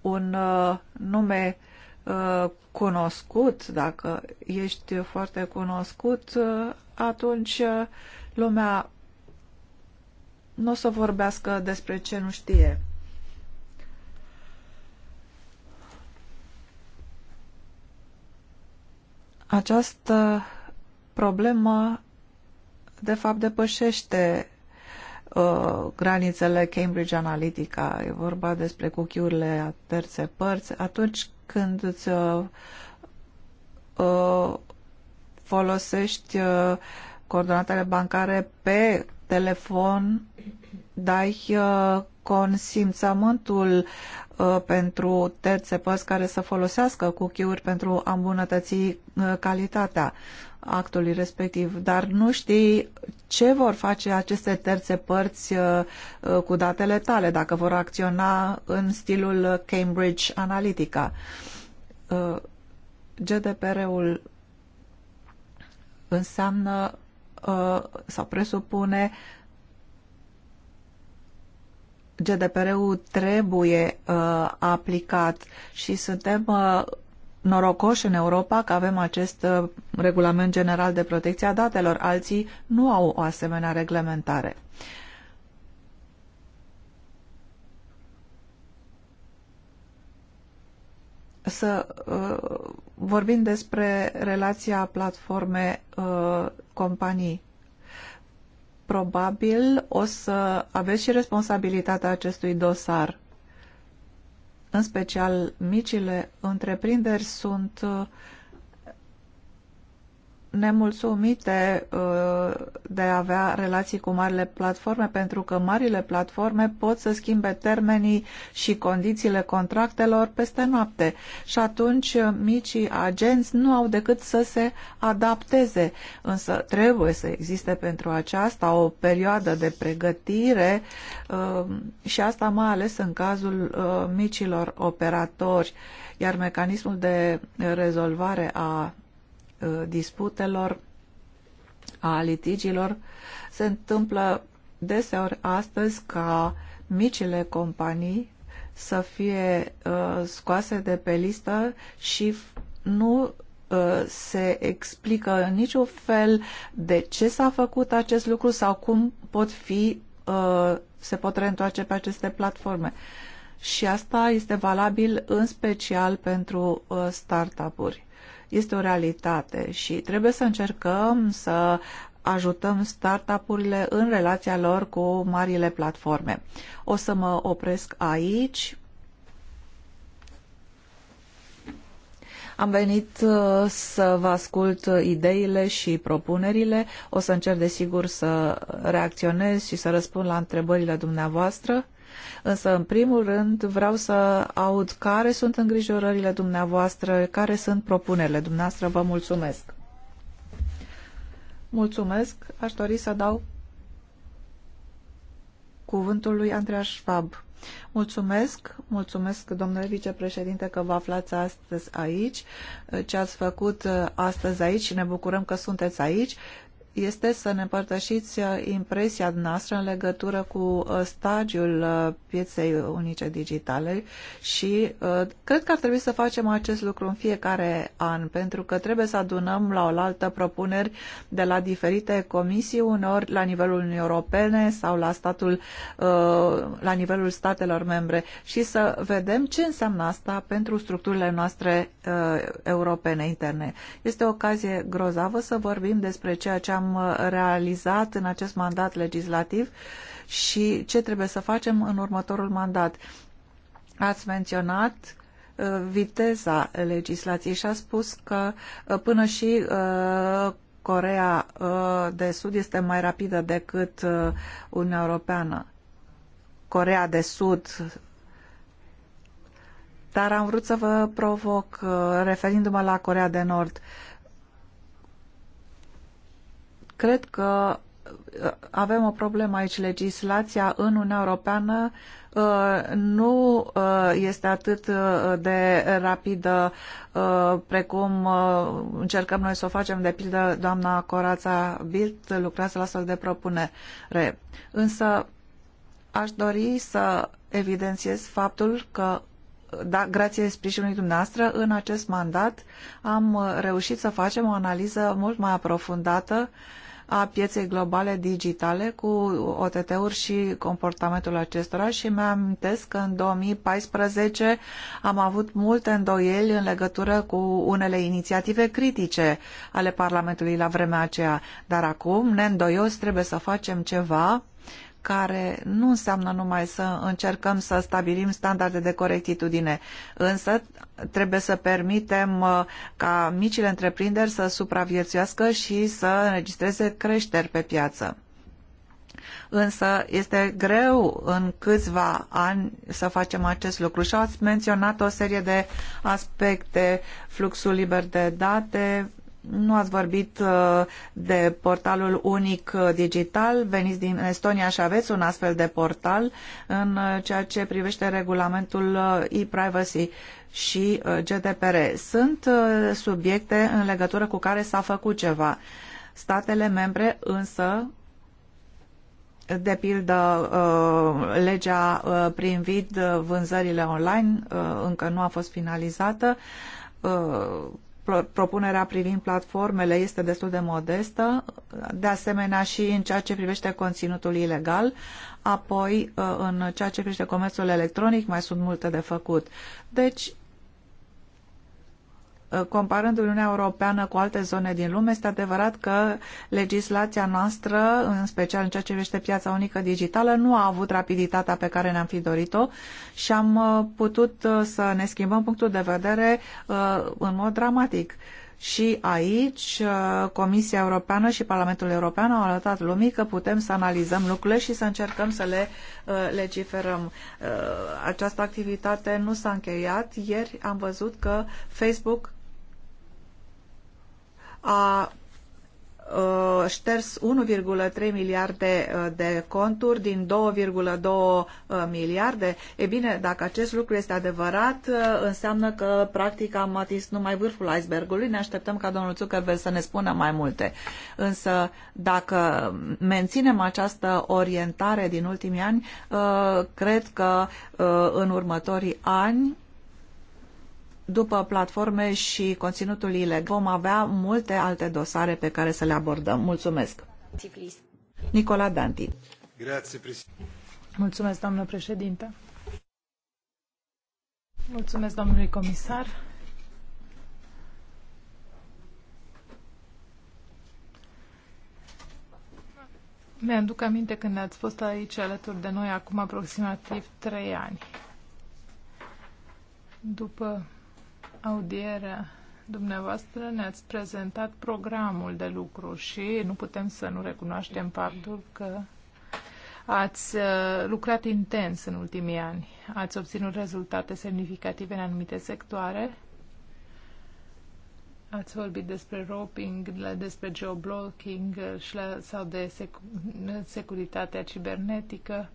Speaker 4: un uh, nume uh, cunoscut, dacă ești foarte cunoscut, uh, atunci uh, lumea nu o să vorbească despre ce nu știe. Această problemă, de fapt, depășește uh, granițele Cambridge Analytica. E vorba despre cuchiurile a terțe părți. Atunci când îți uh, uh, folosești uh, coordonatele bancare pe telefon dai uh, consimțământul uh, pentru terțe părți care să folosească cookie-uri pentru a îmbunătăți uh, calitatea actului respectiv, dar nu știi ce vor face aceste terțe părți cu datele tale, dacă vor acționa în stilul Cambridge Analytica. GDPR-ul înseamnă Uh, sau presupune GDPR-ul trebuie uh, aplicat și suntem uh, norocoși în Europa că avem acest regulament general de protecție a datelor. Alții nu au o asemenea reglementare. Să vorbim despre relația platforme-companii. Uh, Probabil o să aveți și responsabilitatea acestui dosar. În special, micile întreprinderi sunt uh, nemulțumite uh, de a avea relații cu marile platforme, pentru că marile platforme pot să schimbe termenii și condițiile contractelor peste noapte. Și atunci uh, micii agenți nu au decât să se adapteze. Însă trebuie să existe pentru aceasta o perioadă de pregătire uh, și asta mai ales în cazul micilor operatori. Iar mecanismul de rezolvare a Uh, disputelor, a litigilor, se întâmplă deseori astăzi ca micile companii să fie uh, scoase de pe listă și nu uh, se explică în niciun fel de ce s-a făcut acest lucru sau cum pot fi, uh, se pot reîntoarce pe aceste platforme. Și asta este valabil în special pentru uh, startup-uri este o realitate și trebuie să încercăm să ajutăm startup-urile în relația lor cu marile platforme. O să mă opresc aici. Am venit uh, să vă ascult ideile și propunerile. O să încerc, desigur, să reacționez și să răspund la întrebările dumneavoastră. Însă, în primul rând, vreau să aud care sunt îngrijorările dumneavoastră, care sunt propunerile dumneavoastră. Vă mulțumesc! Mulțumesc! Aș dori să dau cuvântul lui Andreea Schwab. Mulțumesc, mulțumesc domnule vicepreședinte că vă aflați astăzi aici, ce ați făcut uh, astăzi aici și ne bucurăm că sunteți aici este să ne împărtășiți uh, impresia noastră în legătură cu uh, stagiul uh, pieței unice digitale și cred că ar trebui să facem acest lucru în fiecare an, pentru că trebuie să adunăm la oaltă propuneri de la diferite comisii, uneori la nivelul Uniunii Europene sau la, statul, la nivelul statelor membre și să vedem ce înseamnă asta pentru structurile noastre europene interne. Este o ocazie grozavă să vorbim despre ceea ce am realizat în acest mandat legislativ și ce trebuie să facem în următorul mandat. Ați menționat uh, viteza legislației și a spus că uh, până și uh, Corea de Sud este mai rapidă decât Uniunea Europeană. Corea de Sud dar am vrut să vă provoc referindu-mă la Corea de Nord. Uh, Cred că uh, avem o problemă aici. Legislația în Uniunea Europeană uh, nu uh, este atât de rapidă precum încercăm noi să o facem. De pildă, doamna Corața Bilt lucrează la astfel de propunere. Însă aș dori să evidențiez faptul că da, grație sprijinului dumneavoastră, în acest mandat am reușit să facem o analiză mult mai aprofundată a pieței globale digitale cu OTT-uri și comportamentul acestora și mi-amintesc că în 2014 am avut multe îndoieli în legătură cu unele inițiative critice ale Parlamentului la vremea aceea, dar acum, neîndoios, trebuie să facem ceva care nu înseamnă numai să încercăm să stabilim standarde de corectitudine, însă trebuie să permitem uh, ca micile întreprinderi să supraviețuiască și să înregistreze creșteri pe piață. Însă este greu în câțiva ani să facem acest lucru și ați menționat o serie de aspecte, fluxul liber de date, nu ați vorbit uh, de portalul unic uh, digital, veniți din Estonia și aveți un astfel de portal în uh, ceea ce privește regulamentul e-privacy și GDPR. Sunt subiecte în legătură cu care s-a făcut ceva. Statele membre însă de pildă legea privind vânzările online încă nu a fost finalizată propunerea privind platformele este destul de modestă, de asemenea și în ceea ce privește conținutul ilegal, apoi uh, în ceea ce privește comerțul electronic mai sunt multe de făcut. Deci Uh, comparând Uniunea Europeană cu alte zone din lume, este adevărat că legislația noastră, în special în ceea ce privește piața unică digitală, nu a avut rapiditatea pe care ne-am fi dorit-o și am uh, putut uh, să ne schimbăm punctul de vedere în mod dramatic. Și aici Comisia Europeană și Parlamentul European au arătat lumii că putem să analizăm lucrurile și să încercăm să le legiferăm. această activitate nu s-a încheiat. Ieri am văzut că Facebook a șters 1,3 miliarde uh, de conturi din 2,2 uh, miliarde. E bine, dacă acest lucru este adevărat, uh, înseamnă că practic am atins numai vârful icebergului. Ne așteptăm ca domnul Zuckerberg să ne spună mai multe. Însă, dacă menținem această orientare din ultimii ani, cred că în următorii ani după platforme și conținutul ilegal, vom avea multe alte dosare pe care să le abordăm. Mulțumesc! Nicola Danti. Mulțumesc, doamnă președinte.
Speaker 1: Mulțumesc, domnului comisar. Mi-aduc aminte când ați fost aici alături de noi acum aproximativ trei ani. După audierea dumneavoastră ne-ați prezentat programul de lucru și nu putem să nu recunoaștem faptul că ați uh, lucrat intens în ultimii ani. Ați obținut rezultate semnificative în anumite sectoare. Ați vorbit despre roping, despre geoblocking uh, și la, sau de securitatea cibernetică.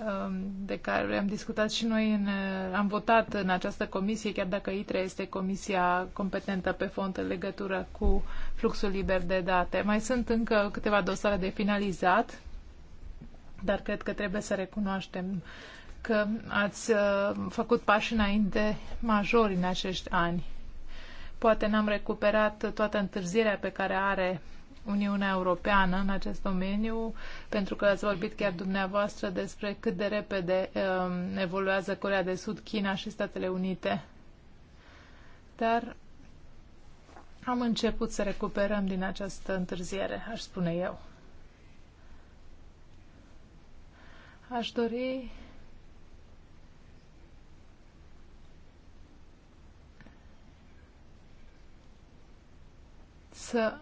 Speaker 1: Um, de care am discutat și noi, în, uh, am votat în această comisie, chiar dacă ITRE este comisia competentă pe fond în legătură cu fluxul liber de date. Mai sunt încă câteva dosare de finalizat, dar cred că trebuie să recunoaștem că ați uh, făcut pași înainte majori în acești ani. Poate n-am recuperat toată întârzierea pe care are Uniunea Europeană în acest domeniu, pentru că ați vorbit chiar dumneavoastră despre cât de repede um, evoluează Corea de Sud, China și Statele Unite. Dar am început să recuperăm din această întârziere, aș spune eu. Aș dori să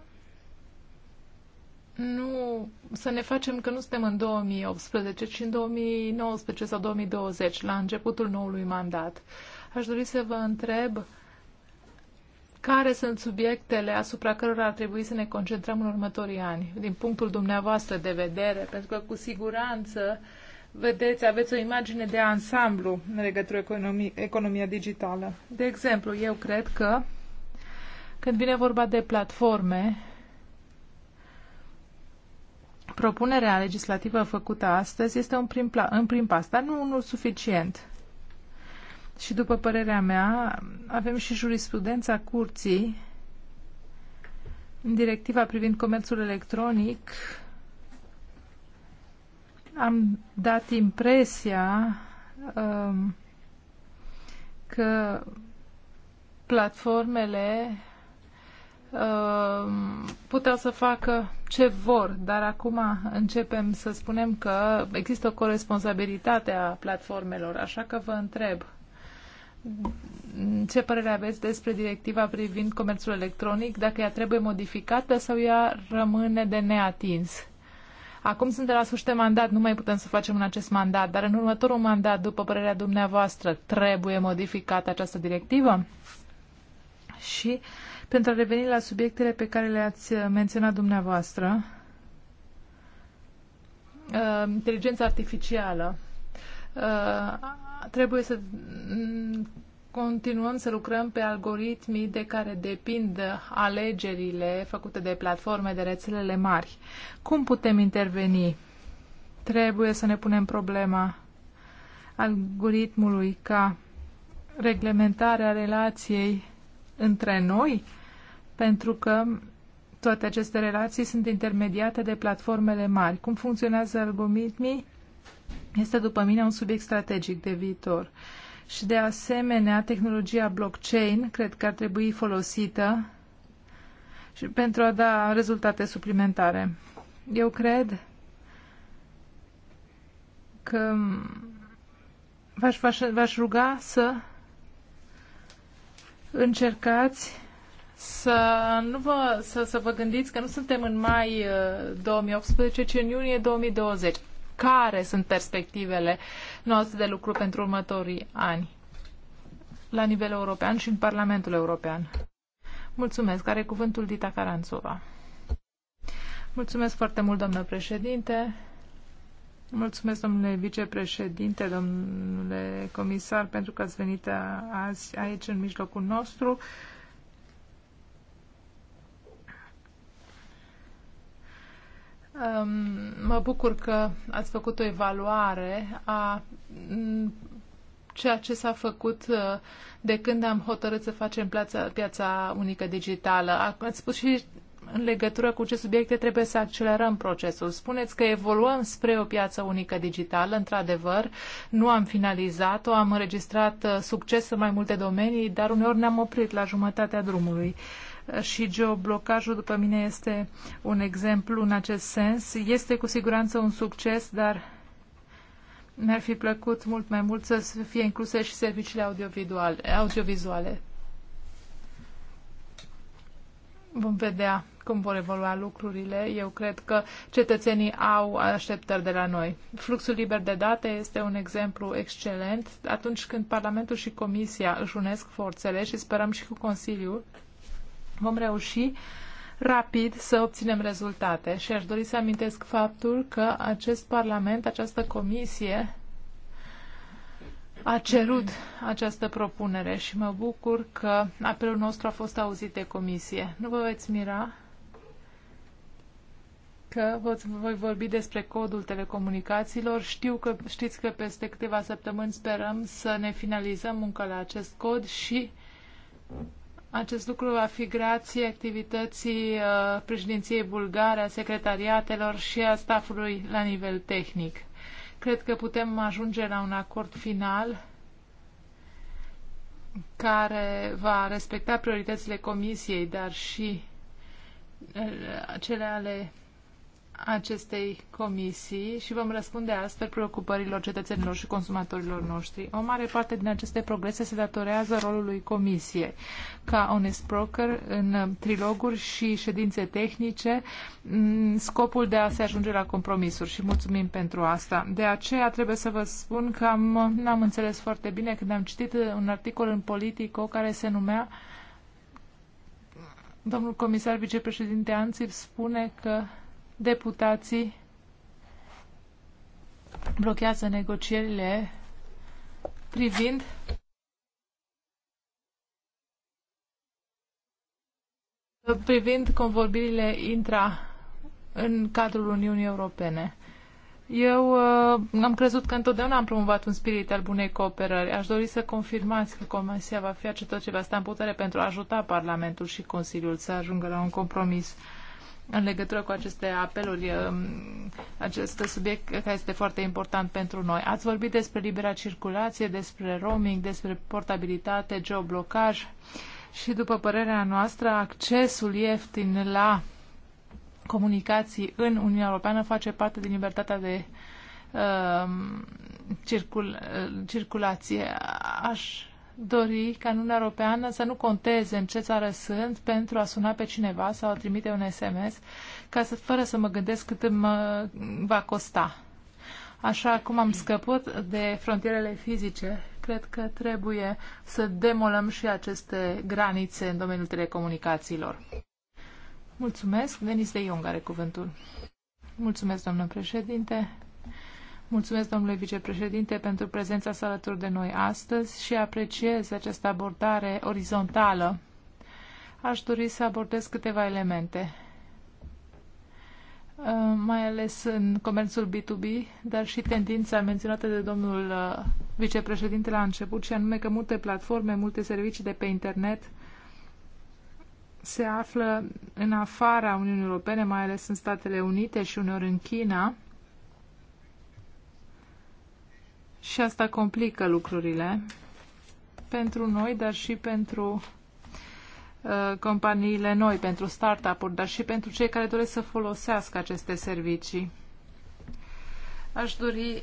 Speaker 1: nu, să ne facem că nu suntem în 2018, ci în 2019 sau 2020, la începutul noului mandat. Aș dori să vă întreb care sunt subiectele asupra cărora ar trebui să ne concentrăm în următorii ani, din punctul dumneavoastră de vedere, pentru că cu siguranță vedeți, aveți o imagine de ansamblu în legătură cu economia, economia digitală. De exemplu, eu cred că când vine vorba de platforme, Propunerea legislativă făcută astăzi este un prim, în prim pas, dar nu unul suficient. Și după părerea mea, avem și jurisprudența curții în directiva privind comerțul electronic. Am dat impresia um, că platformele Uh, puteau să facă ce vor, dar acum începem să spunem că există o corresponsabilitate a platformelor, așa că vă întreb ce părere aveți despre directiva privind comerțul electronic, dacă ea trebuie modificată sau ea rămâne de neatins? Acum suntem la sfârșit mandat, nu mai putem să facem în acest mandat, dar în următorul mandat, după părerea dumneavoastră, trebuie modificată această directivă? Și uh, pentru a reveni la subiectele pe care le-ați uh, menționat dumneavoastră, uh, inteligența artificială, uh, trebuie să mm, continuăm să lucrăm pe algoritmii de care depind alegerile făcute de platforme, de rețelele mari. Cum putem interveni? Trebuie să ne punem problema algoritmului ca reglementarea relației între noi pentru că toate aceste relații sunt intermediate de platformele mari. Cum funcționează algoritmii este, după mine, un subiect strategic de viitor. Și, de asemenea, tehnologia blockchain cred că ar trebui folosită și pentru a da rezultate suplimentare. Eu cred că v-aș, ruga să încercați să, nu vă, să, să vă gândiți că nu suntem în mai 2018, uh, ci în iunie 2020. Care sunt perspectivele noastre de lucru pentru următorii ani la nivel european și în Parlamentul European? Mulțumesc. Are cuvântul Dita Caranțova. Mulțumesc foarte mult, doamnă președinte. Mulțumesc, domnule vicepreședinte, domnule comisar, pentru că ați venit azi aici în mijlocul nostru. Uh, Mă bucur că ați făcut o evaluare a ceea ce s-a făcut uh, de când am hotărât să facem piața, piața unică digitală. Ați spus și în legătură cu ce subiecte trebuie să accelerăm procesul. Spuneți că evoluăm spre o piață unică digitală, într-adevăr, nu am finalizat-o, am înregistrat uh, succes în mai multe domenii, dar uneori ne-am oprit la jumătatea drumului. Uh, și geoblocajul, după mine, este un exemplu în acest sens. Este cu siguranță un succes, dar mi-ar fi plăcut mult mai mult să fie incluse și serviciile audiovizuale. audiovizuale. Vom vedea cum vor evolua lucrurile. Eu cred că cetățenii au așteptări de la noi. Fluxul liber de date este un exemplu excelent atunci când Parlamentul și Comisia își unesc forțele și sperăm și cu Consiliul vom reuși rapid să obținem rezultate. Și aș dori să amintesc faptul că acest Parlament, această comisie, a cerut această propunere și mă bucur că apelul nostru a fost auzit de comisie. Nu vă veți mira că voi vorbi despre codul telecomunicațiilor. Știu că știți că peste câteva săptămâni sperăm să ne finalizăm munca la acest cod și acest lucru va fi grație activității uh, președinției bulgare, a secretariatelor și a stafului la nivel tehnic. Cred că putem ajunge la un acord final care va respecta prioritățile comisiei, dar și uh, cele ale acestei comisii și vom răspunde astfel preocupărilor cetățenilor și consumatorilor noștri. O mare parte din aceste progrese se datorează rolului comisiei. Ca Honest Broker, în triloguri și ședințe tehnice, scopul de a se ajunge la compromisuri și mulțumim pentru asta. De aceea trebuie să vă spun că am, n-am înțeles foarte bine când am citit un articol în Politico care se numea Domnul comisar vicepreședinte Anțip spune că deputații blochează negocierile privind privind convorbirile intra în cadrul Uniunii Europene. Eu uh, am crezut că întotdeauna am promovat un spirit al bunei cooperări. Aș dori să confirmați că Comisia va face tot ce va sta în putere pentru a ajuta Parlamentul și Consiliul să ajungă la un compromis. Uh, în legătură cu aceste apeluri, um, acest subiect care este foarte important pentru noi. Ați vorbit despre libera circulație, despre roaming, despre portabilitate, geoblocaj și, după părerea noastră, accesul ieftin la comunicații în Uniunea Europeană face parte din libertatea de uh, circul, uh, circulație. Aș dori ca în Uniunea Europeană să nu conteze în ce țară sunt pentru a suna pe cineva sau a trimite un SMS, ca să, fără să mă gândesc cât îmi va costa. Așa cum am scăpat de frontierele fizice, cred că trebuie să demolăm și aceste granițe în domeniul telecomunicațiilor. Mulțumesc. Denis de Iung are cuvântul. Mulțumesc, domnule președinte. Mulțumesc, domnule vicepreședinte, pentru prezența sa alături de noi astăzi și apreciez această abordare orizontală. Aș dori să abordez câteva elemente, uh, mai ales în comerțul B2B, dar și tendința menționată de domnul uh, vicepreședinte la început, și anume că multe platforme, multe servicii de pe internet se află în afara Uniunii Europene, mai ales în Statele Unite și uneori în China, Și asta complică lucrurile pentru noi, dar și pentru uh, companiile noi, pentru startup-uri, dar și pentru cei care doresc să folosească aceste servicii. Aș dori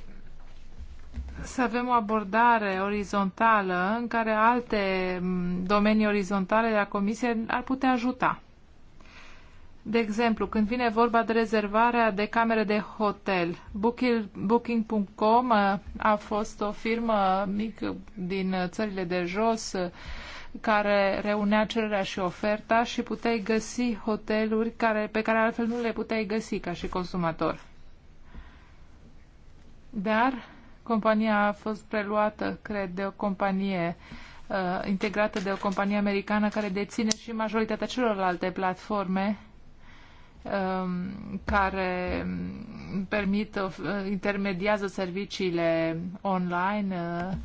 Speaker 1: să avem o abordare orizontală în care alte mm, domenii orizontale de la Comisie ar putea ajuta. De exemplu, când vine vorba de rezervarea de camere de hotel, Booking.com uh, a fost o firmă mică din uh, țările de jos uh, care reunea cererea și oferta și puteai găsi hoteluri care, pe care altfel nu le puteai găsi ca și consumator. Dar compania a fost preluată, cred, de o companie uh, integrată de o companie americană care deține și majoritatea celorlalte platforme Um, care permit, uh, intermediază serviciile online uh,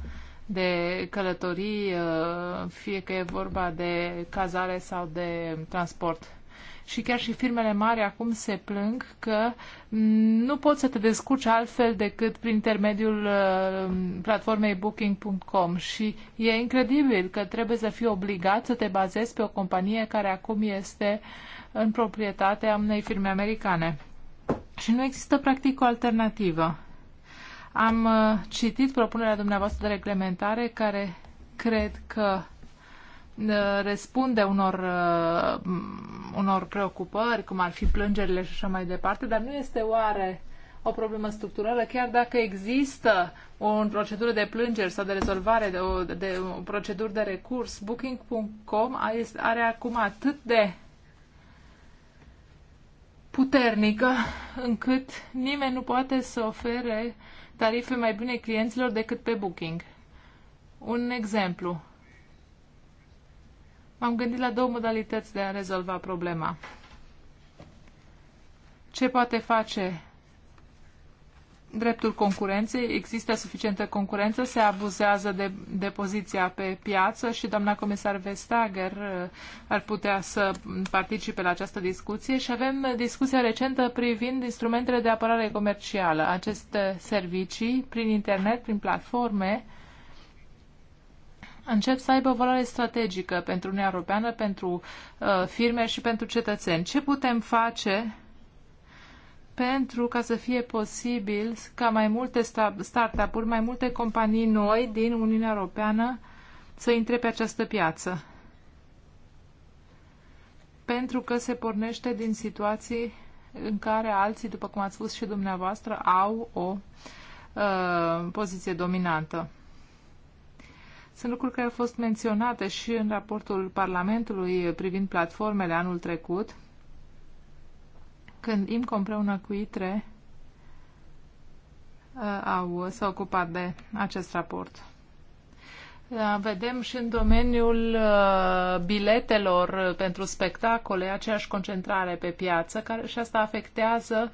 Speaker 1: de călătorii, uh, fie că e vorba de cazare sau de transport și chiar și firmele mari acum se plâng că nu poți să te descurci altfel decât prin intermediul uh, platformei booking.com și e incredibil că trebuie să fii obligat să te bazezi pe o companie care acum este în proprietatea unei firme americane. Și nu există practic o alternativă. Am uh, citit propunerea dumneavoastră de reglementare care cred că răspunde unor, uh, unor preocupări, cum ar fi plângerile și așa mai departe, dar nu este oare o problemă structurală, chiar dacă există o procedură de plângeri sau de rezolvare, de o, de, de o procedură de recurs, booking.com are acum atât de puternică încât nimeni nu poate să ofere tarife mai bune clienților decât pe booking. Un exemplu M-am gândit la două modalități de a rezolva problema. Ce poate face dreptul concurenței? Există suficientă concurență? Se abuzează de, de poziția pe piață? Și doamna comisar Vestager uh, ar putea să participe la această discuție. Și avem discuția recentă privind instrumentele de apărare comercială. Aceste servicii, prin internet, prin platforme, încep să aibă o valoare strategică pentru Uniunea Europeană, pentru uh, firme și pentru cetățeni. Ce putem face pentru ca să fie posibil ca mai multe startup-uri, mai multe companii noi din Uniunea Europeană să intre pe această piață? Pentru că se pornește din situații în care alții, după cum ați spus și dumneavoastră, au o uh, poziție dominantă. Sunt lucruri care au fost menționate și în raportul Parlamentului privind platformele anul trecut, când IMCO împreună cu ITRE uh, au, s-au ocupat de acest raport. Uh, vedem și în domeniul uh, biletelor pentru spectacole aceeași concentrare pe piață care, și asta afectează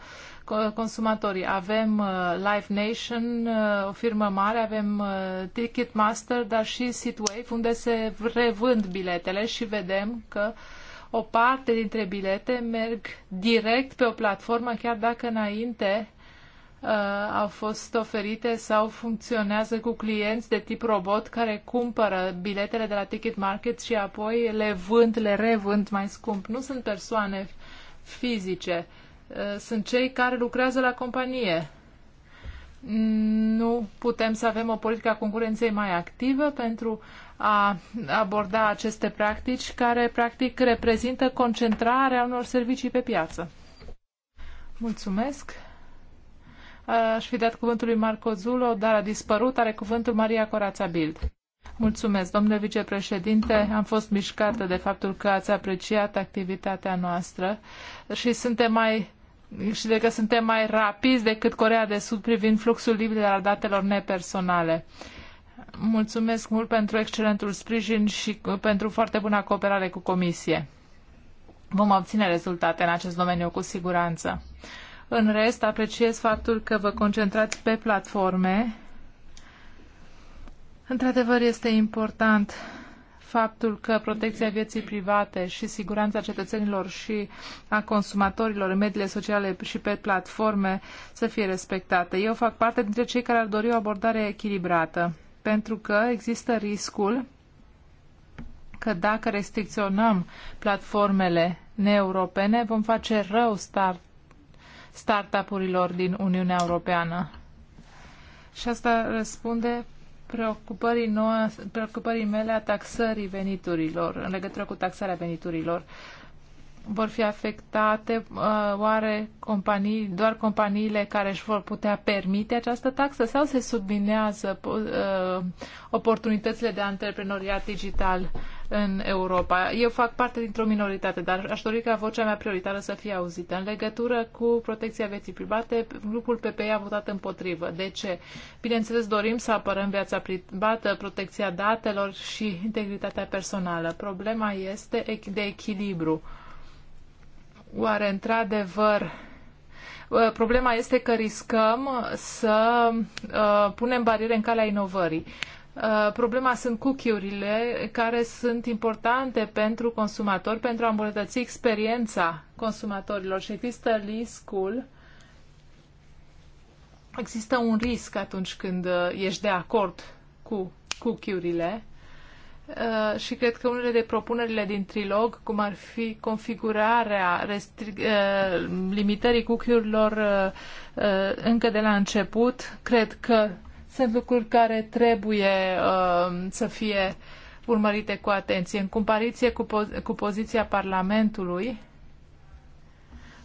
Speaker 1: consumatorii. Avem uh, Live Nation, uh, o firmă mare, avem uh, Ticketmaster, dar și Seatwave, unde se revând biletele și vedem că o parte dintre bilete merg direct pe o platformă, chiar dacă înainte uh, au fost oferite sau funcționează cu clienți de tip robot care cumpără biletele de la ticket market și apoi le vând, le revând mai scump. Nu sunt persoane fizice. Uh, Eh, sunt cei care lucrează la companie. Nu putem să avem o politică a concurenței mai activă pentru a aborda aceste practici care practic reprezintă concentrarea unor servicii pe piață. Mulțumesc. Eh, aș fi dat cuvântul lui Marco Zulo, dar a dispărut. Are cuvântul Maria Corața Bild. Mulțumesc, domnule vicepreședinte. Am fost mișcată de faptul că ați apreciat activitatea noastră și suntem mai și de că suntem mai rapizi decât Corea de Sud privind fluxul liber al datelor nepersonale. Mulțumesc mult pentru excelentul sprijin și uh, pentru foarte bună cooperare cu Comisie. Vom obține rezultate în acest domeniu cu siguranță. În rest, apreciez faptul că vă concentrați pe platforme. Într-adevăr, este important faptul că protecția vieții private și siguranța cetățenilor și a consumatorilor în mediile sociale și pe platforme să fie respectate. Eu fac parte dintre cei care ar dori o abordare echilibrată, pentru că există riscul că dacă restricționăm platformele neeuropene, vom face rău start startup-urilor din Uniunea Europeană. Și asta răspunde preocupării, noastre, preocupării mele a taxării veniturilor, în legătură cu taxarea veniturilor. Vor fi afectate uh, oare companii, doar companiile care își vor putea permite această taxă sau se subminează uh, oportunitățile de antreprenoriat digital în Europa. Eu fac parte dintr-o minoritate, dar aș dori ca vocea mea prioritară să fie auzită. În legătură cu protecția vieții private, grupul PPI a votat împotrivă. De ce? Bineînțeles, dorim să apărăm viața privată, protecția datelor și integritatea personală. Problema este de echilibru. Oare, într-adevăr, ă, problema este că riscăm să ă, punem bariere în calea inovării. Uh, problema sunt cookie-urile care sunt importante pentru consumatori pentru a îmbunătăți experiența consumatorilor și există riscul există un risc atunci când uh, ești de acord cu cookie-urile uh, și cred că unele de propunerile din trilog, cum ar fi configurarea limitării cookie-urilor încă de la început, cred că sunt lucruri care trebuie uh, să fie urmărite cu atenție. În comparație cu, po- cu poziția Parlamentului,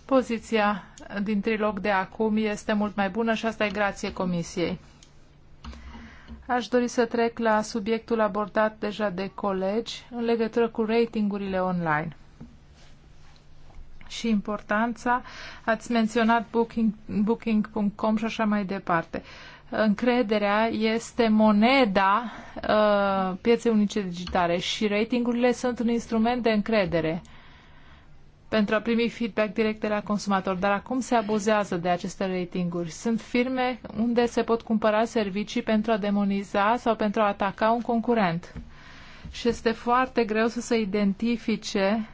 Speaker 1: poziția din trilog de acum este mult mai bună și asta e grație Comisiei. Aș dori să trec la subiectul abordat deja de colegi în legătură cu ratingurile online și importanța. Ați menționat booking, booking.com și așa mai departe. Uh, încrederea este moneda uh, pieței unice digitale și ratingurile sunt un instrument de încredere pentru a primi feedback direct de la consumator. Dar acum se abuzează de aceste ratinguri. Sunt firme unde se pot cumpăra servicii pentru a demoniza sau pentru a ataca un concurent. Și este foarte greu să se identifice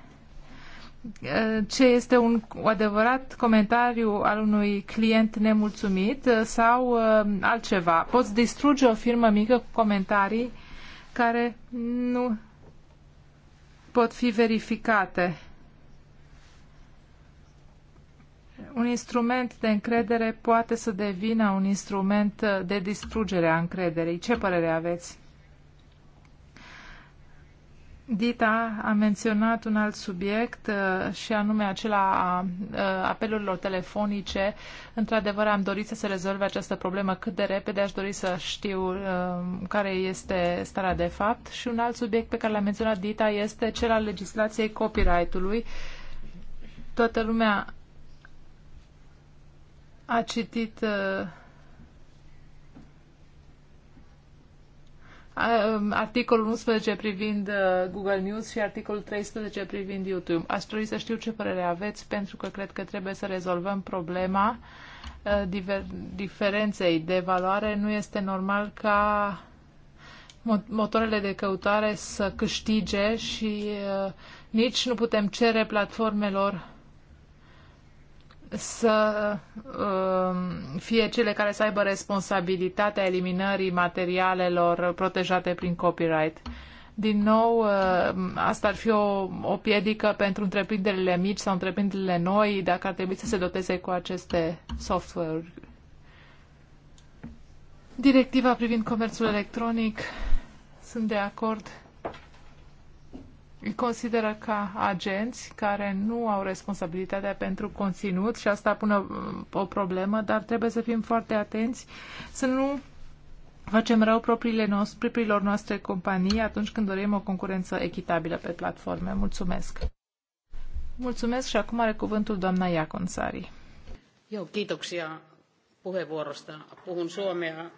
Speaker 1: ce este un adevărat comentariu al unui client nemulțumit uh, sau uh, altceva. Poți distruge o firmă mică cu comentarii care nu pot fi verificate. Un instrument de încredere poate să devină un instrument uh, de distrugere a încrederii. Ce părere aveți? Dita a menționat un alt subiect uh, și anume acela a uh, apelurilor telefonice. Într-adevăr, am dorit să se rezolve această problemă cât de repede. Aș dori să știu uh, care este starea de fapt. Și un alt subiect pe care l-a menționat Dita este cel al legislației copyright-ului. Toată lumea a citit uh, articolul 11 privind uh, Google News și articolul 13 privind YouTube. Aș dori să știu ce părere aveți, pentru că cred că trebuie să rezolvăm problema uh, diver, diferenței de valoare. Nu este normal ca motoarele de căutare să câștige și uh, nici nu putem cere platformelor să um, fie cele care să aibă responsabilitatea eliminării materialelor protejate prin copyright. Din nou, um, asta ar fi o, o piedică pentru întreprinderile mici sau întreprinderile noi, dacă ar trebui să se doteze cu aceste software Directiva privind comerțul electronic, sunt de acord îi consideră ca agenți care nu au responsabilitatea pentru conținut și asta pune o problemă, dar trebuie să fim foarte atenți să nu facem rău propriile noastre, propriilor noastre companii atunci când dorim o concurență echitabilă pe platforme. Mulțumesc! Mulțumesc și acum are cuvântul doamna Sari.
Speaker 2: Eu, kiitoksia puheenvuorosta. Puhun suomea.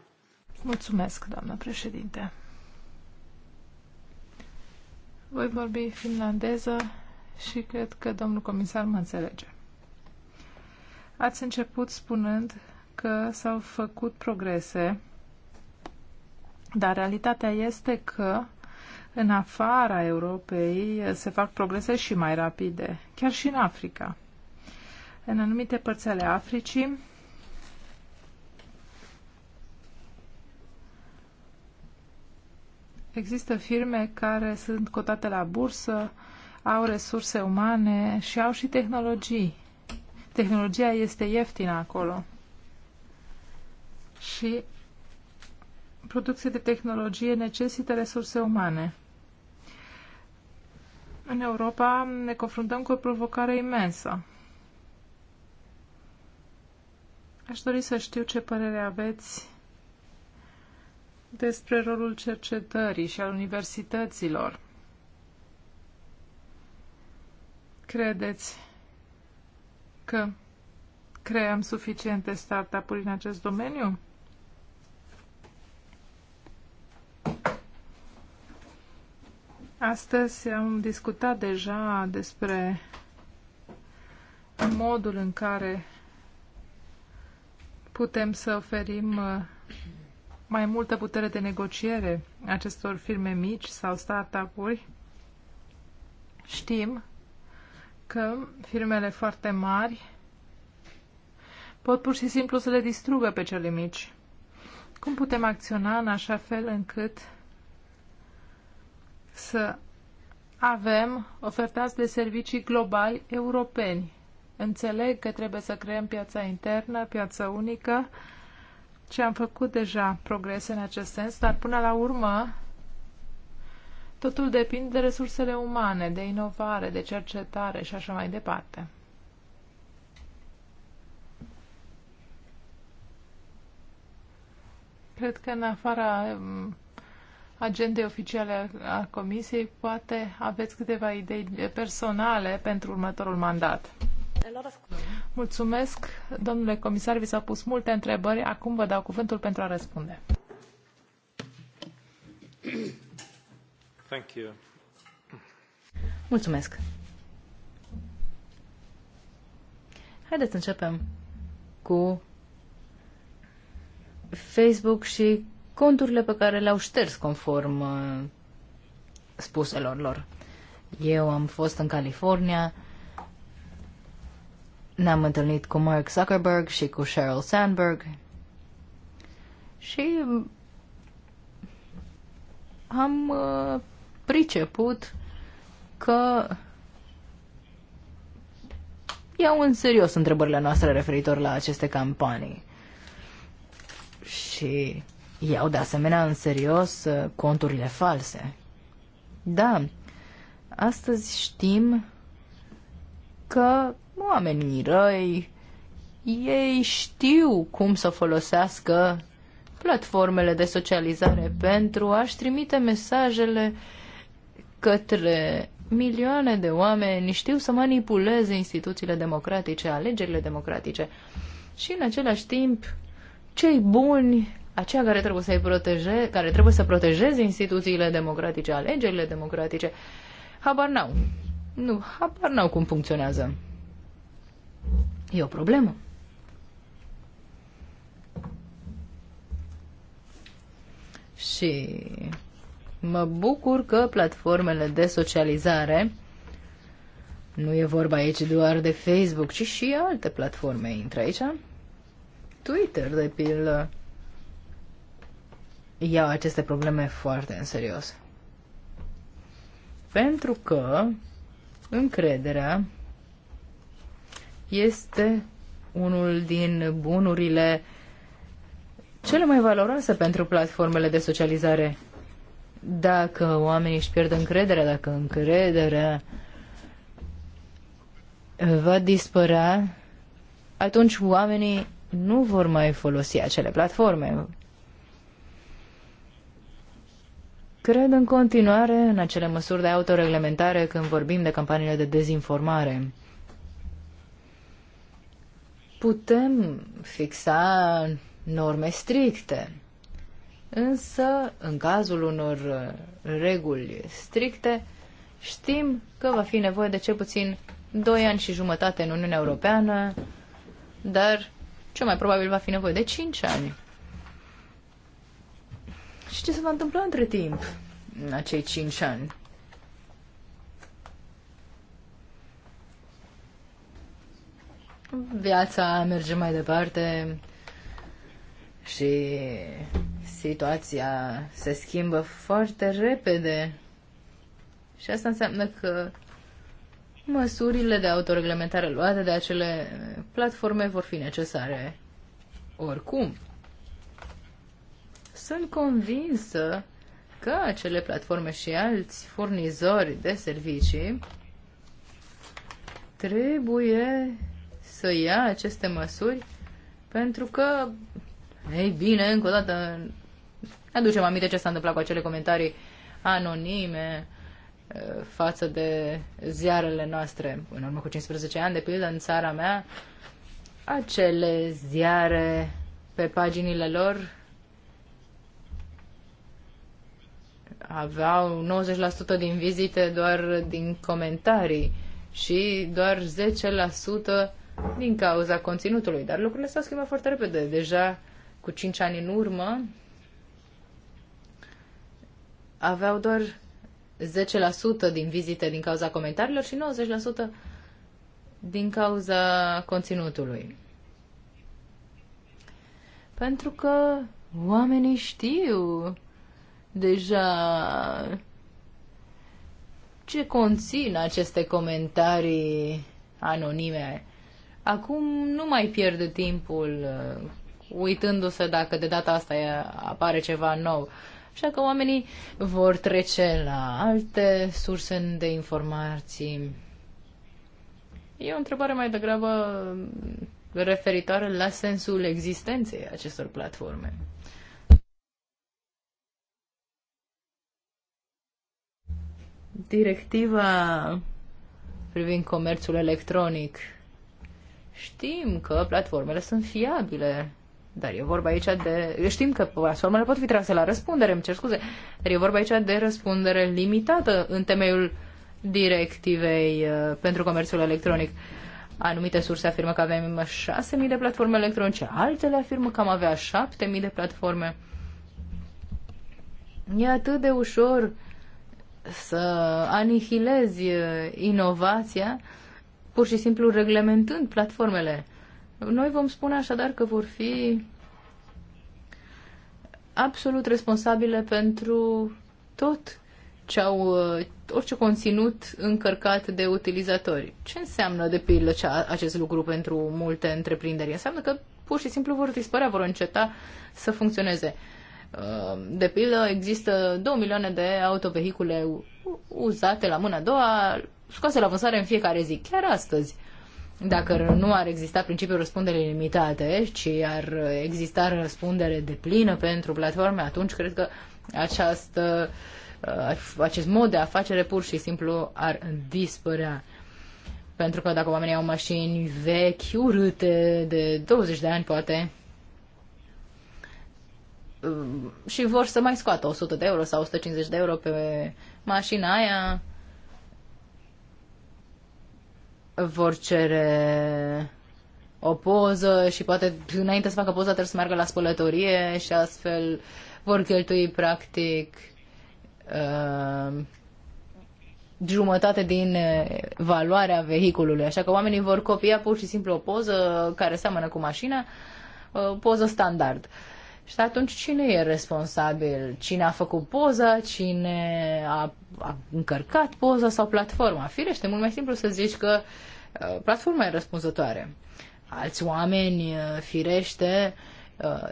Speaker 1: Mulțumesc, doamna președinte. Voi vorbi finlandeză și cred că domnul comisar mă înțelege. Ați început spunând că s-au făcut progrese, dar realitatea este că în afara Europei se fac progrese și mai rapide, chiar și în Africa. În anumite părți ale Africii, Există firme care sunt cotate la bursă, au resurse umane și au și tehnologii. Tehnologia este ieftină acolo. Și producție de tehnologie necesită resurse umane. În Europa ne confruntăm cu o provocare imensă. Aș dori să știu ce părere aveți despre rolul cercetării și al universităților. Credeți că creăm suficiente startup-uri în acest domeniu? Astăzi am discutat deja despre modul în care putem să oferim uh, mai multă putere de negociere acestor firme mici sau startup-uri. Știm că firmele foarte mari pot pur și simplu să le distrugă pe cele mici. Cum putem acționa în așa fel încât să avem ofertați de servicii globali europeni? Înțeleg că trebuie să creăm piața internă, piața unică, și am făcut deja progrese în acest sens, dar până la urmă totul depinde de resursele umane, de inovare, de cercetare și așa mai departe. Cred că în afara mm, agendei oficiale a Comisiei, poate aveți câteva idei personale pentru următorul mandat. Mulțumesc, domnule comisar, vi s-au pus multe întrebări. Acum vă dau cuvântul pentru a răspunde.
Speaker 3: Thank you.
Speaker 2: Mulțumesc. Haideți să începem cu Facebook și conturile pe care le-au șters conform uh, spuselor lor. Eu am fost în California, ne-am întâlnit cu Mark Zuckerberg și cu Sheryl Sandberg și am uh, priceput că iau în serios întrebările noastre referitor la aceste campanii. Și iau de asemenea în serios uh, conturile false. Da, astăzi știm că oamenii răi, ei știu cum să folosească platformele de socializare pentru a-și trimite mesajele către milioane de oameni, știu să manipuleze instituțiile democratice, alegerile democratice. Și în același timp, cei buni, aceia care trebuie să-i protejeze, care trebuie să protejeze instituțiile democratice, alegerile democratice, habar n-au. Nu, habar n-au cum funcționează. E o problemă. Și mă bucur că platformele de socializare, nu e vorba aici doar de Facebook, ci și alte platforme intră aici. Twitter, de pildă, iau aceste probleme foarte în serios. Pentru că încrederea este unul din bunurile cele mai valoroase pentru platformele de socializare. Dacă oamenii își pierd încrederea, dacă încrederea va dispărea, atunci oamenii nu vor mai folosi acele platforme. Cred în continuare în acele măsuri de autoreglementare când vorbim de campaniile de dezinformare putem fixa norme stricte. Însă, în cazul unor uh, reguli stricte, știm că va fi nevoie de cel puțin 2 ani și jumătate în Uniunea Europeană, dar cel mai probabil va fi nevoie de 5 ani. Și ce se va întâmpla între timp, în acei 5 ani? viața merge mai departe și situația se schimbă foarte repede. Și asta înseamnă că măsurile de autoreglementare luate de acele platforme vor fi necesare oricum. Sunt convinsă că acele platforme și alți furnizori de servicii trebuie să ia aceste măsuri, pentru că, ei bine, încă o dată, aducem aminte ce s-a întâmplat cu acele comentarii anonime uh, față de ziarele noastre. În urmă cu 15 ani, de pildă, în țara mea, acele ziare pe paginile lor aveau 90% din vizite doar din comentarii și doar 10% din cauza conținutului, dar lucrurile s-au schimbat foarte repede. Deja cu 5 ani în urmă aveau doar 10% din vizite din cauza comentariilor și 90% din cauza conținutului. Pentru că oamenii știu deja ce conțin aceste comentarii anonime Acum nu mai pierde timpul uh, uitându-se dacă de data asta apare ceva nou. Așa că oamenii vor trece la alte surse de informații. E o întrebare mai degrabă referitoare la sensul existenței acestor platforme. Directiva privind comerțul electronic Știm că platformele sunt fiabile, dar e vorba aici de... Știm că platformele pot fi trase la răspundere, îmi cer scuze, dar e vorba aici de răspundere limitată în temeiul directivei uh, pentru comerțul electronic. Anumite surse afirmă că avem 6.000 de platforme electronice, altele afirmă că am avea 7.000 de platforme. E atât de ușor să anihilezi uh, inovația pur și simplu reglementând platformele. Noi vom spune așadar că vor fi absolut responsabile pentru tot ce au, uh, orice conținut încărcat de utilizatori. Ce înseamnă, de pildă, cea, acest lucru pentru multe întreprinderi? Înseamnă că pur și simplu vor dispărea, vor înceta să funcționeze. Uh, de pildă, există 2 milioane de autovehicule uzate la mâna a doua scoase la vânzare în fiecare zi, chiar astăzi. Dacă nu ar exista principiul răspunderei limitate, ci ar exista răspundere de plină pentru platforme, atunci cred că această, uh, acest mod de afacere pur și simplu ar dispărea. Pentru că dacă oamenii au mașini vechi, urâte, de 20 de ani poate, uh, și vor să mai scoată 100 de euro sau 150 de euro pe mașina aia, vor cere o poză și poate înainte să facă poza trebuie să meargă la spălătorie și astfel vor cheltui practic uh, jumătate din uh, valoarea vehiculului. Așa că oamenii vor copia pur și simplu o poză care seamănă cu mașina, o poză standard. Uh, și atunci cine e responsabil? Cine a făcut poza? Cine a, a încărcat poza sau platforma? Firește, mult mai simplu să zici că uh, platforma e răspunzătoare. Alți oameni, uh, firește, uh,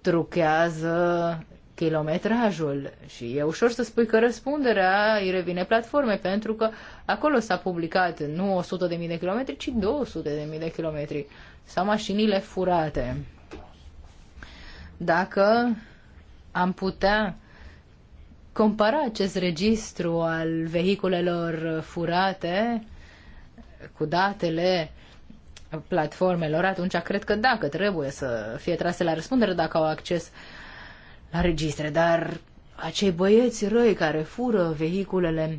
Speaker 2: truchează kilometrajul și e ușor să spui că răspunderea îi revine platforme pentru că acolo s-a publicat nu 100.000 de kilometri, ci 200.000 de kilometri sau mașinile furate dacă am putea compara acest registru al vehiculelor furate cu datele platformelor, atunci cred că dacă trebuie să fie trase la răspundere dacă au acces la registre, dar acei băieți răi care fură vehiculele,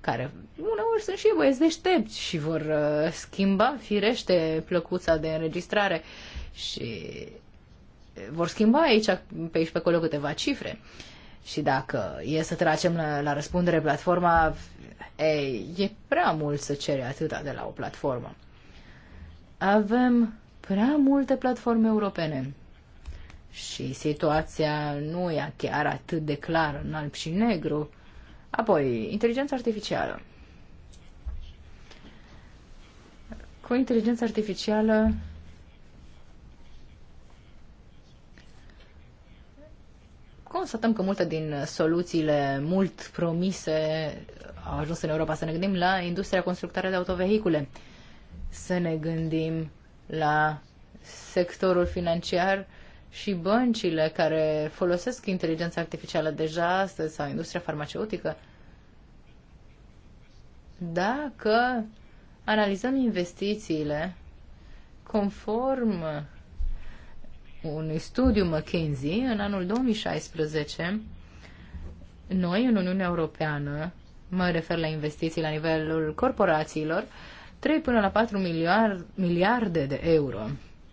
Speaker 2: care uneori sunt și băieți deștepți și vor uh, schimba firește plăcuța de înregistrare și vor schimba aici, pe aici, pe acolo, câteva cifre. Și dacă e să tracem la, la răspundere platforma, ei, e prea mult să cere atâta de la o platformă. Avem prea multe platforme europene și situația nu e chiar atât de clară în alb și negru. Apoi, inteligența artificială. Cu inteligența artificială constatăm că multe din soluțiile mult promise au ajuns în Europa. Să ne gândim la industria constructare de autovehicule, să ne gândim la sectorul financiar și băncile care folosesc inteligența artificială deja astăzi sau industria farmaceutică. Dacă analizăm investițiile conform unui studiu McKinsey, în anul 2016, noi, în Uniunea Europeană, mă refer la investiții la nivelul corporațiilor, 3 până la 4 miliard, miliarde de euro.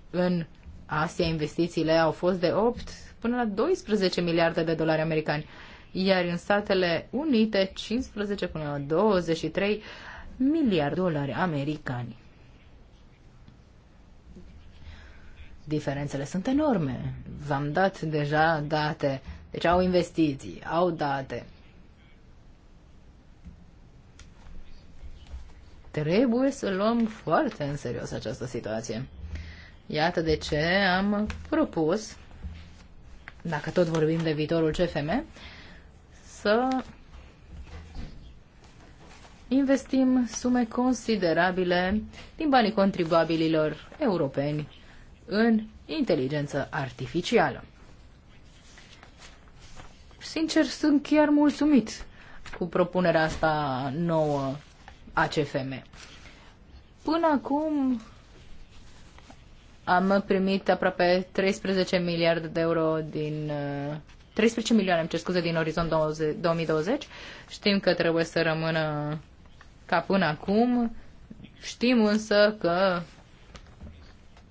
Speaker 2: În Asia, investițiile au fost de 8 până la 12 miliarde de dolari americani, iar în Statele Unite 15 până la 23 miliarde de dolari americani. diferențele sunt enorme. V-am dat deja date. Deci au investiții, au date. Trebuie să luăm foarte în serios această situație. Iată de ce am propus, dacă tot vorbim de viitorul CFM, să investim sume considerabile din banii contribuabililor europeni în inteligență artificială. Sincer, sunt chiar mulțumit cu propunerea asta nouă a CFM. Până acum am primit aproape 13 miliarde de euro din 13 uh, milioane, îmi cer scuze, din orizont 2020. Știm că trebuie să rămână ca până acum. Știm însă că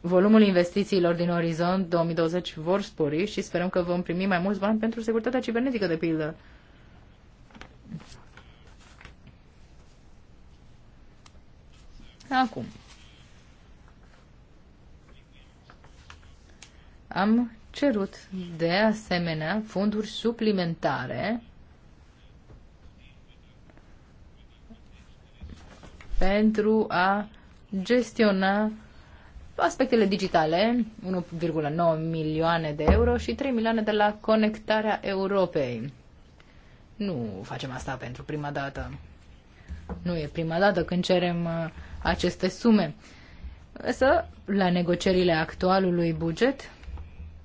Speaker 2: volumul investițiilor din orizont 2020 vor spori și sperăm că vom primi mai mulți bani pentru securitatea cibernetică, de pildă. Acum. Am cerut de asemenea fonduri suplimentare pentru a gestiona aspectele digitale, 1,9 milioane de euro și 3 milioane de la conectarea Europei. Nu facem asta pentru prima dată. Nu e prima dată când cerem uh, aceste sume. Însă, la negocierile actualului buget,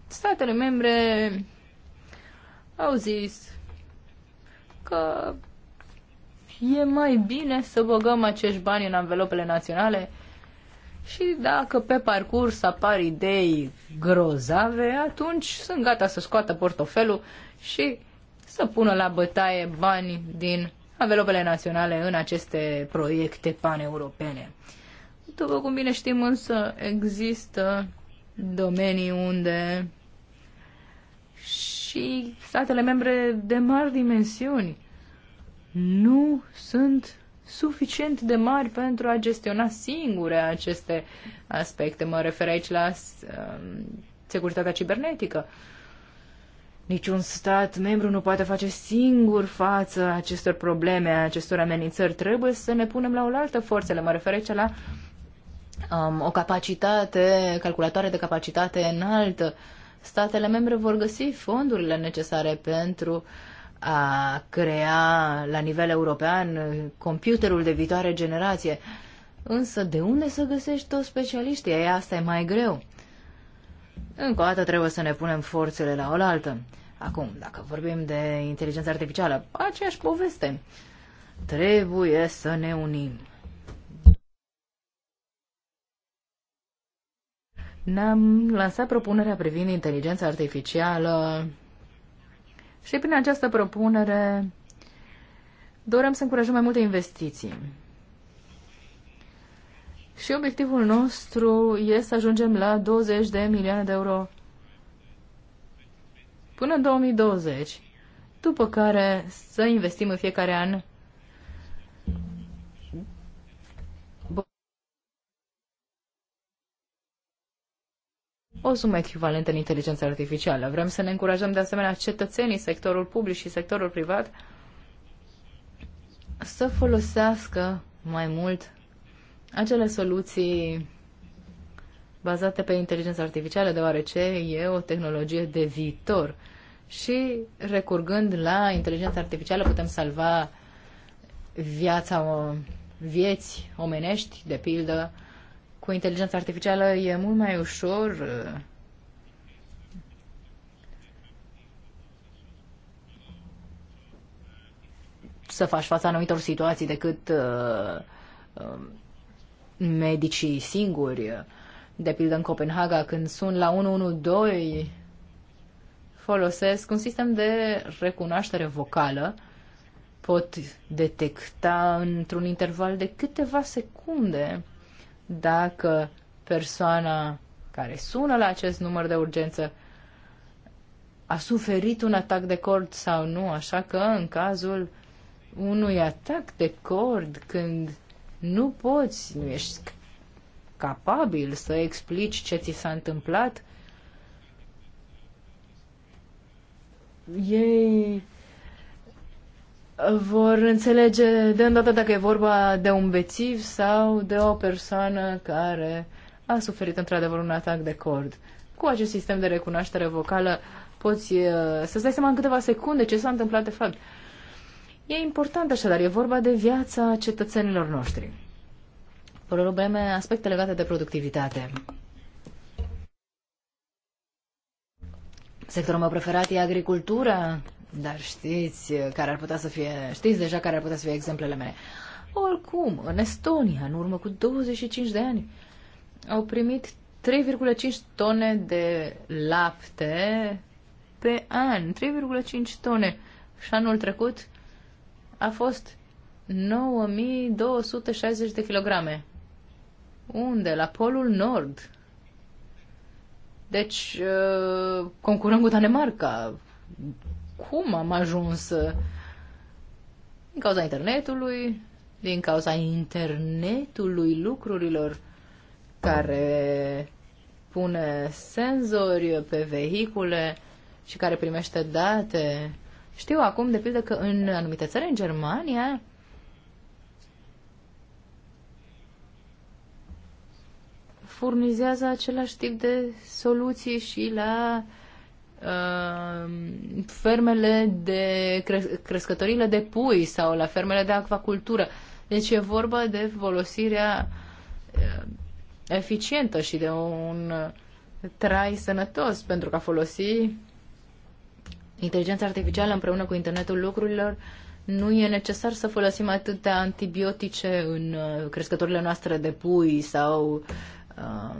Speaker 2: statele membre au zis că e mai bine să băgăm acești bani în anvelopele naționale și dacă pe parcurs apar idei grozave, atunci sunt gata să scoată portofelul și să pună la bătaie bani din anvelopele naționale în aceste proiecte paneuropene. După cum bine știm însă, există domenii unde și statele membre de mari dimensiuni nu sunt suficient de mari pentru a gestiona singure aceste aspecte. Mă refer aici la um, securitatea cibernetică. Niciun stat membru nu poate face singur față acestor probleme, acestor amenințări. Trebuie să ne punem la oaltă forțele. Mă refer aici la um, o capacitate, calculatoare de capacitate înaltă. Statele membre vor găsi fondurile necesare pentru uh, a crea la nivel european computerul de viitoare generație. Însă de unde să găsești toți specialiștii? Aia asta e mai greu. Încă o dată trebuie să ne punem forțele la oaltă. Acum, dacă vorbim de inteligență artificială, aceeași poveste. Trebuie să ne unim. Ne-am lansat propunerea privind inteligența artificială și prin această propunere dorem să încurajăm mai multe investiții. Și obiectivul nostru este să ajungem la 20 de milioane de euro până în 2020, după care să investim în fiecare an o sumă echivalentă în inteligență artificială. Vrem să ne încurajăm de asemenea cetățenii, sectorul public și sectorul privat să folosească mai mult acele soluții bazate pe inteligența artificială, deoarece e o tehnologie de viitor. Și recurgând la inteligența artificială putem salva viața, vieți omenești, de pildă, cu inteligența artificială e mult mai ușor uh, să faci fața anumitor situații decât uh, uh, medicii singuri. De pildă în Copenhaga, când sun la 112, folosesc un sistem de recunoaștere vocală. Pot detecta într-un interval de câteva secunde dacă persoana care sună la acest număr de urgență a suferit un atac de cord sau nu, așa că în cazul unui atac de cord, când nu poți, nu ești capabil să explici ce ți s-a întâmplat, ei vor înțelege de îndată dacă e vorba de un bețiv sau de o persoană care a suferit într-adevăr un atac de cord. Cu acest sistem de recunoaștere vocală poți uh, să-ți dai seama în câteva secunde ce s-a întâmplat de fapt. E important așadar, e vorba de viața cetățenilor noștri. Probleme, aspecte legate de productivitate. Sectorul meu preferat e agricultura, dar știți eh, care ar putea să fie, știți deja care ar putea să fie exemplele mele. Oricum, în Estonia, în urmă cu 25 de ani, au primit 3,5 tone de lapte pe an. 3,5 tone. Și anul trecut a fost 9260 de kilograme. Unde? La Polul Nord. Deci, eh, concurăm cu Danemarca, cum am ajuns uh, din cauza internetului, din cauza internetului lucrurilor care pune senzori pe vehicule și care primește date. Știu acum, de pildă, că în anumite țări, în Germania, furnizează același tip de soluții și la uh, Uh, fermele de cres- crescătorile de pui sau la fermele de acvacultură. Deci e vorba de folosirea uh, eficientă și de un trai sănătos pentru că a folosi inteligența artificială împreună cu internetul lucrurilor nu e necesar să folosim atâtea antibiotice în uh, crescătorile noastre de pui sau uh,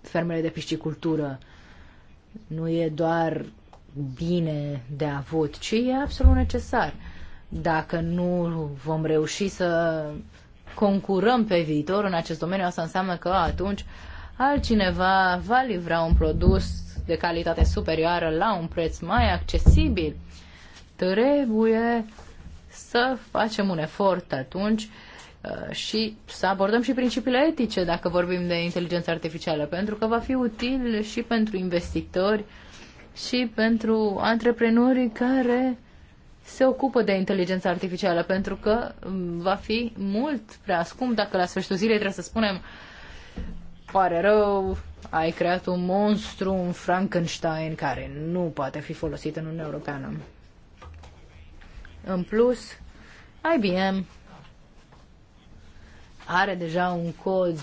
Speaker 2: fermele de piscicultură nu e doar bine de avut, ci e absolut necesar. Dacă nu vom reuși să concurăm pe viitor în acest domeniu, asta înseamnă că atunci altcineva va livra un produs de calitate superioară la un preț mai accesibil. Trebuie să facem un efort atunci uh, Uh, și să abordăm și principiile etice dacă vorbim de inteligență artificială, pentru că va fi util și pentru investitori și pentru antreprenorii care se ocupă de inteligența artificială, pentru că um, va fi mult prea scump dacă la sfârșitul zilei trebuie să spunem pare rău, ai creat un monstru, un Frankenstein care nu poate fi folosit în Uniunea Europeană. În plus, IBM are deja un cod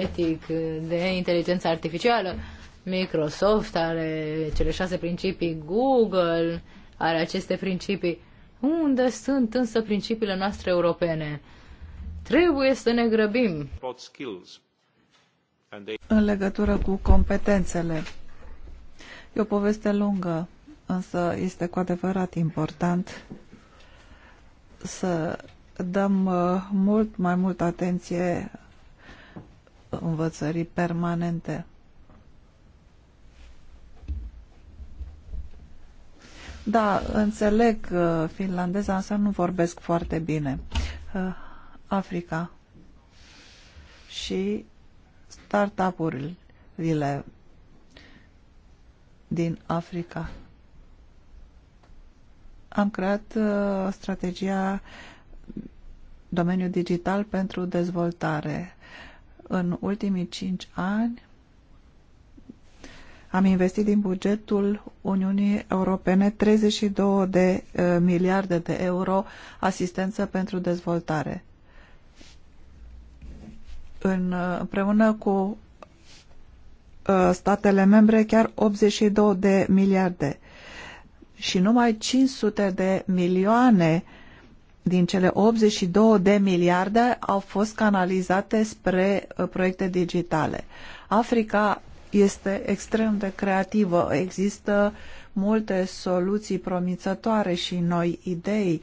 Speaker 2: etic de inteligență artificială. Microsoft are cele șase principii, Google are aceste principii. Unde sunt însă principiile noastre europene?
Speaker 4: Trebuie să ne grăbim. În legătură cu competențele. E o poveste lungă, însă este cu adevărat important să dăm uh, mult mai mult atenție învățării permanente. Da, înțeleg uh, finlandeza, însă nu vorbesc foarte bine. Uh, Africa și startup-urile din Africa. Am creat strategia domeniul digital pentru dezvoltare. În ultimii cinci ani am investit din bugetul Uniunii Europene 32 de uh, miliarde de euro asistență pentru dezvoltare. În, eh, împreună cu uh, statele membre chiar 82 de miliarde și numai 500 de milioane uh, din cele 82 de miliarde au fost canalizate spre uh, proiecte digitale. Africa este extrem de creativă, există multe soluții promițătoare și noi idei.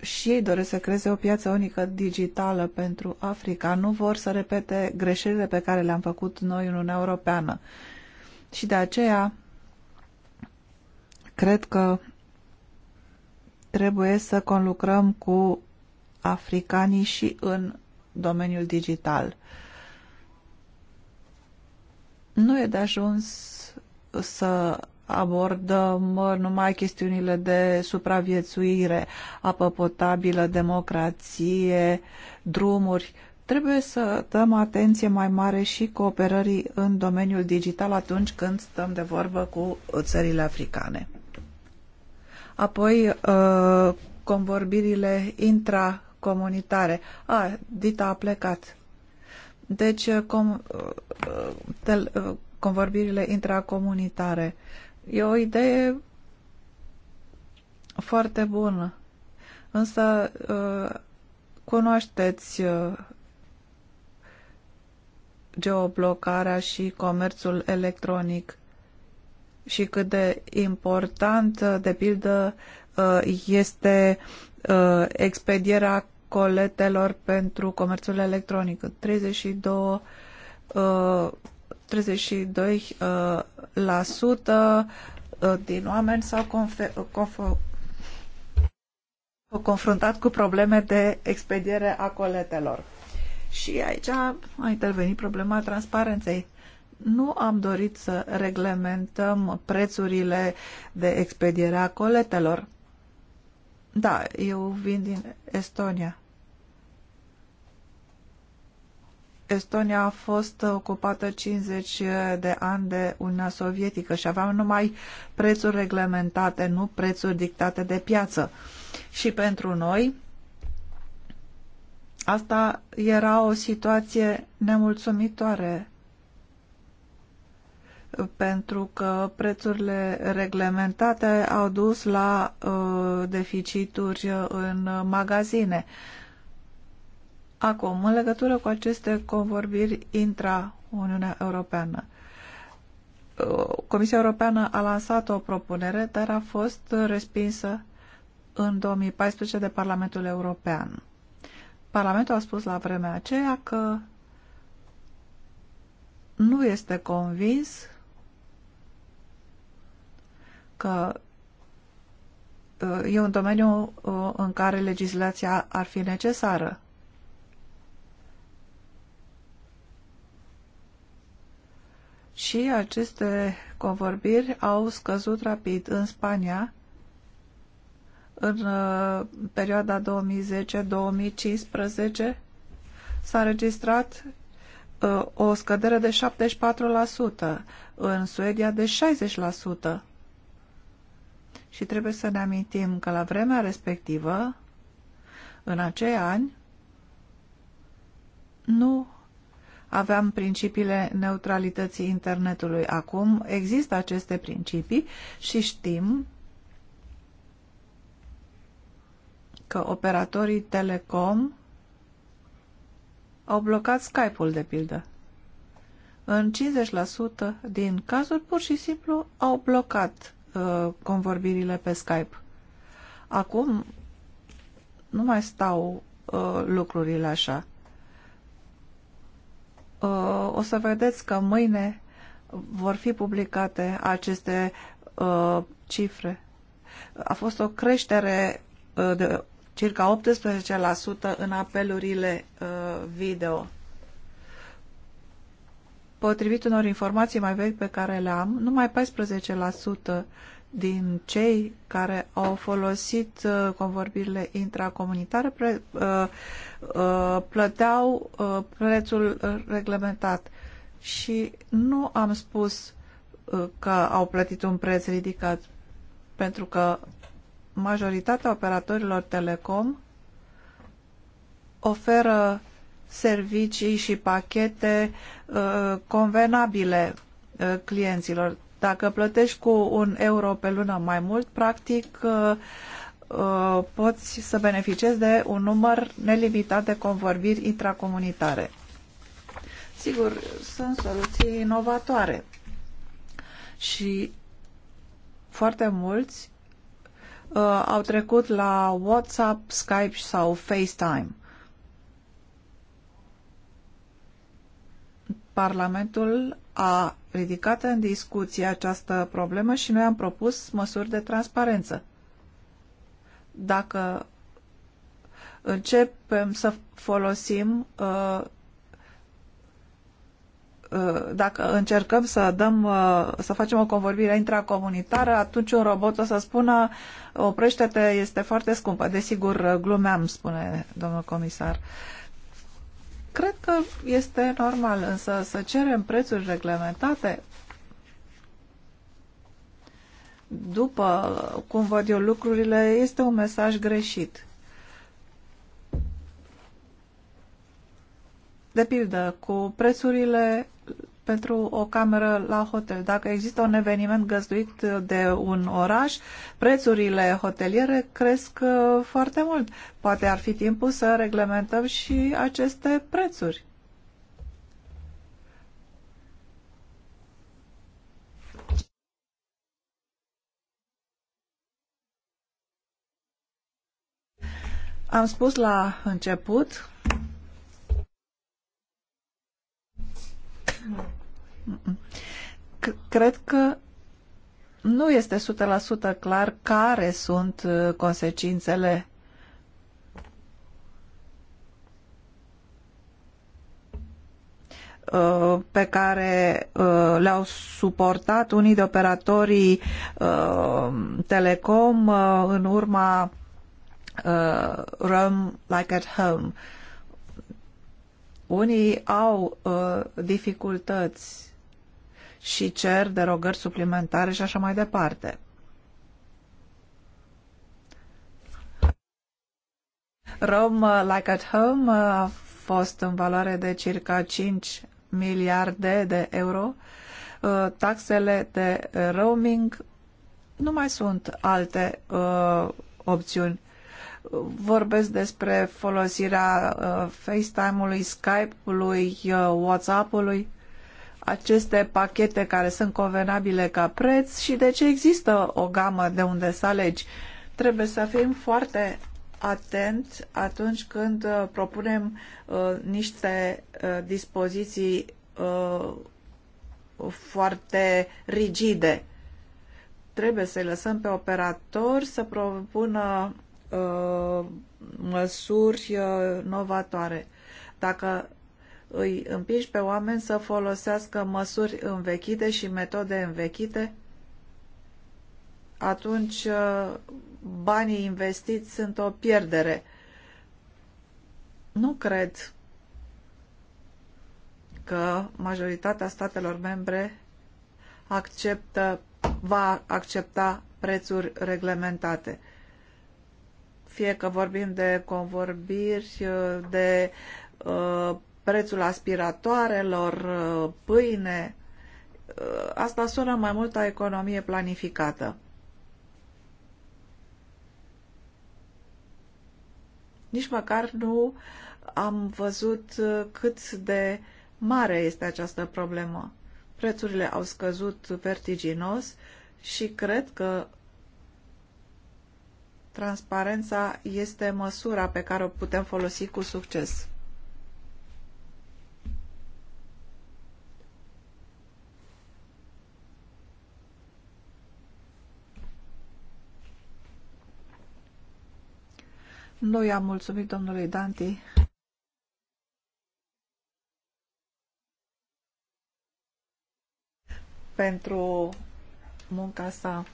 Speaker 4: Și ei doresc să creeze o piață unică digitală pentru Africa. Nu vor să repete greșelile pe care le-am făcut noi în Uniunea Europeană. Și de aceea cred că trebuie să conlucrăm cu africanii și în domeniul digital. Nu e de ajuns să abordăm numai chestiunile de supraviețuire, apă potabilă, democrație, drumuri. Trebuie să dăm atenție mai mare și cooperării în domeniul digital atunci când stăm de vorbă cu țările africane. Apoi, uh, convorbirile intracomunitare. A, Dita a plecat. Deci, uh, com, uh, tel, convorbirile intracomunitare. E o idee foarte bună. Însă, cunoașteți geoblocarea și comerțul electronic și cât de important, de pildă, uh, este uh, expedierea coletelor pentru comerțul electronic. 32 32% uh, la sută din oameni s-au confruntat cu probleme de expediere a coletelor. Și aici a intervenit problema transparenței nu am dorit să reglementăm prețurile de expediere a coletelor. Da, eu vin din Estonia. Estonia a fost ocupată 50 de ani de Uniunea Sovietică și aveam numai prețuri reglementate, nu prețuri dictate de piață. Și pentru noi asta era o situație nemulțumitoare pentru că prețurile reglementate au dus la uh, deficituri în magazine. Acum, în legătură cu aceste convorbiri intra-Uniunea Europeană, uh, Comisia Europeană a lansat o propunere, dar a fost respinsă în 2014 de Parlamentul European. Parlamentul a spus la vremea aceea că nu este convins că uh, e un domeniu uh, în care legislația ar fi necesară. Și aceste convorbiri au scăzut rapid în Spania în uh, perioada 2010-2015 s-a registrat o scădere de 74%, în Suedia de 60% și trebuie să ne amintim că la vremea respectivă, în acei ani, nu aveam principiile neutralității internetului. Acum există aceste principii și știm că operatorii telecom au blocat Skype-ul, de pildă. În 50% din cazuri, pur și simplu, au blocat Uh, convorbirile pe Skype. Acum nu mai stau uh, lucrurile așa. Uh, o să vedeți că mâine vor fi publicate aceste uh, cifre. A fost o creștere uh, de circa 18% în apelurile uh, video. Potrivit unor informații mai vechi pe care le am, numai 14% din cei care au folosit uh, convorbirile intracomunitare pre, uh, uh, plăteau uh, prețul uh, reglementat. Și nu am spus uh, că au plătit un preț ridicat, pentru că majoritatea operatorilor telecom oferă servicii și pachete uh, convenabile uh, clienților. Dacă plătești cu un euro pe lună mai mult, practic uh, poți să beneficiezi de un număr nelimitat de convorbiri intracomunitare. Sigur, sunt soluții inovatoare și foarte mulți uh, au trecut la WhatsApp, Skype sau FaceTime. Parlamentul a ridicat în discuție această problemă și noi am propus măsuri de transparență. Dacă începem să folosim uh, uh, dacă încercăm să dăm, uh, să facem o convorbire intracomunitară, atunci un robot o să spună oprește-te, este foarte scumpă. Desigur, glumeam, spune domnul comisar. Uh, Cred că este normal, însă să cerem prețuri reglementate după cum văd eu lucrurile, este un mesaj greșit. De pildă, cu prețurile pentru o cameră la hotel. Dacă există un eveniment găzduit de un oraș, prețurile hoteliere cresc uh, foarte mult. Poate ar fi timpul să reglementăm și aceste prețuri. Am spus la început Cred că nu este 100% clar care sunt uh, consecințele uh, pe care uh, le-au suportat unii de operatorii telecom în urma Rome like at home. Unii au uh, dificultăți și cer derogări suplimentare și așa mai departe. Rome uh, Like at Home uh, a fost în valoare de circa 5 miliarde de euro. Uh, taxele de roaming nu mai sunt alte uh, opțiuni vorbesc despre folosirea uh, FaceTime-ului, Skype-ului, uh, WhatsApp-ului, aceste pachete care sunt convenabile ca preț și de ce există o gamă de unde să alegi. Trebuie să fim foarte atent atunci când uh, propunem uh, niște uh, dispoziții uh, foarte rigide. Trebuie să-i lăsăm pe operator să propună Uh, măsuri uh, novatoare. Dacă îi împingi pe oameni să folosească măsuri învechite și metode învechite, atunci uh, banii investiți sunt o pierdere. Nu cred că majoritatea statelor membre acceptă, va accepta prețuri reglementate fie că vorbim de convorbiri, de uh, prețul aspiratoarelor, uh, pâine, uh, asta sună mai mult a economie planificată. Nici măcar nu am văzut cât de mare este această problemă. Prețurile au scăzut vertiginos și cred că Transparența este măsura pe care o putem folosi cu succes. Noi am mulțumit domnului Danti. pentru munca sa.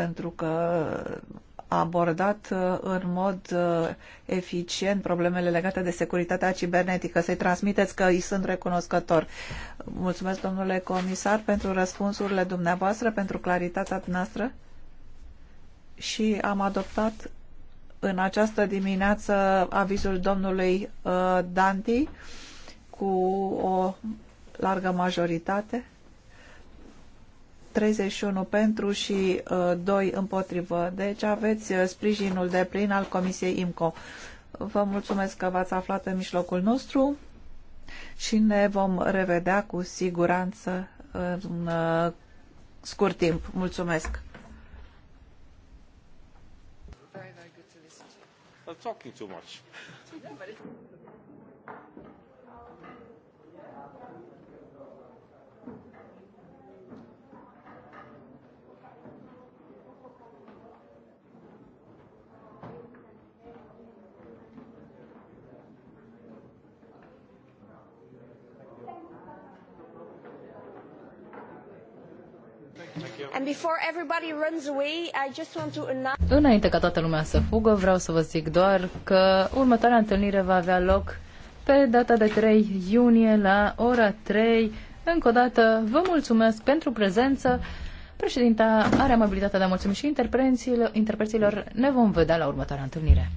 Speaker 4: pentru că a abordat uh, în mod uh, eficient problemele legate de securitatea cibernetică. Să-i transmiteți că îi sunt recunoscător. Mulțumesc, domnule comisar, pentru răspunsurile dumneavoastră, pentru claritatea noastră și am adoptat în această dimineață avizul domnului uh, Danti cu o largă majoritate. 31 pentru și 2 uh, împotrivă. Deci aveți uh, sprijinul de plin al Comisiei IMCO. Vă mulțumesc că v-ați aflat în mijlocul nostru și ne vom revedea cu siguranță în uh, scurt timp. Mulțumesc! talking too much.
Speaker 2: Înainte ca toată lumea să fugă, vreau să vă zic doar că următoarea întâlnire va avea loc pe data de 3 iunie la ora 3. Încă o dată vă mulțumesc pentru prezență. Președinta are amabilitatea de a mulțumi și interpreților. Ne vom vedea la următoarea întâlnire.